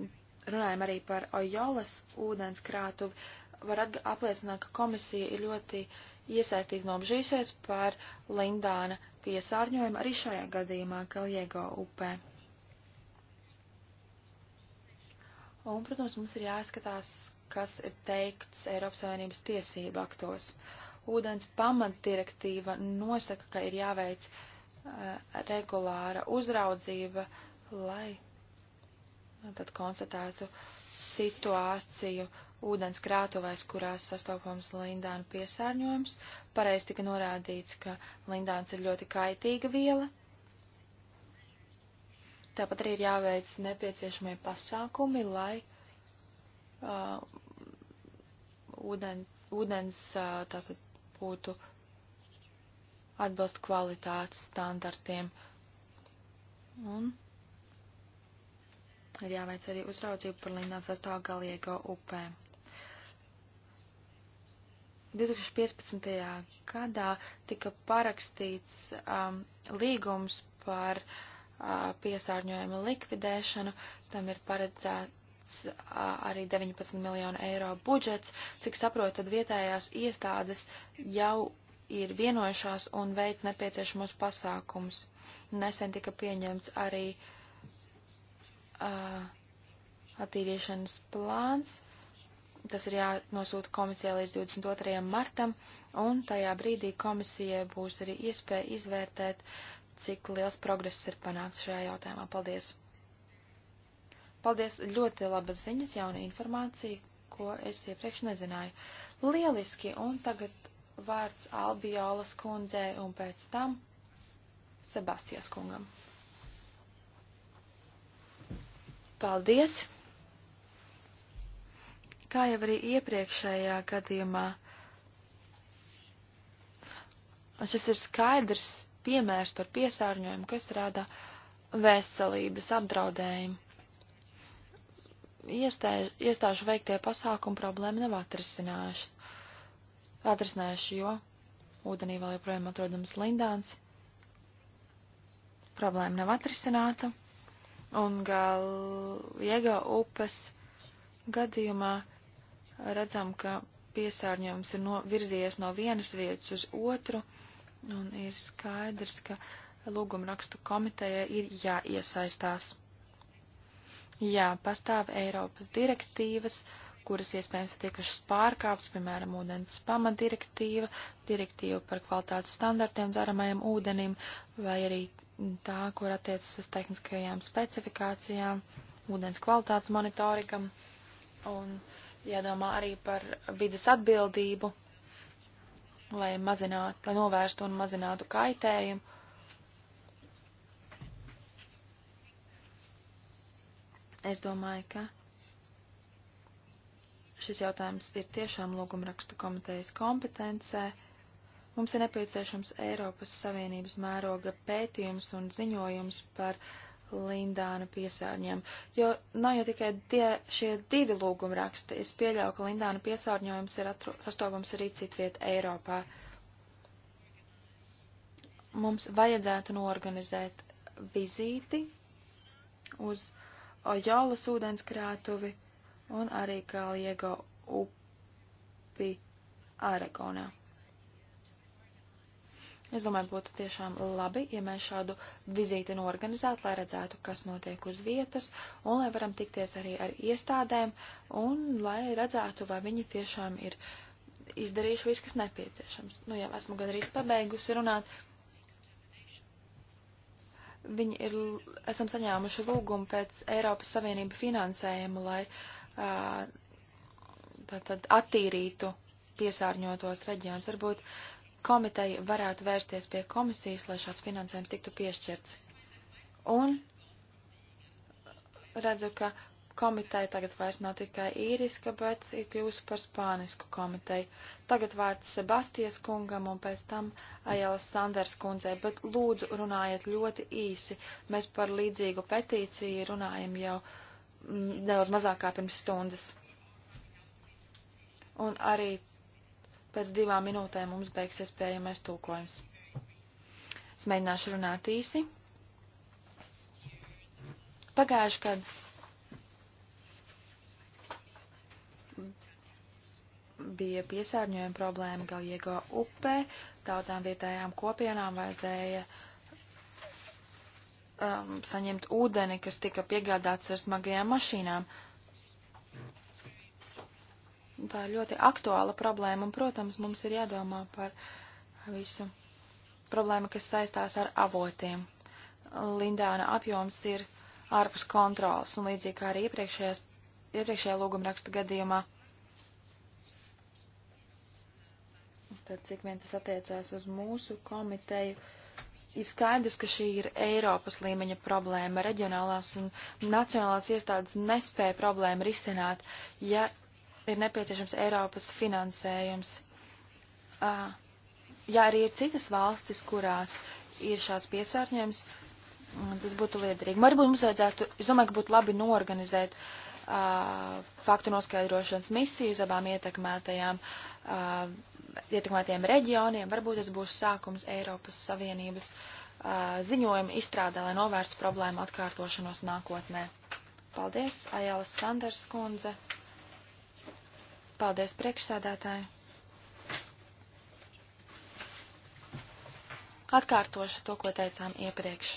runājam arī par Ojolas ūdenskrātuvi, var apliecināt, ka komisija ir ļoti uh, iesaistīt nobežīsies par Lindāna piesārņojumu arī šajā gadījumā Kaliego upē. Un, protams, mums ir jāskatās, kas ir teikts Eiropas Savienības tiesību aktos. Ūdens pamatdirektīva nosaka, ka ir jāveic uh, regulāra uzraudzība, lai nu, tad konstatētu uh, situāciju ūdens krātuvēs, kurās sastopams lindānu piesārņojums. Pareiz tika norādīts, ka lindāns ir ļoti kaitīga viela. Tāpat arī ir jāveic nepieciešamie pasākumi, lai uh, ūden, ūdens uh, tātad būtu atbilst kvalitātes standartiem. Un Ir jāveic arī uzraudzība par Linas atāgaliego upē. 2015. gadā tika parakstīts um, līgums par uh, piesārņojumu likvidēšanu. Tam ir paredzēts uh, arī 19 miljonu eiro budžets. Cik saprotu, tad vietējās iestādes jau ir vienojušās un veic nepieciešamos pasākums. Nesen tika pieņemts arī uh, uh, attīrīšanas plāns. Tas ir jānosūta komisijai līdz 22. martam, un tajā brīdī komisijai būs arī iespēja izvērtēt, cik liels progress ir panākts šajā jautājumā. Paldies! Paldies! Ļoti labas ziņas, jauna informācija, ko es iepriekš nezināju. Lieliski! Un tagad vārds Albiolas kundzei un pēc tam Sebastijas kungam. Paldies! Kā jau arī iepriekšējā gadījumā, šis ir skaidrs piemērs par piesārņojumu, kas rada veselības apdraudējumu. Iestāžu, iestāžu veiktie pasākumi problēma nav atrisinājušas. Atrisinājuši, jo ūdenī vēl joprojām atrodams lindāns. Problēma nav atrisināta. Un Galiega upes gadījumā redzam, ka piesārņojums ir no, virzījies no vienas vietas uz otru, un ir skaidrs, ka lūgumrakstu komitejai ir jāiesaistās. Jā, pastāv Eiropas direktīvas, kuras iespējams tiekašas pārkāptas, piemēram, ūdens pamatdirektīva, direktīva par kvalitātes standartiem dzeramajam ūdenim, vai arī tā, kur attiecas uz tehniskajām specifikācijām, ūdens kvalitātes monitorikam un jādomā arī par vidas atbildību, lai mazinātu, lai novērstu un mazinātu kaitējumu. Es domāju, ka šis jautājums ir tiešām lūgumrakstu komitejas kompetencē. Mums ir nepieciešams Eiropas Savienības mēroga pētījums un ziņojums par Lindāna piesārņojumu, jo nav jau tikai die, šie divi lūguma raksti. Es pieļauju, ka Lindāna piesārņojums ir atru, sastopams arī citviet Eiropā. Mums vajadzētu norganizēt vizīti uz Ojolas ūdenskrātuvi un arī Kaliego upi Aragonā. Es domāju, būtu tiešām labi, ja mēs šādu vizīti norganizētu, lai redzētu, kas notiek uz vietas, un lai varam tikties arī ar iestādēm, un lai redzētu, vai viņi tiešām ir izdarījuši visu, kas nepieciešams. Nu, jau esmu gandrīz pabeigusi runāt. Viņi ir, esam saņēmuši lūgumu pēc Eiropas Savienība finansējumu, lai uh, tad attīrītu piesārņotos reģionus. Varbūt komiteja varētu vērsties pie komisijas, lai šāds finansējums tiktu piešķirts. Un redzu, ka komiteja tagad vairs nav tikai īriska, bet ir kļūsi par spānisku komiteju. Tagad vārds Sebastijas kungam un pēc tam Ajēlas Sanders kundzei, bet lūdzu runājiet ļoti īsi. Mēs par līdzīgu petīciju runājam jau mm, nedaudz mazāk kā pirms stundas. Un arī Pēc divām minūtēm mums beigsies pieejamais tulkojums. Es mēģināšu runāt īsi. Pagājuši, kad bija piesārņojuma problēma Galiego upē, daudzām vietējām kopienām vajadzēja um, saņemt ūdeni, kas tika piegādāts ar smagajām mašīnām. Uh, tā ir ļoti aktuāla problēma, un, protams, mums ir jādomā par visu problēmu, kas saistās ar avotiem. Lindāna apjoms ir ārpus kontrolas, un līdzīgi kā arī iepriekšējā lūgumraksta gadījumā, tad cik vien tas attiecās uz mūsu komiteju, ir skaidrs, ka šī ir Eiropas līmeņa problēma. Reģionālās un nacionālās iestādes nespēja problēmu risināt, ja ir nepieciešams Eiropas finansējums. Ja arī ir citas valstis, kurās ir šāds piesārņojums, mm, tas būtu liederīgi. Varbūt mums vajadzētu, es domāju, ka būtu labi norganizēt uh, faktu noskaidrošanas misiju uz abām ietekmētajām, uh, ietekmētajiem reģioniem. Varbūt tas būs sākums Eiropas Savienības uh, ziņojuma izstrādē, lai novērstu problēmu atkārtošanos nākotnē. Paldies, Ajala Sanders kundze. Paldies, priekšsēdētāji! Atkārtošu to, ko teicām iepriekš.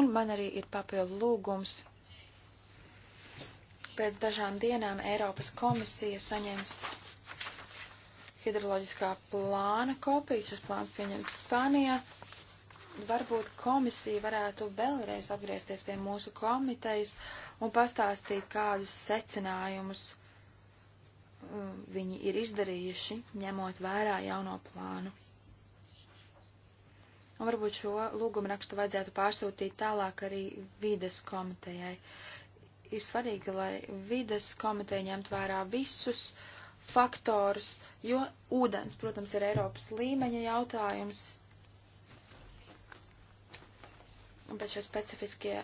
Un man arī ir papildu lūgums. Pēc dažām dienām Eiropas komisija saņems hidroloģiskā plāna kopiju. Šis plāns pieņemts Spānijā varbūt komisija varētu vēlreiz atgriezties pie mūsu komitejas un pastāstīt, kādus secinājumus um, viņi ir izdarījuši, ņemot vērā jauno plānu. Un varbūt šo lūgumu rakstu vajadzētu pārsūtīt tālāk arī vides komitejai. Ir svarīgi, lai vides komiteja ņemt vērā visus faktorus, jo ūdens, protams, ir Eiropas līmeņa jautājums, bet šie specifiskie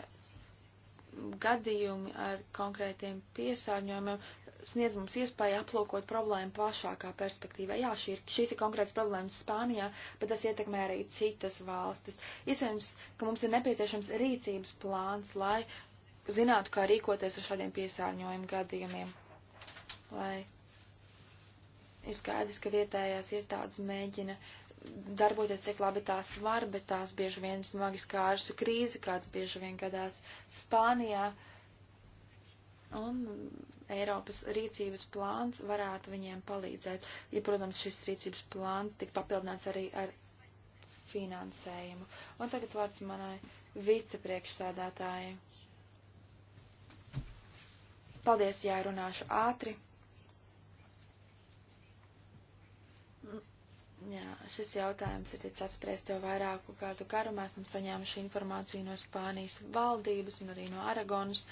gadījumi ar konkrētiem piesārņojumiem sniedz mums iespēju aplūkot problēmu plašākā perspektīvā. Jā, šī ir, šīs ir konkrētas problēmas Spānijā, bet tas ietekmē arī citas valstis. Iespējams, ka mums ir nepieciešams rīcības plāns, lai zinātu, kā rīkoties ar šādiem piesārņojumu gadījumiem. Lai ir skaidrs, ka vietējās iestādes mēģina uh, darboties, cik labi tās var, bet tās bieži vien smagi skārusi krīze, kāds bieži vien gadās Spānijā. Un Eiropas rīcības plāns varētu viņiem palīdzēt, ja, protams, šis rīcības plāns tik papildināts arī ar finansējumu. Un tagad vārds manai vicepriekšsēdētājai. Paldies, jā, runāšu ātri. Jā, šis jautājums ir ticis atspriest jau vairāku gadu garumā. Esam saņēmuši informāciju no Spānijas valdības un arī no Aragonas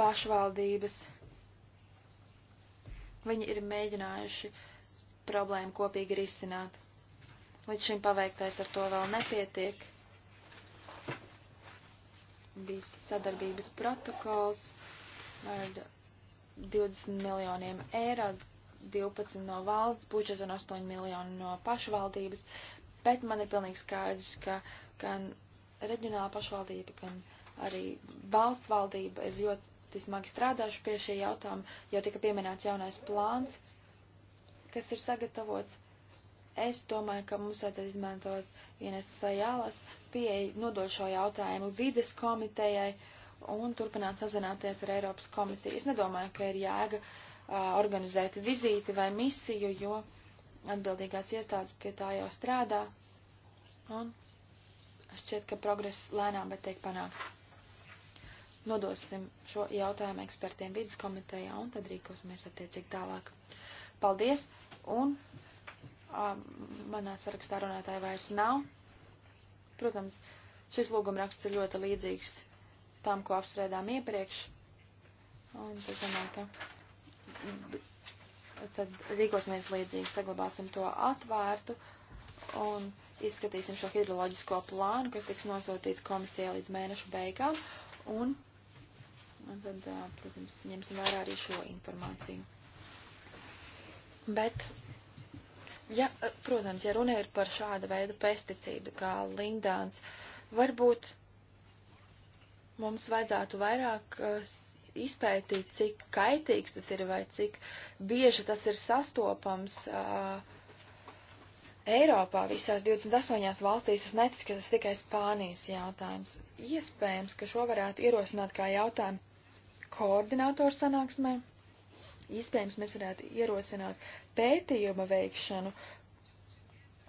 pašvaldības. Viņi ir mēģinājuši problēmu kopīgi risināt. Līdz šim paveiktais ar to vēl nepietiek. Bija sadarbības protokols ar 20 miljoniem eiro 12 no valsts budžeta un 8 miljoni no pašvaldības, bet man ir pilnīgi skaidrs, ka gan reģionāla pašvaldība, gan arī valsts valdība ir ļoti smagi strādājuši pie šī jautājuma, jo tika pieminēts jaunais plāns, kas ir sagatavots. Es domāju, ka mums vajadzētu izmantot Ienesa Jālas pieeja nodot šo jautājumu vides komitejai un turpināt sazināties ar Eiropas komisiju. Es nedomāju, ka ir jēga uh, organizēt vizīti vai misiju, jo atbildīgās iestādes pie tā jau strādā. Un šķiet, ka progress lēnām, bet tiek panākts. Nodosim šo jautājumu ekspertiem vidas komitejā un tad rīkosimies attiecīgi tālāk. Paldies! Un a, manā sarakstā runātāja vairs nav. Protams, šis lūgumraksts ir ļoti līdzīgs tam, ko apspriedām iepriekš. Un es domāju, ka tad rīkosimies līdzīgi, saglabāsim to atvērtu un izskatīsim šo hidroloģisko plānu, kas tiks nosūtīts komisijai līdz mēnešu beigām, un, un tad, protams, ņemsim vērā arī šo informāciju. Bet, ja, protams, ja runa ir par šāda veida pesticīdu kā lindāns, varbūt mums vajadzētu vairāk izpētīt, cik kaitīgs tas ir vai cik bieži tas ir sastopams uh, Eiropā visās 28 valstīs. Es neticu, ka tas tikai Spānijas jautājums. Iespējams, ka šo varētu ierosināt kā jautājumu koordinātoru sanāksmē. Iespējams, mēs varētu ierosināt pētījuma veikšanu,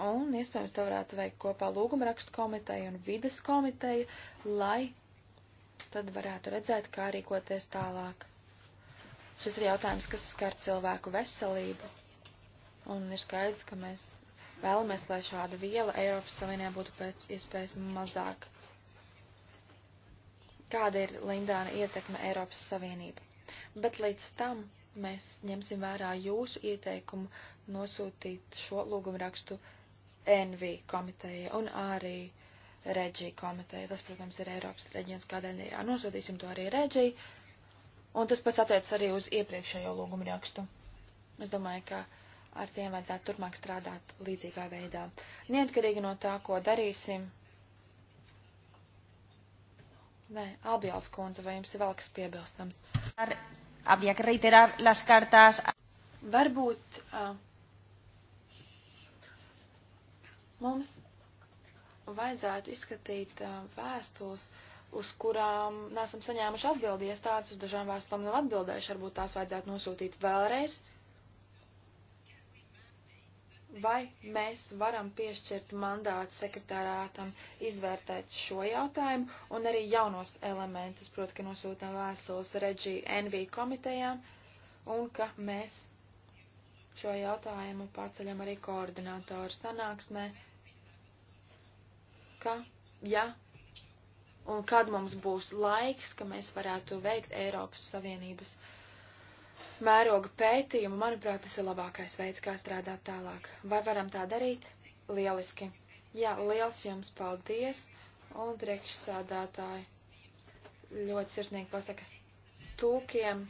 un iespējams to varētu veikt kopā lūgumrakstu komiteja un vides komiteja, lai tad varētu redzēt, kā rīkoties tālāk. Šis ir jautājums, kas skar cilvēku veselību, un ir skaidrs, ka mēs vēlamies, lai šāda viela Eiropas Savienībā būtu pēc iespējas mazāk. Kāda ir Lindāna ietekme Eiropas Savienību? Bet līdz tam mēs ņemsim vērā jūsu ieteikumu nosūtīt šo lūgumu rakstu NV komiteja un arī Reģija komiteja. Tas, protams, ir Eiropas reģions, kādēļ jānosūtīsim to arī Reģija. Un tas pats attiec arī uz iepriekšējo lūgumu rakstu. Es domāju, ka ar tiem vajadzētu turpmāk strādāt līdzīgā veidā. Neatkarīgi no tā, ko darīsim. Nē, Albijāls kundze, vai jums ir vēl kas piebilstams? Ar, habría que reiterar las cartas. Varbūt uh, mums vajadzētu izskatīt vēstules, uz kurām nesam saņēmuši atbildi iestādes, uz dažām vēstulēm nav atbildējuši, varbūt tās vajadzētu nosūtīt vēlreiz. Vai mēs varam piešķirt mandātu sekretārātam izvērtēt šo jautājumu un arī jaunos elementus, proti, ka nosūtām vēstules Reģija NV komitejām un ka mēs šo jautājumu paceļam arī koordinātoru sanāksmē ka, ja un kad mums būs laiks, ka mēs varētu veikt Eiropas Savienības mēroga pētījumu, manuprāt, tas ir labākais veids, kā strādāt tālāk. Vai varam tā darīt? Lieliski. Jā, liels jums paldies un priekšsādātāji. Ļoti sirsnīgi pasakas tūkiem.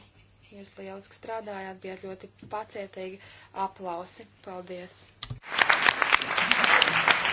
Jūs lieliski strādājāt, bijāt ļoti pacietīgi. Aplausi. Paldies. Thank you.